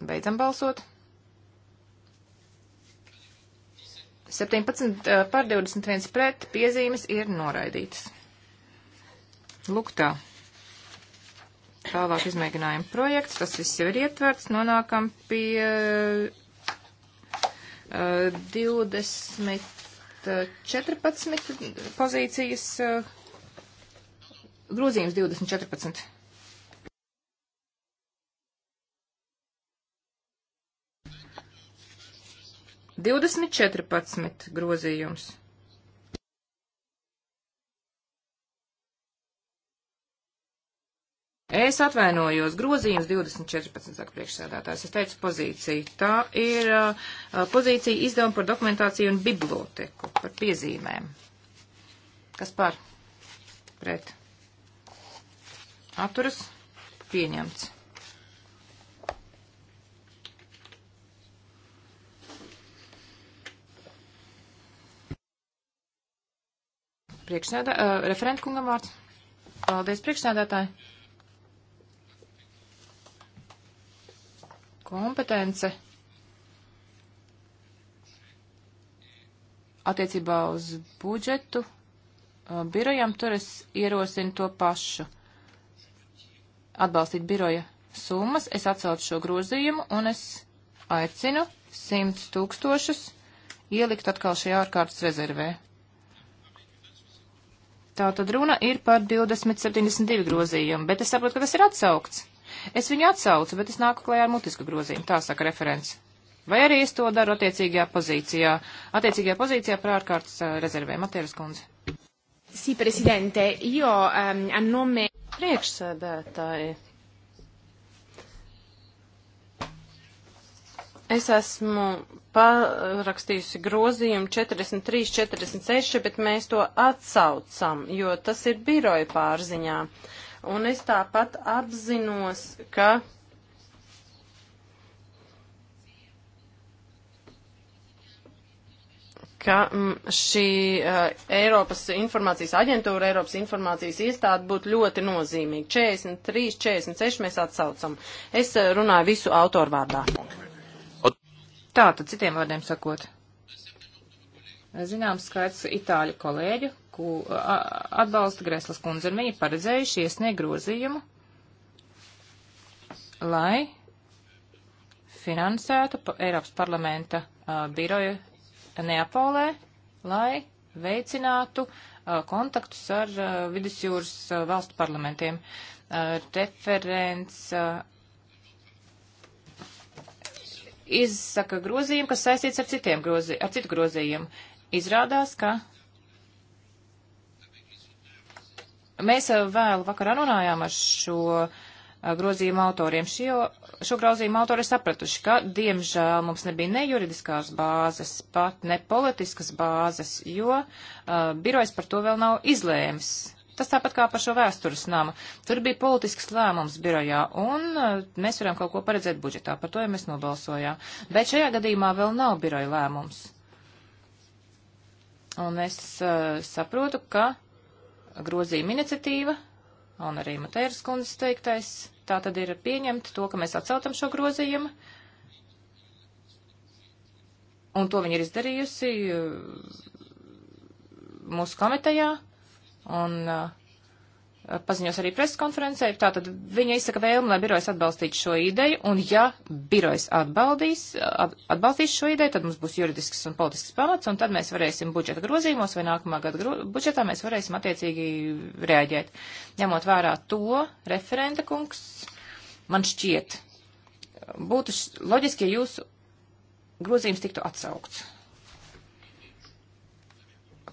Beidzam balsot. 17 eh, par 21 pret piezīmes ir noraidītas. Lūk tā. Tālāk izmēģinājuma projekts, tas viss jau ir ietverts, nonākam pie uh, 20, 14 pozīcijas, uh, grozījums 2014. Divdesmit četrpadsmit grozījums. Es atvainojos, grozījums 2014, saka priekšsēdētājs. Es teicu pozīciju. Tā ir uh, uh, pozīcija izdevuma par dokumentāciju un biblioteku, par piezīmēm. Kas par? Pret. Atturas. Pieņemts. Priekšsēdā, uh, referentkungam vārds. Paldies, priekšsēdētāji. kompetence attiecībā uz budžetu uh, birojam, tur es ierosinu to pašu. Atbalstīt biroja summas, es atceltu šo grozījumu un es aicinu 100 tūkstošus ielikt atkal šajā ārkārtas rezervē. Tā tad runa ir par 2072 grozījumu, bet es saprotu, ka tas ir atsaukts. Es viņu atsaucu, bet es nāku klajā ar mutisku grozījumu, tā saka referents. Vai arī es to daru attiecīgajā pozīcijā, attiecīgajā pozīcijā par ārkārtas eh, rezervēm, Matēras kundze? Sī, prezidente, jo um, ehm, annome. Priekšsēdētāji. Es esmu parakstījusi grozījumu 43, 46, bet mēs to atsaucam, jo tas ir biroja pārziņā. Uh, Un es tāpat apzinos, ka ka mm, šī uh, Eiropas informācijas aģentūra, Eiropas informācijas iestāde būtu ļoti nozīmīga. 43, 46 mēs atsaucam. Es uh, runāju visu autoru vārdā. Tā, tad citiem vārdiem sakot. Zināms skaits itāļu kolēģu, ku, atbalsta Greslas kundze un viņi paredzējuši iesniegt grozījumu, lai finansētu Eiropas parlamenta a, biroju Neapolē, lai veicinātu a, kontaktus ar a, vidusjūras valstu parlamentiem. Referents izsaka grozījumu, kas saistīts ar, citiem grozi, ar citu grozījumu. Izrādās, ka Mēs eh, vēl vakarā runājām ar šo eh, grozījumu autoriem. Šo, šo grozījumu autori sapratuši, ka, diemžēl, mums nebija ne juridiskās bāzes, pat ne politiskas bāzes, jo uh, birojs par to vēl nav izlēmis. Tas tāpat kā par šo vēstures namu. Tur bija politisks lēmums birojā, un uh, mēs varam kaut ko paredzēt budžetā. Par to jau mēs nobalsojām. Bet šajā gadījumā vēl nav biroja lēmums. Un es uh, saprotu, ka grozījuma iniciatīva, un arī Matēras kundzes teiktais, tā tad ir pieņemt to, ka mēs atceltam šo grozījumu. Un to viņi ir izdarījusi uh, mūsu komitejā, un uh, Eh, paziņos arī preskonferencē. Tātad viņa izsaka vēlmi, lai birojs atbalstītu šo ideju, un ja birojs atbaldīs, eh, atbalstīs šo ideju, tad mums būs juridisks un politisks pamats, un tad mēs varēsim budžeta grozīmos vai nākamā gada gro, budžetā mēs varēsim attiecīgi reaģēt. Ņemot vērā to, referenta kungs, man šķiet, eh, būtu loģiski, ja jūsu grozījums tiktu atsaukts.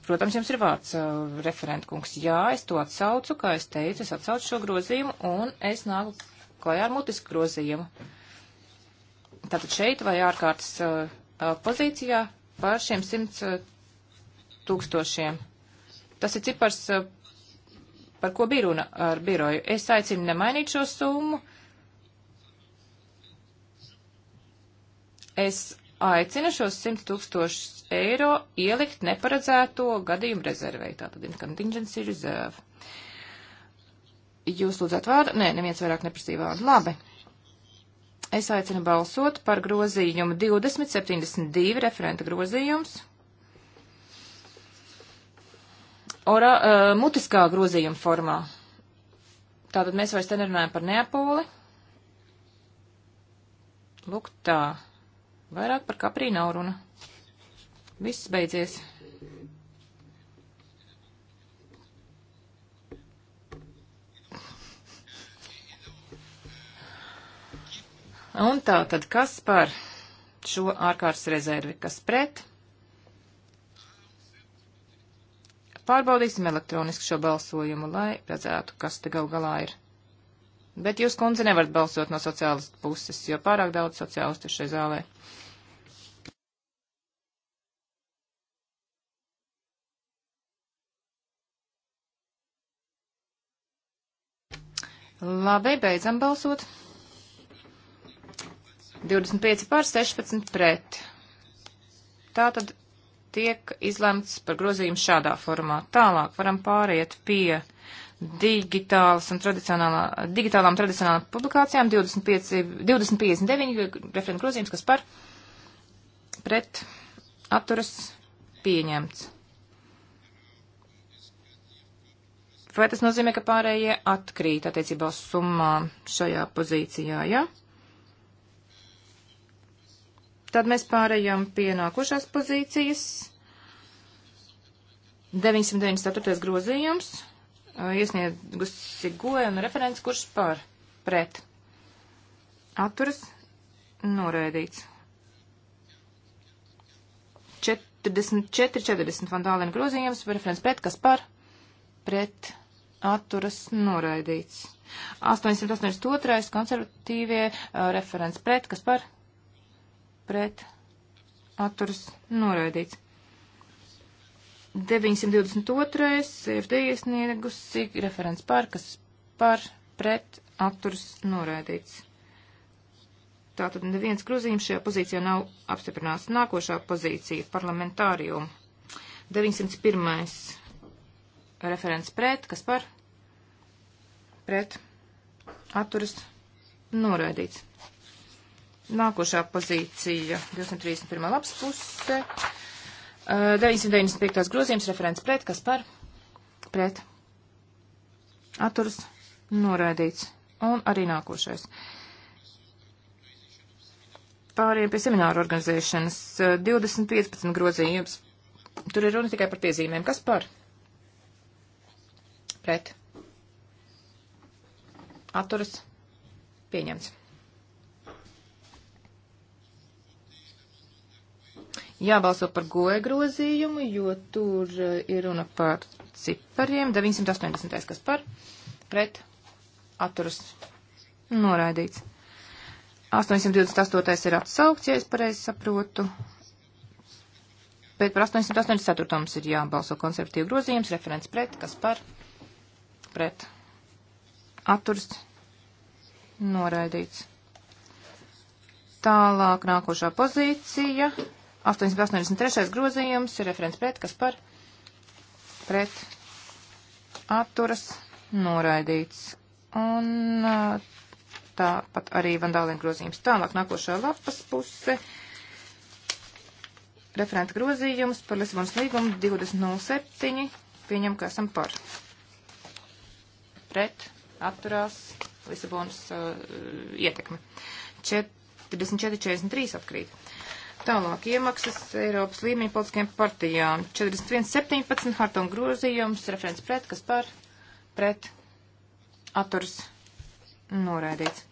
Protams, jums ir vārds, uh, referentkungs. Jā, es to atsaucu, kā es teicu, es atsaucu šo grozījumu un es nāku klajā ar mutisku grozījumu. Tātad šeit vai ārkārtas uh, uh pozīcijā par šiem 100 uh, tūkstošiem. Tas ir cipars, uh, par ko bija runa ar biroju. Es aicinu nemainīt šo summu. Es aicina šos 100 tūkstošus eiro ielikt neparedzēto gadījumu rezervei, tātad in contingency reserve. Jūs lūdzat vārdu? Nē, neviens vairāk neprasīja vārdu. Labi. Es aicinu balsot par grozījumu 2072 referenta grozījums. Ora, uh, mutiskā grozījuma formā. Tātad mēs vairs te nerunājam par Neapoli. Lūk tā. Vairāk par kaprī nav runa. Viss beidzies. Un tā tad kas par šo ārkārtas rezervi, kas pret? Pārbaudīsim elektroniski šo balsojumu, lai redzētu, kas te gal galā ir. Bet jūs, kundze, nevarat balsot no sociālistu puses, jo pārāk daudz sociālistu šai zālē. Labi, beidzam balsot. 25 pār 16 pret. Tātad tiek izlemts par grozījumu šādā formā. Tālāk varam pāriet pie digitālas un tradicionālā, digitālām un tradicionālām publikācijām 25, 2059 referenta grozījums, kas par pret atturas pieņemts. Vai tas nozīmē, ka pārējie atkrīt attiecībā uz summām šajā pozīcijā, jā? Ja? Tad mēs pārējām pie nākošās pozīcijas. 994. grozījums iesniegusi gojumu referents, kurš par pret atturas noraidīts. 44, 40 vandālina grozījums, referents pret, kas par pret atturas noraidīts. 882. konservatīvie referents pret, kas par pret atturas noraidīts. 922. FD iesniegusi referents par, kas par pret atturs noraidīts. Tātad neviens grozījums šajā pozīcijā nav apstiprināts. Nākošā pozīcija - parlamentārium. 901. referents pret, kas par pret atturas noraidīts. Nākošā pozīcija - 231. labs puse 995. Eh, grozījums referents pret, kas par? Pret. Atturs noraidīts. Un arī nākošais. Pāriem pie semināru organizēšanas. 2015 eh, grozījums. Tur ir runa tikai par piezīmēm. Kas par? Pret. Atturas. Pieņemts. jābalso par goja grozījumu, jo tur eh, ir runa par cipariem. 980. kas par pret atturas noraidīts. 828. ir atsaukts, ja es pareizi saprotu. Bet par 884. mums ir jābalso konservatīvu grozījums, referents pret, kas par pret atturas noraidīts. Tālāk nākošā pozīcija 883. grozījums ir referents pret, kas par pret atturas noraidīts. Un uh, tāpat arī vandālien grozījums. Tālāk nākošā lapas puse. Referenta grozījums par Lisabonas līgumu 2007. Pieņem, ka esam par. Pret atturās Lisabonas uh, ietekme. 44.43 atkrīt. Tālāk iemaksas Eiropas līmeņa politiskajām partijām. 41.17. Hartung grozījums, referents pret, kas par, pret, atturs, noraidīts.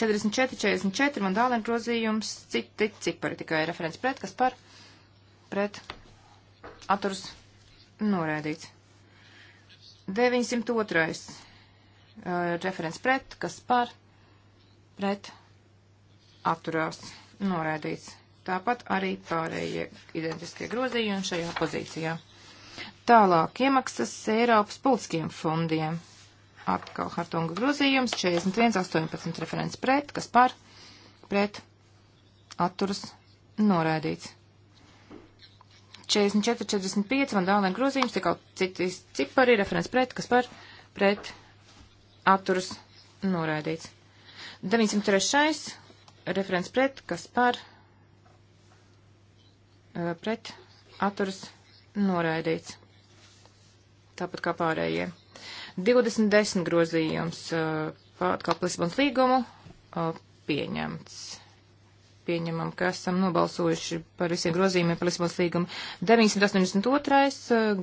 44.44. Man dālien grozījums, citi cipari tikai referents pret, kas par, pret, atturs, noraidīts. 902. Uh, eh, referents pret, kas par, pret, atturās, noraidīts. Tāpat arī pārējie identiskie grozījumi šajā pozīcijā. Tālāk iemaksas Eiropas politiskajiem fondiem. Atkal Hartunga grozījums 41.18 referents pret, kas par, pret, atturas, noraidīts. 44.45 man dālēn grozījums, tikā citas cipari, referents pret, kas par, pret, atturas, noraidīts. 903. referents pret, kas par, pret Eh, pret atturas noraidīts. Tāpat kā pārējie. 2010 grozījums eh, atkal Lisbons līgumu eh, pieņemts. Pieņemam, ka esam nobalsojuši par visiem grozījumiem par Lisbons līgumu. 982.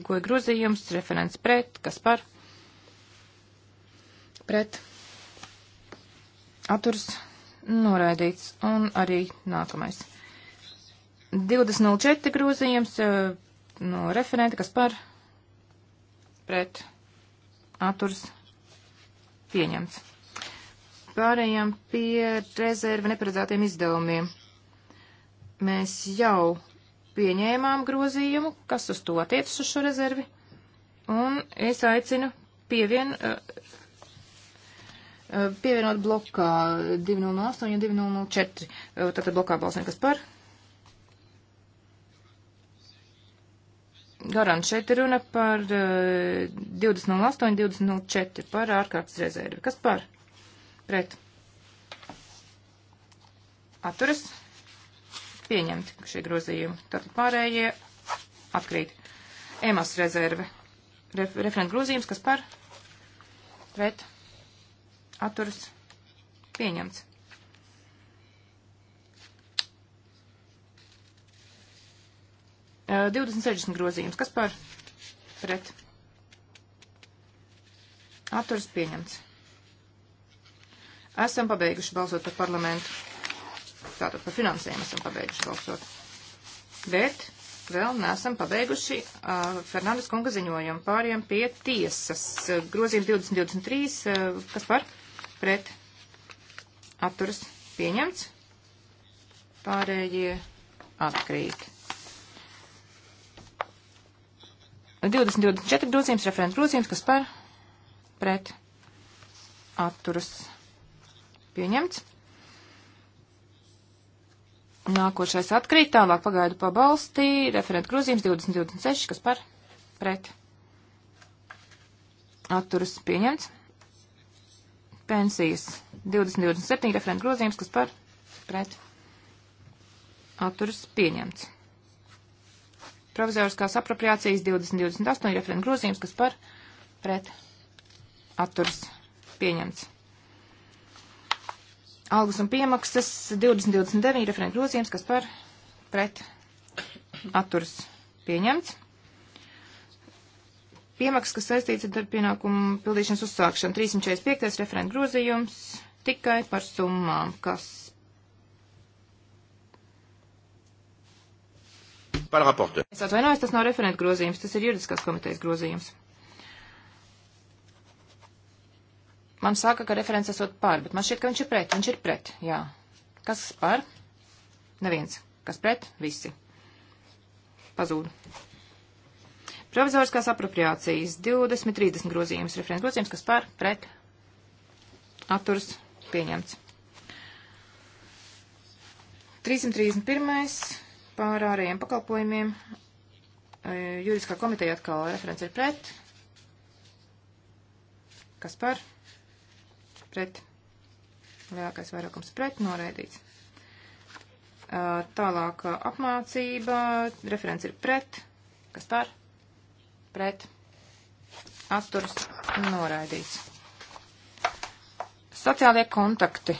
goja grozījums, referents pret, kas par? Pret. Aturs noraidīts un arī nākamais. 20.04 grozījums eh, no referenta, kas par pret atturs pieņemts. Pārējām pie rezervi neparedzētiem izdevumiem. Mēs jau pieņēmām grozījumu, kas uz to attiecas uz šo rezervi, un es aicinu pievien, eh, eh, pievienot blokā 208 un 204, tātad blokā balsojam, kas par Garant, šeit ir runa par 2008, eh, 2004 par ārkārtas rezervi. Kas par? Pret. Atturas. Pieņemti šie grozījumi. Tad pārējie atkrīt. EMAS rezerve. Ref, referent grozījums, kas par? Pret. Atturas. Pieņemts. 2060 eh, grozījums. Kas par? Pret. Atturas pieņemts. Esam pabeiguši balsot par parlamentu. Tātad par finansējumu esam pabeiguši balsot. Bet vēl neesam pabeiguši uh, Fernandes kunga ziņojumu. Pāriem pie tiesas. Grozījums 2023. Uh, eh, kas par? Pret. Atturas pieņemts. Pārējie atkrīt. 20, 24 grozījums, referenta grozījums, kas par pret atturas pieņemts. Nākošais atkrīt, tālāk pagaidu pabalstī, referenta grozījums 20, 26, kas par pret atturas pieņemts. Pensijas 20, 27, referenta grozījums, kas par pret atturas pieņemts provizoriskās apropriācijas 2028 referenta grozījums, kas par pret atturs pieņemts. Algas un piemaksas 2029 referenta grozījums, kas par pret atturs pieņemts. Piemaksas, kas saistīts ar pienākumu pildīšanas uzsākšanu 345. referenta grozījums tikai par summām, kas pas le rapporteur. Es atvainojos, tas nav referenta grozījums, tas ir juridiskās komitejas grozījums. Man saka, ka referents esot pār, bet man šķiet, ka viņš ir pret. Viņš ir pret, jā. Kas pār? Neviens. Kas pret? Visi. Pazūd. Provizoriskās apropriācijas 20-30 grozījums. Referents grozījums, kas pār? Pret. Atturs pieņemts. 331. Pār ārējiem pakalpojumiem e, juridiskā komiteja atkal referents ir pret. Kas par? Pret. Lielākais vairākums pret noraidīts. E, tālāk e, apmācība, referents ir pret. Kas par? Pret. Atturs noraidīts. Sociālie kontakti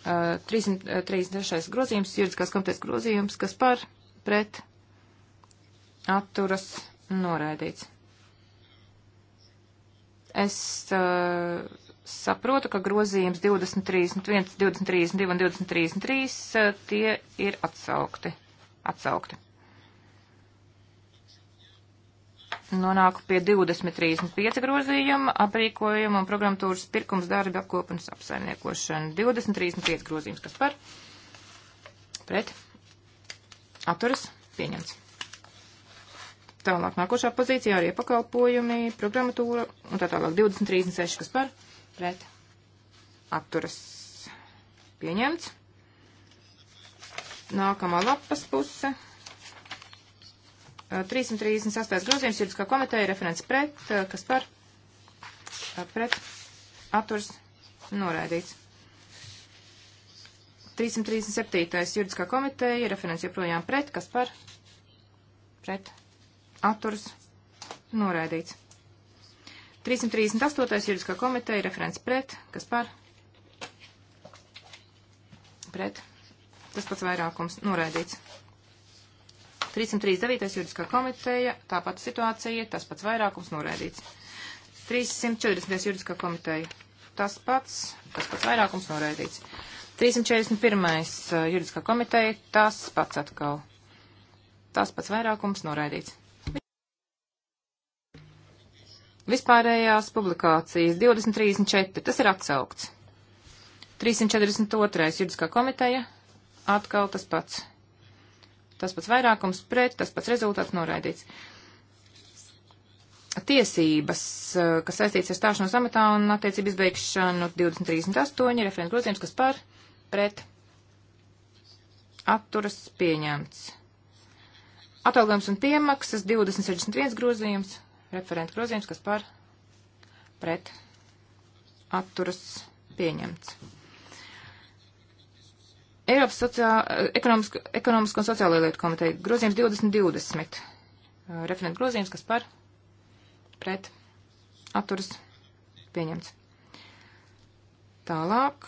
Uh, 333. grozījums, juridiskās komitejas grozījums, kas par pret atturas noraidīts. Es uh, saprotu, ka grozījums 20, 31, 20, 32 un 20, 33 uh, tie ir atsaukti. atsaukti. Nonāku pie 2035 grozījuma, aprīkojuma un programmatūras pirkums darbi apkopunas apsaimniekošana. 2035 grozījums, kas par? Pret. Atturas. Pieņemts. Tālāk nākošā pozīcijā arī pakalpojumi, programmatūra un tā tālāk. 2036, kas par? Pret. Atturas. Pieņemts. Nākamā lapas puse. 338. Eh, grozījums juridiskā komiteja referents pret, eh, kas par eh, pret atturs noraidīts. 337. juridiskā komiteja referents joprojām pret, kas par pret atturs noraidīts. 338. juridiskā komiteja referents pret, kas par pret. Tas pats vairākums noraidīts. 339. juridiskā komiteja, tāpat situācija, tas pats vairākums noraidīts. 340. juridiskā komiteja, tas pats, tas pats vairākums noraidīts. 341. Uh, juridiskā komiteja, tas pats atkal, tas pats vairākums noraidīts. Vispārējās publikācijas 2034, tas ir atsaukts. 342. juridiskā komiteja, atkal tas pats. Tas pats vairākums pret, tas pats rezultāts noraidīts. Tiesības, eh, kas saistīts ar stāšanos amatā un attiecību izbeigšanu 2038, referents grozījums, kas par, pret, atturas pieņemts. Atalgojums un piemaksas 2061 grozījums, referents grozījums, kas par, pret, atturas pieņemts. Eiropas sociā, ekonomisko, ekonomisko un sociālo lietu komiteja grozījums 2020. Referenta grozījums, kas par pret atturas pieņemts. Tālāk.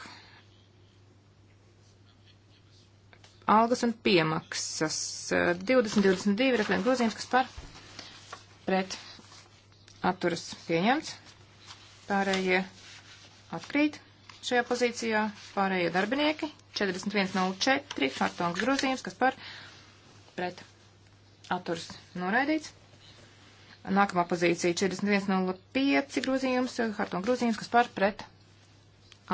Algas un piemaksas. 2022 referenta grozījums, kas par pret atturas pieņemts. Pārējie atkrīt šajā pozīcijā. Pārējie darbinieki 41.04. Hartongas grozījums, kas par pret atturs noraidīts. Nākamā pozīcija 41.05. grozījums, Hartongas grozījums, kas par pret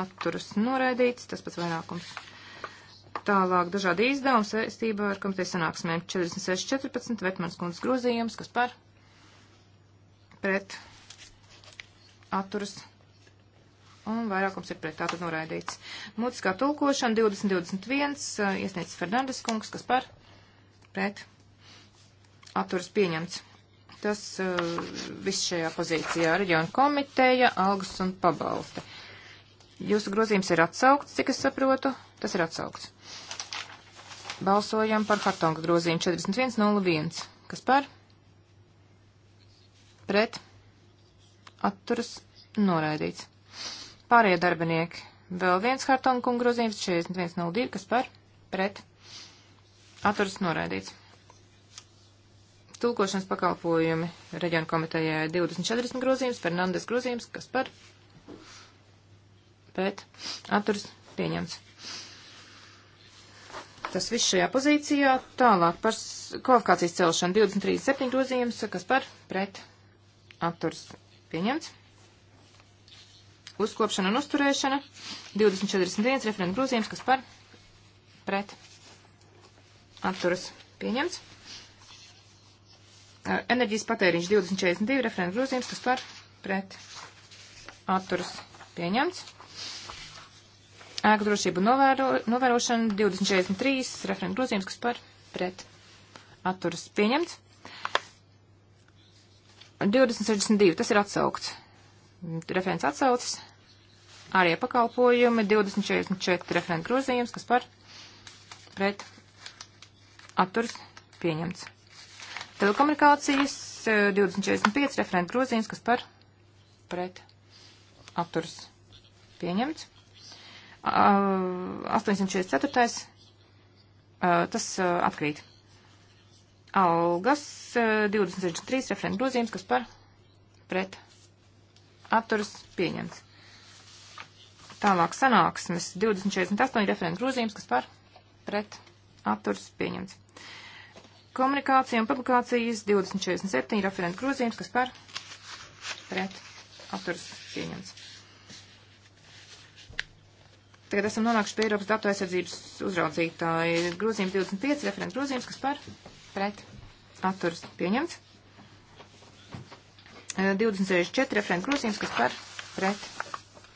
atturs noraidīts. Tas pats vairākums. Tālāk dažādi izdevumi saistībā ar komitejas sanāksmēm 46.14. Vetmanas kundzes grozījums, kas par pret atturs noraidīts un vairākums ir pret tātad noraidīts. Mutiskā tulkošana 2021 iesniedz Fernandes kungs, kas par pret atturas pieņemts. Tas uh, viss šajā pozīcijā reģiona komiteja, algas un pabalsta. Jūsu grozījums ir atsaukts, cik es saprotu, tas ir atsaukts. Balsojam par Hartonga grozījumu 4101. Kas par? Pret. Atturas noraidīts. Pārējie darbinieki. Vēl viens Hartonga kunga grozījums 4102, kas par pret atturas noraidīts. Tulkošanas pakalpojumi reģionu komitejai 2040 grozījums, Fernandes grozījums, kas par pret atturas pieņemts. Tas viss šajā pozīcijā. Tālāk par kvalifikācijas celšanu 2037 grozījums, kas par pret atturas pieņemts uzkopšana un uzturēšana, 2041 referenta grūzījums, kas par pret atturas pieņemts. Enerģijas patēriņš 2042 referenta grūzījums, kas par pret atturas pieņemts. Ēku drošību novēro, novērošana 2043 referenta grūzījums, kas par pret atturas pieņemts. 2062, tas ir atsaukts referents atsaucis, arī pakalpojumi, 2044 referenta grozījums, kas par pret atturs pieņemts. Telekomunikācijas 2045 e, referenta grozījums, kas par pret atturs pieņemts. 844. E, tas e, atkrīt. Algas 263 referenta grozījums, kas par pret atturas pieņemts. Tālāk sanāksmes 2048 referenta grozījums, kas par pret atturas pieņemts. Komunikācija un publikācijas 2047 referenta grozījums, kas par pret atturas pieņemts. Tagad esam nonākuši pie Eiropas datu aizsardzības uzraudzītāja grozījuma 25 referenta grozījums, kas par pret atturas pieņemts. 2064 referenta grozījums, kas par pret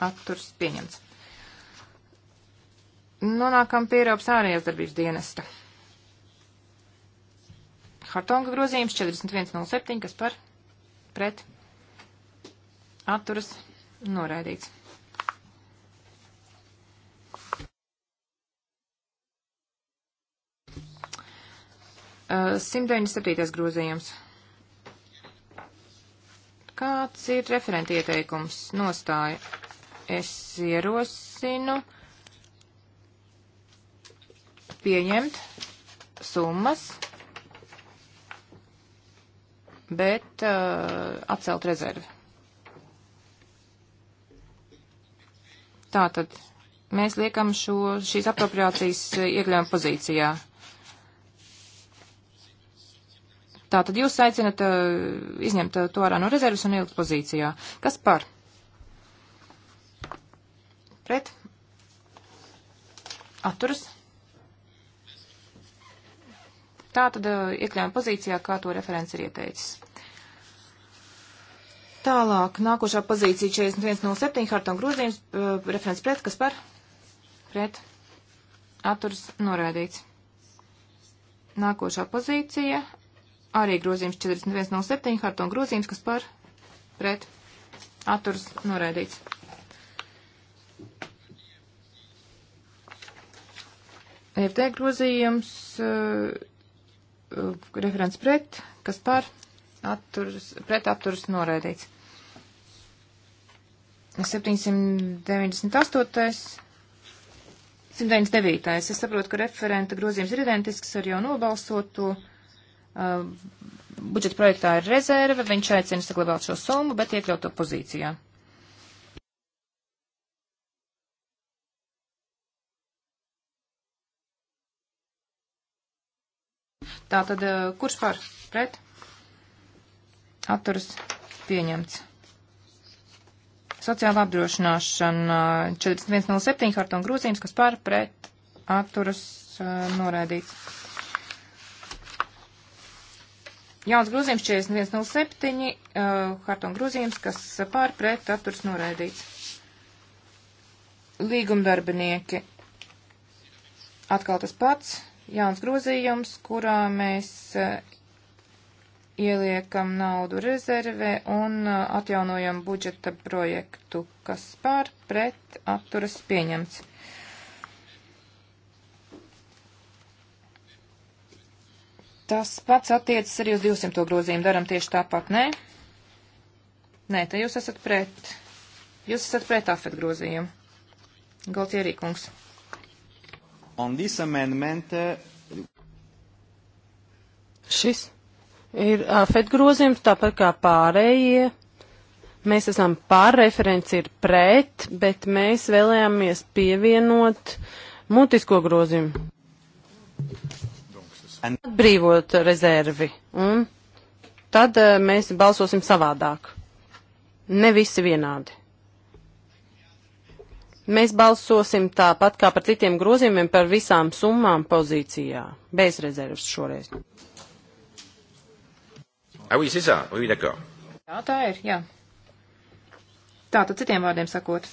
atturs pieņemts. Nonākam pie Eiropas ārējās darbības dienesta. Hartonga grozījums 4107, kas par pret atturas noraidīts. Uh, 197. grozījums Kāds ir referenta ieteikums nostāja? Es ierosinu pieņemt summas, bet uh, atcelt rezervi. Tātad mēs liekam šo, šīs apropriācijas uh, iekļaujam pozīcijā. Tātad jūs aicinat uh, izņemt uh, to ārā no rezervas un ielikt pozīcijā. Kas par? Pret? Atturas? Tā tad uh, iekļāvām pozīcijā, kā to referents ir ieteicis. Tālāk, nākošā pozīcija 4107, Hartung grozījums, uh, referents pret, kas par? Pret. Atturs noraidīts. Nākošā pozīcija Arī grozījums 4107 Hartong grozījums, kas par pret atturs noraidīts. FD grozījums, uh, referents pret, kas par atturs, pret atturs noraidīts. 798. 199. Es saprotu, ka referenta grozījums ir identisks ar jau nobalsoto. Uh, Uh, budžeta projektā ir rezerve, viņš aicina saglabāt šo summu, bet iekļaut to pozīcijā. Tātad, uh, kurš par pret? Atturas pieņemts. Sociāla apdrošināšana uh, 41.07 harta un grūzījums, kas par pret atturas uh, noraidīts. Jauns grozījums 4107, uh, Harton grozījums, kas pār pret atturs noraidīts. Līgumdarbinieki. Atkal tas pats, jauns grozījums, kurā mēs uh, ieliekam naudu rezervē un uh, atjaunojam budžeta projektu, kas pār pret atturas pieņemts. Tas pats attiecas arī uz 200 grozījumu. Daram tieši tāpat, nē? Nē, te jūs esat pret. Jūs esat pret afet grozījumu. Galtierī kungs. On this amendment. Uh... Šis ir afet grozījums, tāpat kā pārējie. Mēs esam pār, referents ir pret, bet mēs vēlējāmies pievienot mutisko grozījumu and... atbrīvot rezervi, un tad uh, mēs balsosim savādāk. Ne visi vienādi. Mēs balsosim tāpat kā par citiem grozījumiem par visām summām pozīcijā, bez rezervas šoreiz. Ah oui, c'est ça. Oui, d'accord. Jā, tā ir, jā. Tā, tad citiem vārdiem sakot.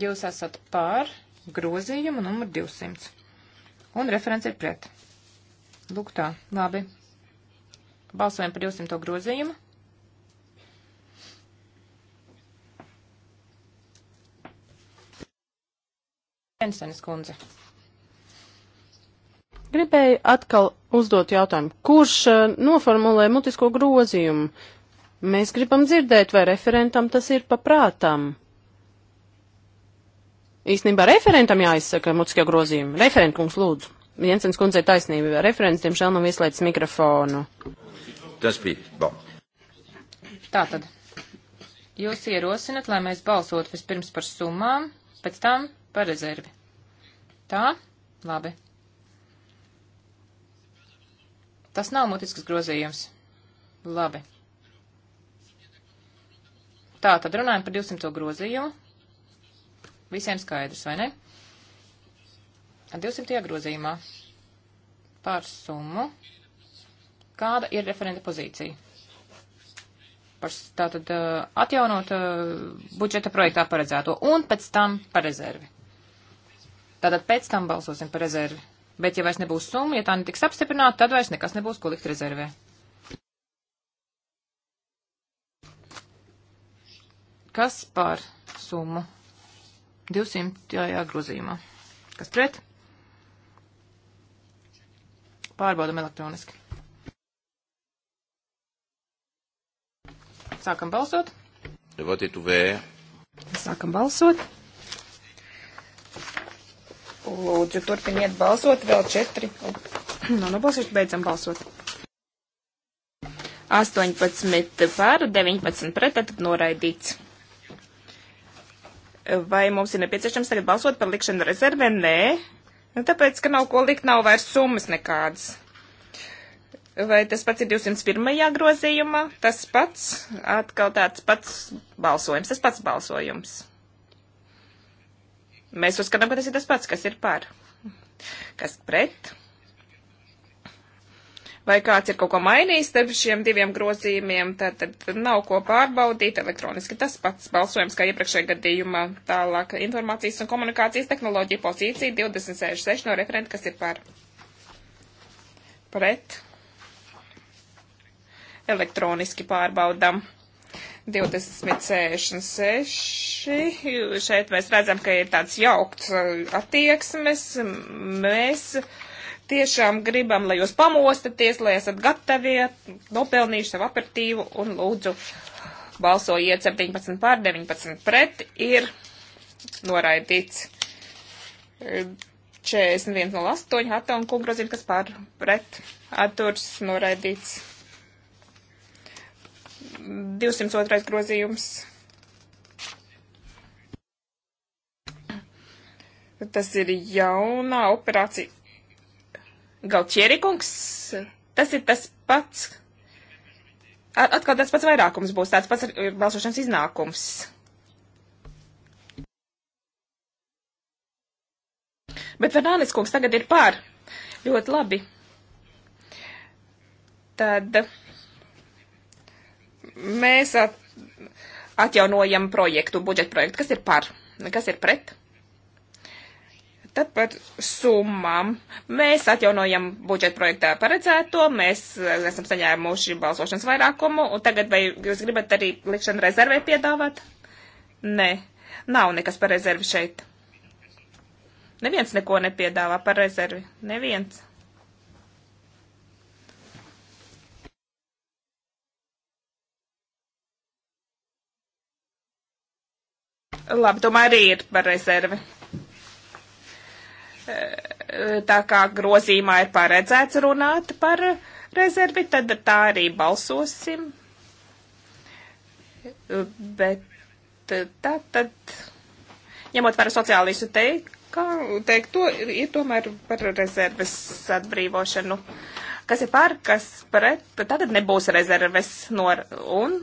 Jūs esat pār grozījumu numur 200. Un referents ir pret. Lūk tā, labi. Balsojam par 200 grozījumu. Jensenes kundze. Gribēju atkal uzdot jautājumu, kurš uh, noformulē mutisko grozījumu? Mēs gribam dzirdēt, vai referentam tas ir paprātam īstenībā referentam jāizsaka mutiskajā grozījumā. Referentkungs lūdzu. Jensens kundze ir taisnība. Referents, diemžēl, nav ieslēdzis mikrofonu. Tas bija. Bon. Tātad. Jūs ierosinat, lai mēs balsotu vispirms par summām, pēc tam par rezervi. Tā? Labi. Tas nav mutisks grozījums. Labi. Tā, tad runājam par 200. grozījumu. Visiem skaidrs, vai ne? 200. grozījumā par summu. Kāda ir referenta pozīcija? Par tātad uh, atjaunot uh, budžeta projektā paredzēto un pēc tam par rezervi. Tātad pēc tam balsosim par rezervi. Bet ja vairs nebūs summa, ja tā netiks apstiprināta, tad vairs nekas nebūs, ko likt rezervē. Kas par summu? 200. Jā, jā, grozījumā. Kas pret? Pārbaudam elektroniski. Sākam balsot. Le vote est ouvert. Sākam balsot. Lūdzu, turpiniet balsot. Vēl četri. Nu, nu balsoši beidzam balsot. 18 pār, 19 pret, tad noraidīts. Vai mums ir nepieciešams tagad balsot par likšanu rezervē? Nē, nu, tāpēc, ka nav ko likt, nav vairs summas nekādas. Vai tas pats ir 201. grozījumā? Tas pats, atkal tāds pats balsojums, tas pats balsojums. Mēs uzskatām, ka tas ir tas pats, kas ir par. Kas pret? vai kāds ir kaut ko mainījis starp šiem diviem grozījumiem, tad, tad nav ko pārbaudīt elektroniski. Tas pats balsojums, kā iepriekšējā gadījumā, tālāk informācijas un komunikācijas tehnoloģija pozīcija 26.6 no referenta, kas ir par pret elektroniski pārbaudam. 26. Šeit mēs redzam, ka ir tāds jaukts attieksmes. Mēs tiešām gribam, lai jūs pamostaties, lai esat gatavi, nopelnījuši savu aperitīvu un lūdzu balsojiet 17 pār 19 pret ir noraidīts 41 no 8 atonu kungrozina, kas pār pret atturs noraidīts 202 grozījums. Tas ir jaunā operācija Galķierikungs, tas ir tas pats. Atkal tāds pats vairākums būs, tāds pats balsošanas iznākums. Bet Fernandes kungs tagad ir pār. Ļoti labi. Tad mēs atjaunojam projektu, budžeta projektu. Kas ir par? Kas ir pret? Tad par summām. Mēs atjaunojam budžeta projektā paredzēto, mēs eh, esam saņēmuši balsošanas vairākumu, un tagad vai jūs gribat arī likšanu rezervē piedāvāt? Nē, nav nekas par rezervi šeit. Neviens neko nepiedāvā par rezervi. Neviens. Labi, tomēr arī ir par rezervi tā kā grozīmā ir paredzēts runāt par rezervi, tad tā arī balsosim. Bet tā tad, ņemot vērā sociālistu teikto, teikt, to ir tomēr par rezerves atbrīvošanu. Kas ir pār, kas pret, tagad nebūs rezerves no un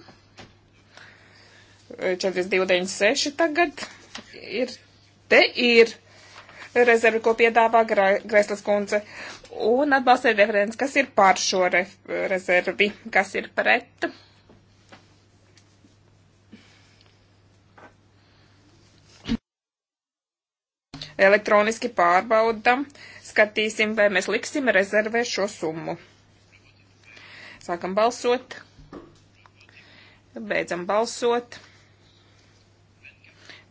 4296 tagad ir, te ir rezervi, ko piedāvā Greslas kundze, un atbalsta referents, kas ir pār šo re rezervi, kas ir pret. Elektroniski pārbaudam, skatīsim, vai mēs liksim rezervē šo summu. Sākam balsot. Beidzam balsot.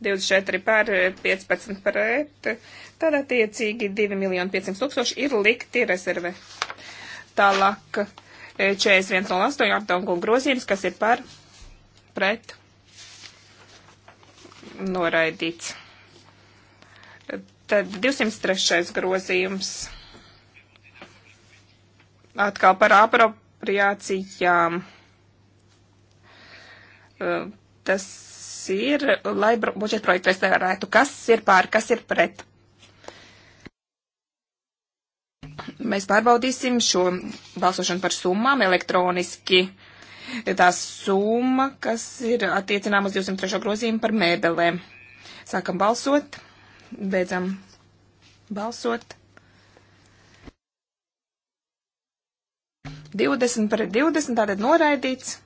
24 par 15 pret, tad attiecīgi 2 miljoni 500 tūkstoši ir likti rezerve. Tālāk 4108 e, aptaunkumu grozījums, kas ir par pret noraidīts. Tad 203. grozījums atkal par apropriācijām. E, tas ir, lai budžeta projektu restaurētu, kas ir pār, kas ir pret. Mēs pārbaudīsim šo balsošanu par summām elektroniski. Tā summa, kas ir attiecināma uz 203. grozījumu par mēbelēm. Sākam balsot, beidzam balsot. 20 pret 20, tātad noraidīts.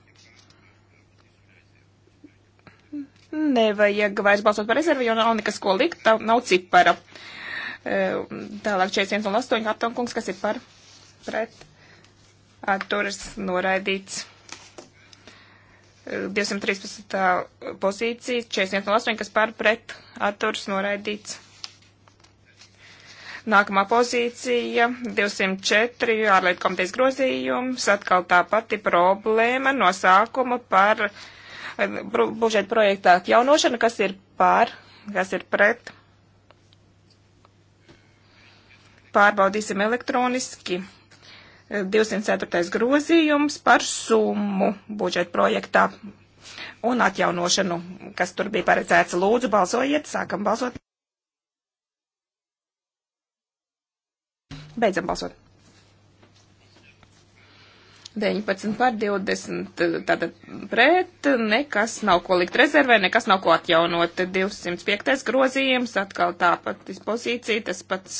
nevajag vairs balsot par rezervi, jo nav nekas, ko likt, nav cipara. E, tālāk 41,8 atomkungs, kas ir par pret atturas noraidīts. 213. E, pozīcija, 41,8, kas par pret atturas noraidīts. Nākamā pozīcija, 204, ārlietu komitejas grozījums, atkal tā pati problēma no sākuma par uh, budžeta projekta atjaunošana, kas ir pār, kas ir pret. Pārbaudīsim elektroniski. 204. grozījums par summu budžeta projektā un atjaunošanu, kas tur bija paredzēts. Lūdzu, balsojiet, sākam balsot. Beidzam balsot. 19 par 20, eh, tātad pret, nekas nav ko likt rezervē, nekas nav ko atjaunot. 205. grozījums, atkal tāpat dispozīcija, tas pats,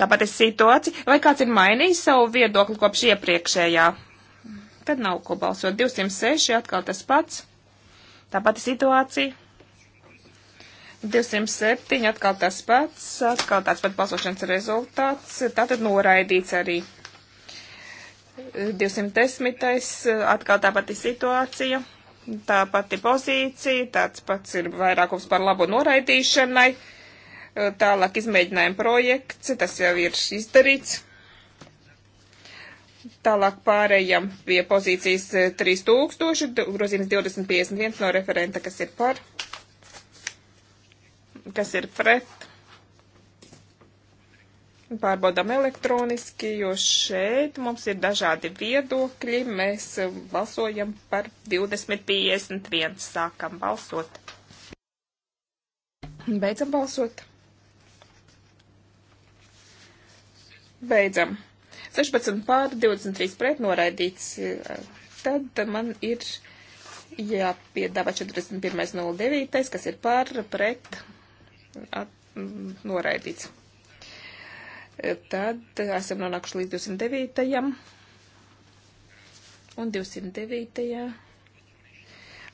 tāpat es situācija. Vai kāds ir mainījis savu viedokli kopš iepriekšējā? Tad nav ko balsot. 206, atkal tas pats, tāpat situācija. 207, atkal tas pats, atkal tāds pats balsošanas rezultāts, tātad noraidīts arī. 210. atkal tā pati situācija, tā pati pozīcija, tāds pats ir vairākums par labu noraidīšanai. Tālāk izmēģinājuma projekts, tas jau ir izdarīts. Tālāk pārējām pie pozīcijas 3000, grozījums 2051 no referenta, kas ir par, kas ir pret, Pārbaudām elektroniski, jo šeit mums ir dažādi viedokļi. Mēs eh, balsojam par 2051. Sākam balsot. Beidzam balsot. Beidzam. 16 pār 23 pret noraidīts. Tad man ir jāpiedāvā 41.09, kas ir pār pret at, noraidīts. Tad esam nonākuši līdz 209. Un 209.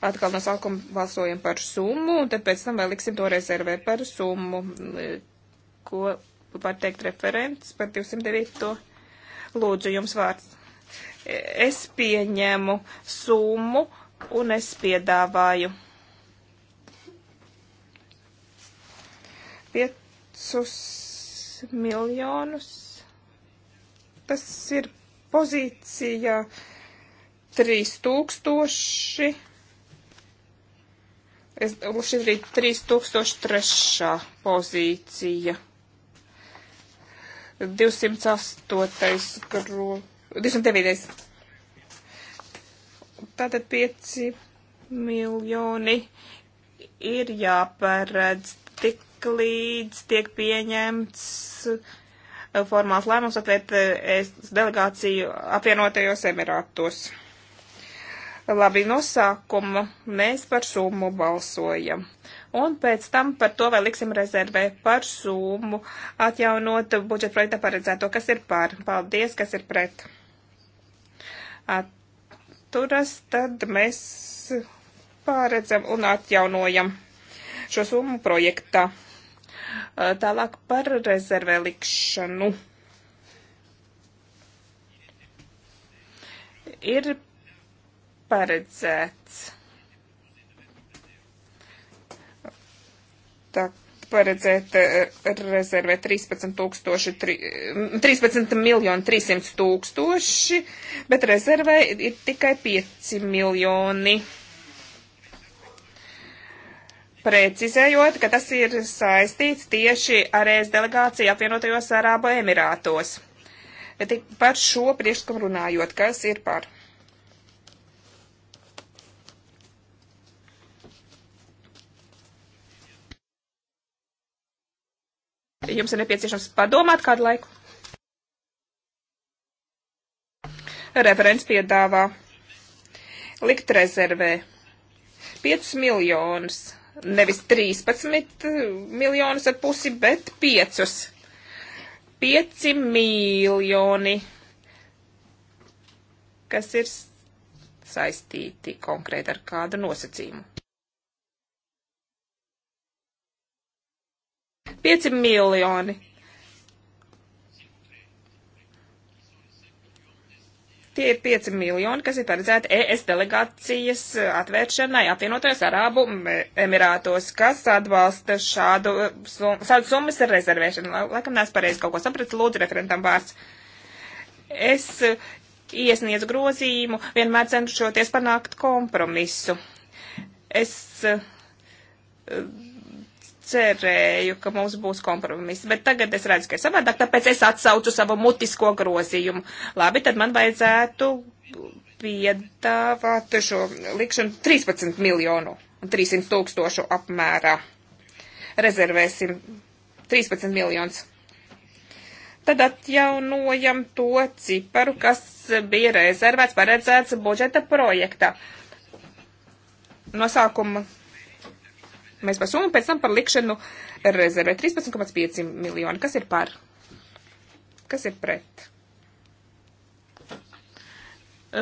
Atkal no sākuma balsojam par summu, un tad pēc tam vēl liksim to rezervē par summu, ko var teikt referents par 209. Lūdzu, jums vārds. Es pieņēmu summu un es piedāvāju. Piecus miljonus. Tas ir pozīcija 3000. Es, šis ir 3003. pozīcija. 208. Gro, 209. Tātad 5 miljoni ir jāparedz tik tik līdz tiek pieņemts eh, formāls lēmums atvērt eh, ES delegāciju apvienotajos Emirātos. Labi, no sākuma mēs par summu balsojam. Un pēc tam par to vēl liksim rezervē par summu atjaunot budžeta projekta paredzēto, kas ir par. Paldies, kas ir pret. Atturas, tad mēs pāredzam un atjaunojam šo summu projektā. Eh, tālāk par rezervē likšanu. Ir paredzēts. Tā paredzēt eh, rezervē 13, tūkstoši, 13 miljoni 300 tūkstoši, bet rezervē ir tikai 5 miljoni precizējot, ka tas ir saistīts tieši ar ES delegāciju apvienotajos Arābu Emirātos. Tik par šo priekšlikumu runājot, kas ir par. Jums ir nepieciešams padomāt kādu laiku. Referents piedāvā likt rezervē 5 miljonus nevis 13 eh, miljonus ar pusi, bet 5. 5 miljoni, kas ir saistīti konkrēti ar kādu nosacījumu. 5 miljoni Tie ir 5 miljoni, kas ir paredzēti ES delegācijas eh, atvēršanai apvienotajos Arābu Emirātos, kas atbalsta šādu, eh, šādu summas rezervēšanu. Laikam neesmu pareizi kaut ko sapratis, lūdzu referentam vārds. Es eh, iesniedzu grozījumu, vienmēr cenšoties panākt kompromisu. Es cerēju, ka mums būs kompromiss, bet tagad es redzu, ka ir savādāk, tāpēc es atsaucu savu mutisko grozījumu. Labi, tad man vajadzētu piedāvāt šo likšanu 13 miljonu un 300 tūkstošu apmērā. Rezervēsim 13 miljonus. Tad atjaunojam to ciparu, kas bija rezervēts, paredzēts budžeta projektā. No sākuma mēs par summu pēc tam par likšanu rezervē 13,5 miljoni. Kas ir par? Kas ir pret?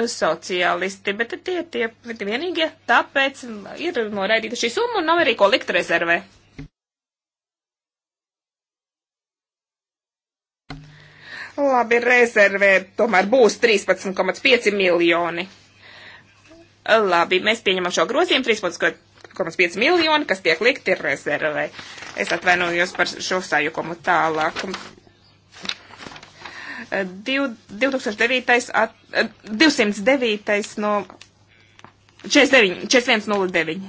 Sociālisti, bet tie tie vienīgie, tāpēc ir noraidīta šī summa un nav arī ko likt rezervē. Labi, rezervē tomēr būs 13,5 miljoni. Labi, mēs pieņemam šo grozījumu 13,5 1,5 miljoni, kas tiek likti rezervē. Es atvainojos par šo sajukumu tālāk. 2009, at, 209 no 49, 4109.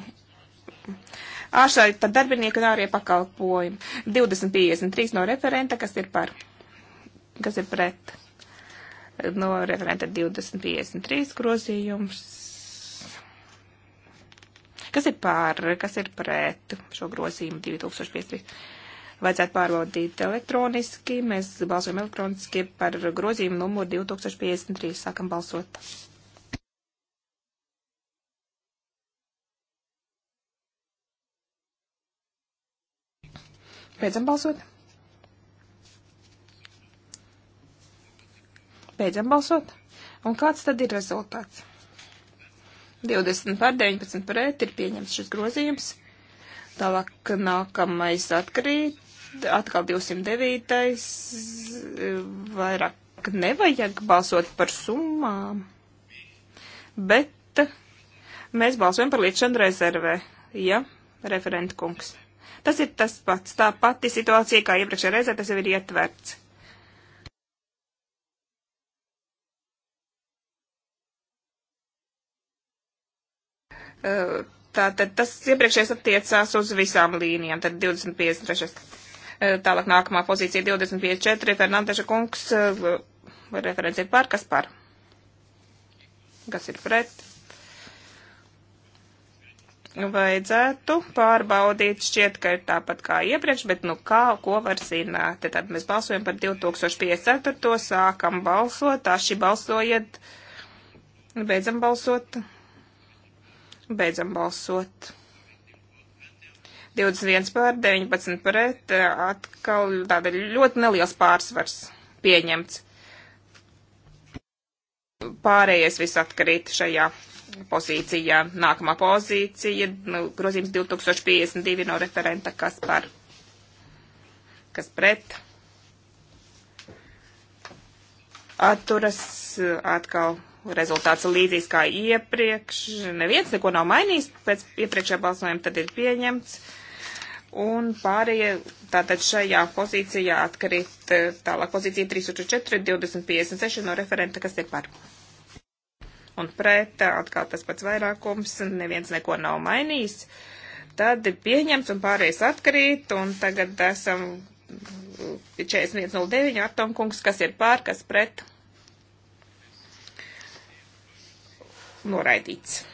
Āršai par darbinieku un ārie pakalpojumu. 2053 no referenta, kas ir par, kas ir pret. No referenta 2053 grozījums Kas ir pār, kas ir pret šo grozījumu 2053? Vajadzētu pārbaudīt elektroniski. Mēs balsojam elektroniski par grozījumu numuru 2053. Sākam balsot. Beidzam balsot. Beidzam balsot. Un kāds tad ir rezultāts? 20 pār 19 pret ir pieņemts šis grozījums. Tālāk nākamais atkrīt, atkal 209. Vairāk nevajag balsot par summām, bet mēs balsojam par līdzšanu rezervē, ja, referentkungs. Tas ir tas pats, tā pati situācija kā iepriekšējā reizē, tas jau ir ietverts. Tātad tas iepriekšējais attiecās uz visām līnijām, tad 25. Eh, tālāk nākamā pozīcija 25.4. Fernandeša kungs eh, referents ir par, kas par? Kas ir pret? Vajadzētu pārbaudīt, šķiet, ka ir tāpat kā iepriekš, bet nu kā, ko var zināt. Tad mēs balsojam par 2054. sākam balsot, aši balsojiet, beidzam balsot. Beidzam balsot. 21 pār 19 pret, atkal tāda ļoti neliels pārsvars pieņemts. Pārējais viss atkarīt šajā pozīcijā. Nākamā pozīcija, nu, grozījums 2052 no referenta, kas par, kas pret. Atturas atkal rezultāts līdzīgs kā iepriekš. Neviens neko nav mainījis pēc iepriekšējā balsojuma, tad ir pieņemts. Un pārējie tātad šajā pozīcijā atkarīt eh, tālāk pozīcija 304, 2056 no referenta, kas ir par. Un pret eh, atkal tas pats vairākums, neviens neko nav mainījis. Tad ir pieņemts un pārējais atkarīt, un tagad esam 4109 eh, atomkungs, kas ir pār, kas pret noraidīts.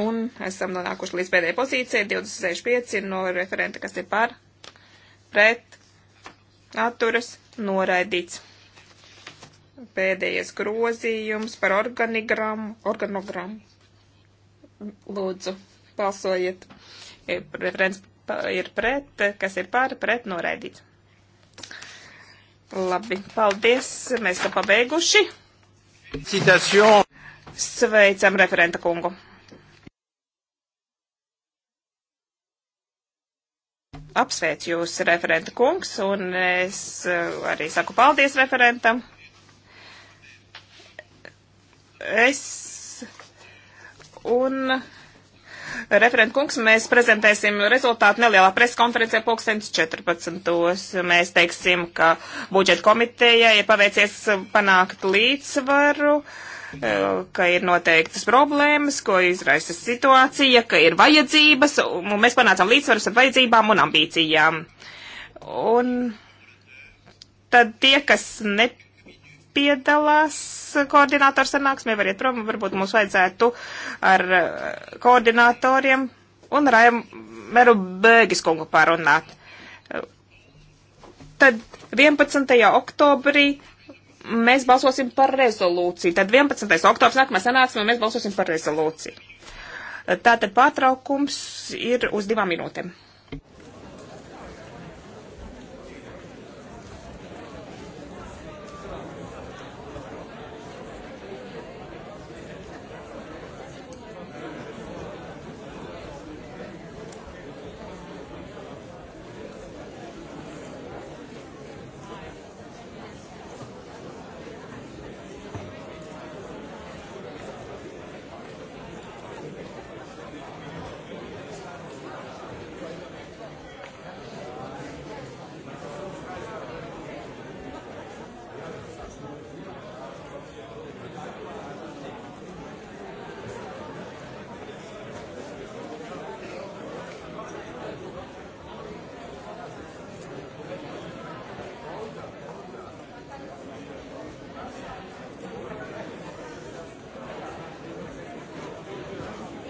Un esam nonākuši līdz pēdējai pozīcijai, 265 no referenta, kas ir par, pret, atturas, noraidīts. Pēdējais grozījums par organigramu, organogramu. Lūdzu, balsojiet. E, referents ir pret, kas ir par, pret, noraidīts. Labi, paldies, mēs esam pabeiguši. Citācijā. Sveicam referenta kungu. Apsveic jūs, referenta kungs, un es eh, arī saku paldies referentam. Es un Referent kungs, mēs prezentēsim rezultātu nelielā preskonferencē pulkstenis 14. Mēs teiksim, ka budžeta komitejai ir paveicies panākt līdzsvaru. Uh, Eh, ka ir noteiktas problēmas, ko izraisa situācija, ka ir vajadzības, un mēs panācām līdzsvaru ar vajadzībām un ambīcijām. Un tad tie, kas nepiedalās koordinātoru sanāksmē, var iet prom, varbūt mums vajadzētu ar eh, koordinātoriem un Raimeru Bēgis kungu pārunāt. Tad 11. oktobrī mēs balsosim par rezolūciju. Tad 11. oktobrs nākamā sanāksme, mēs balsosim par rezolūciju. Tātad pārtraukums ir uz divām minūtēm.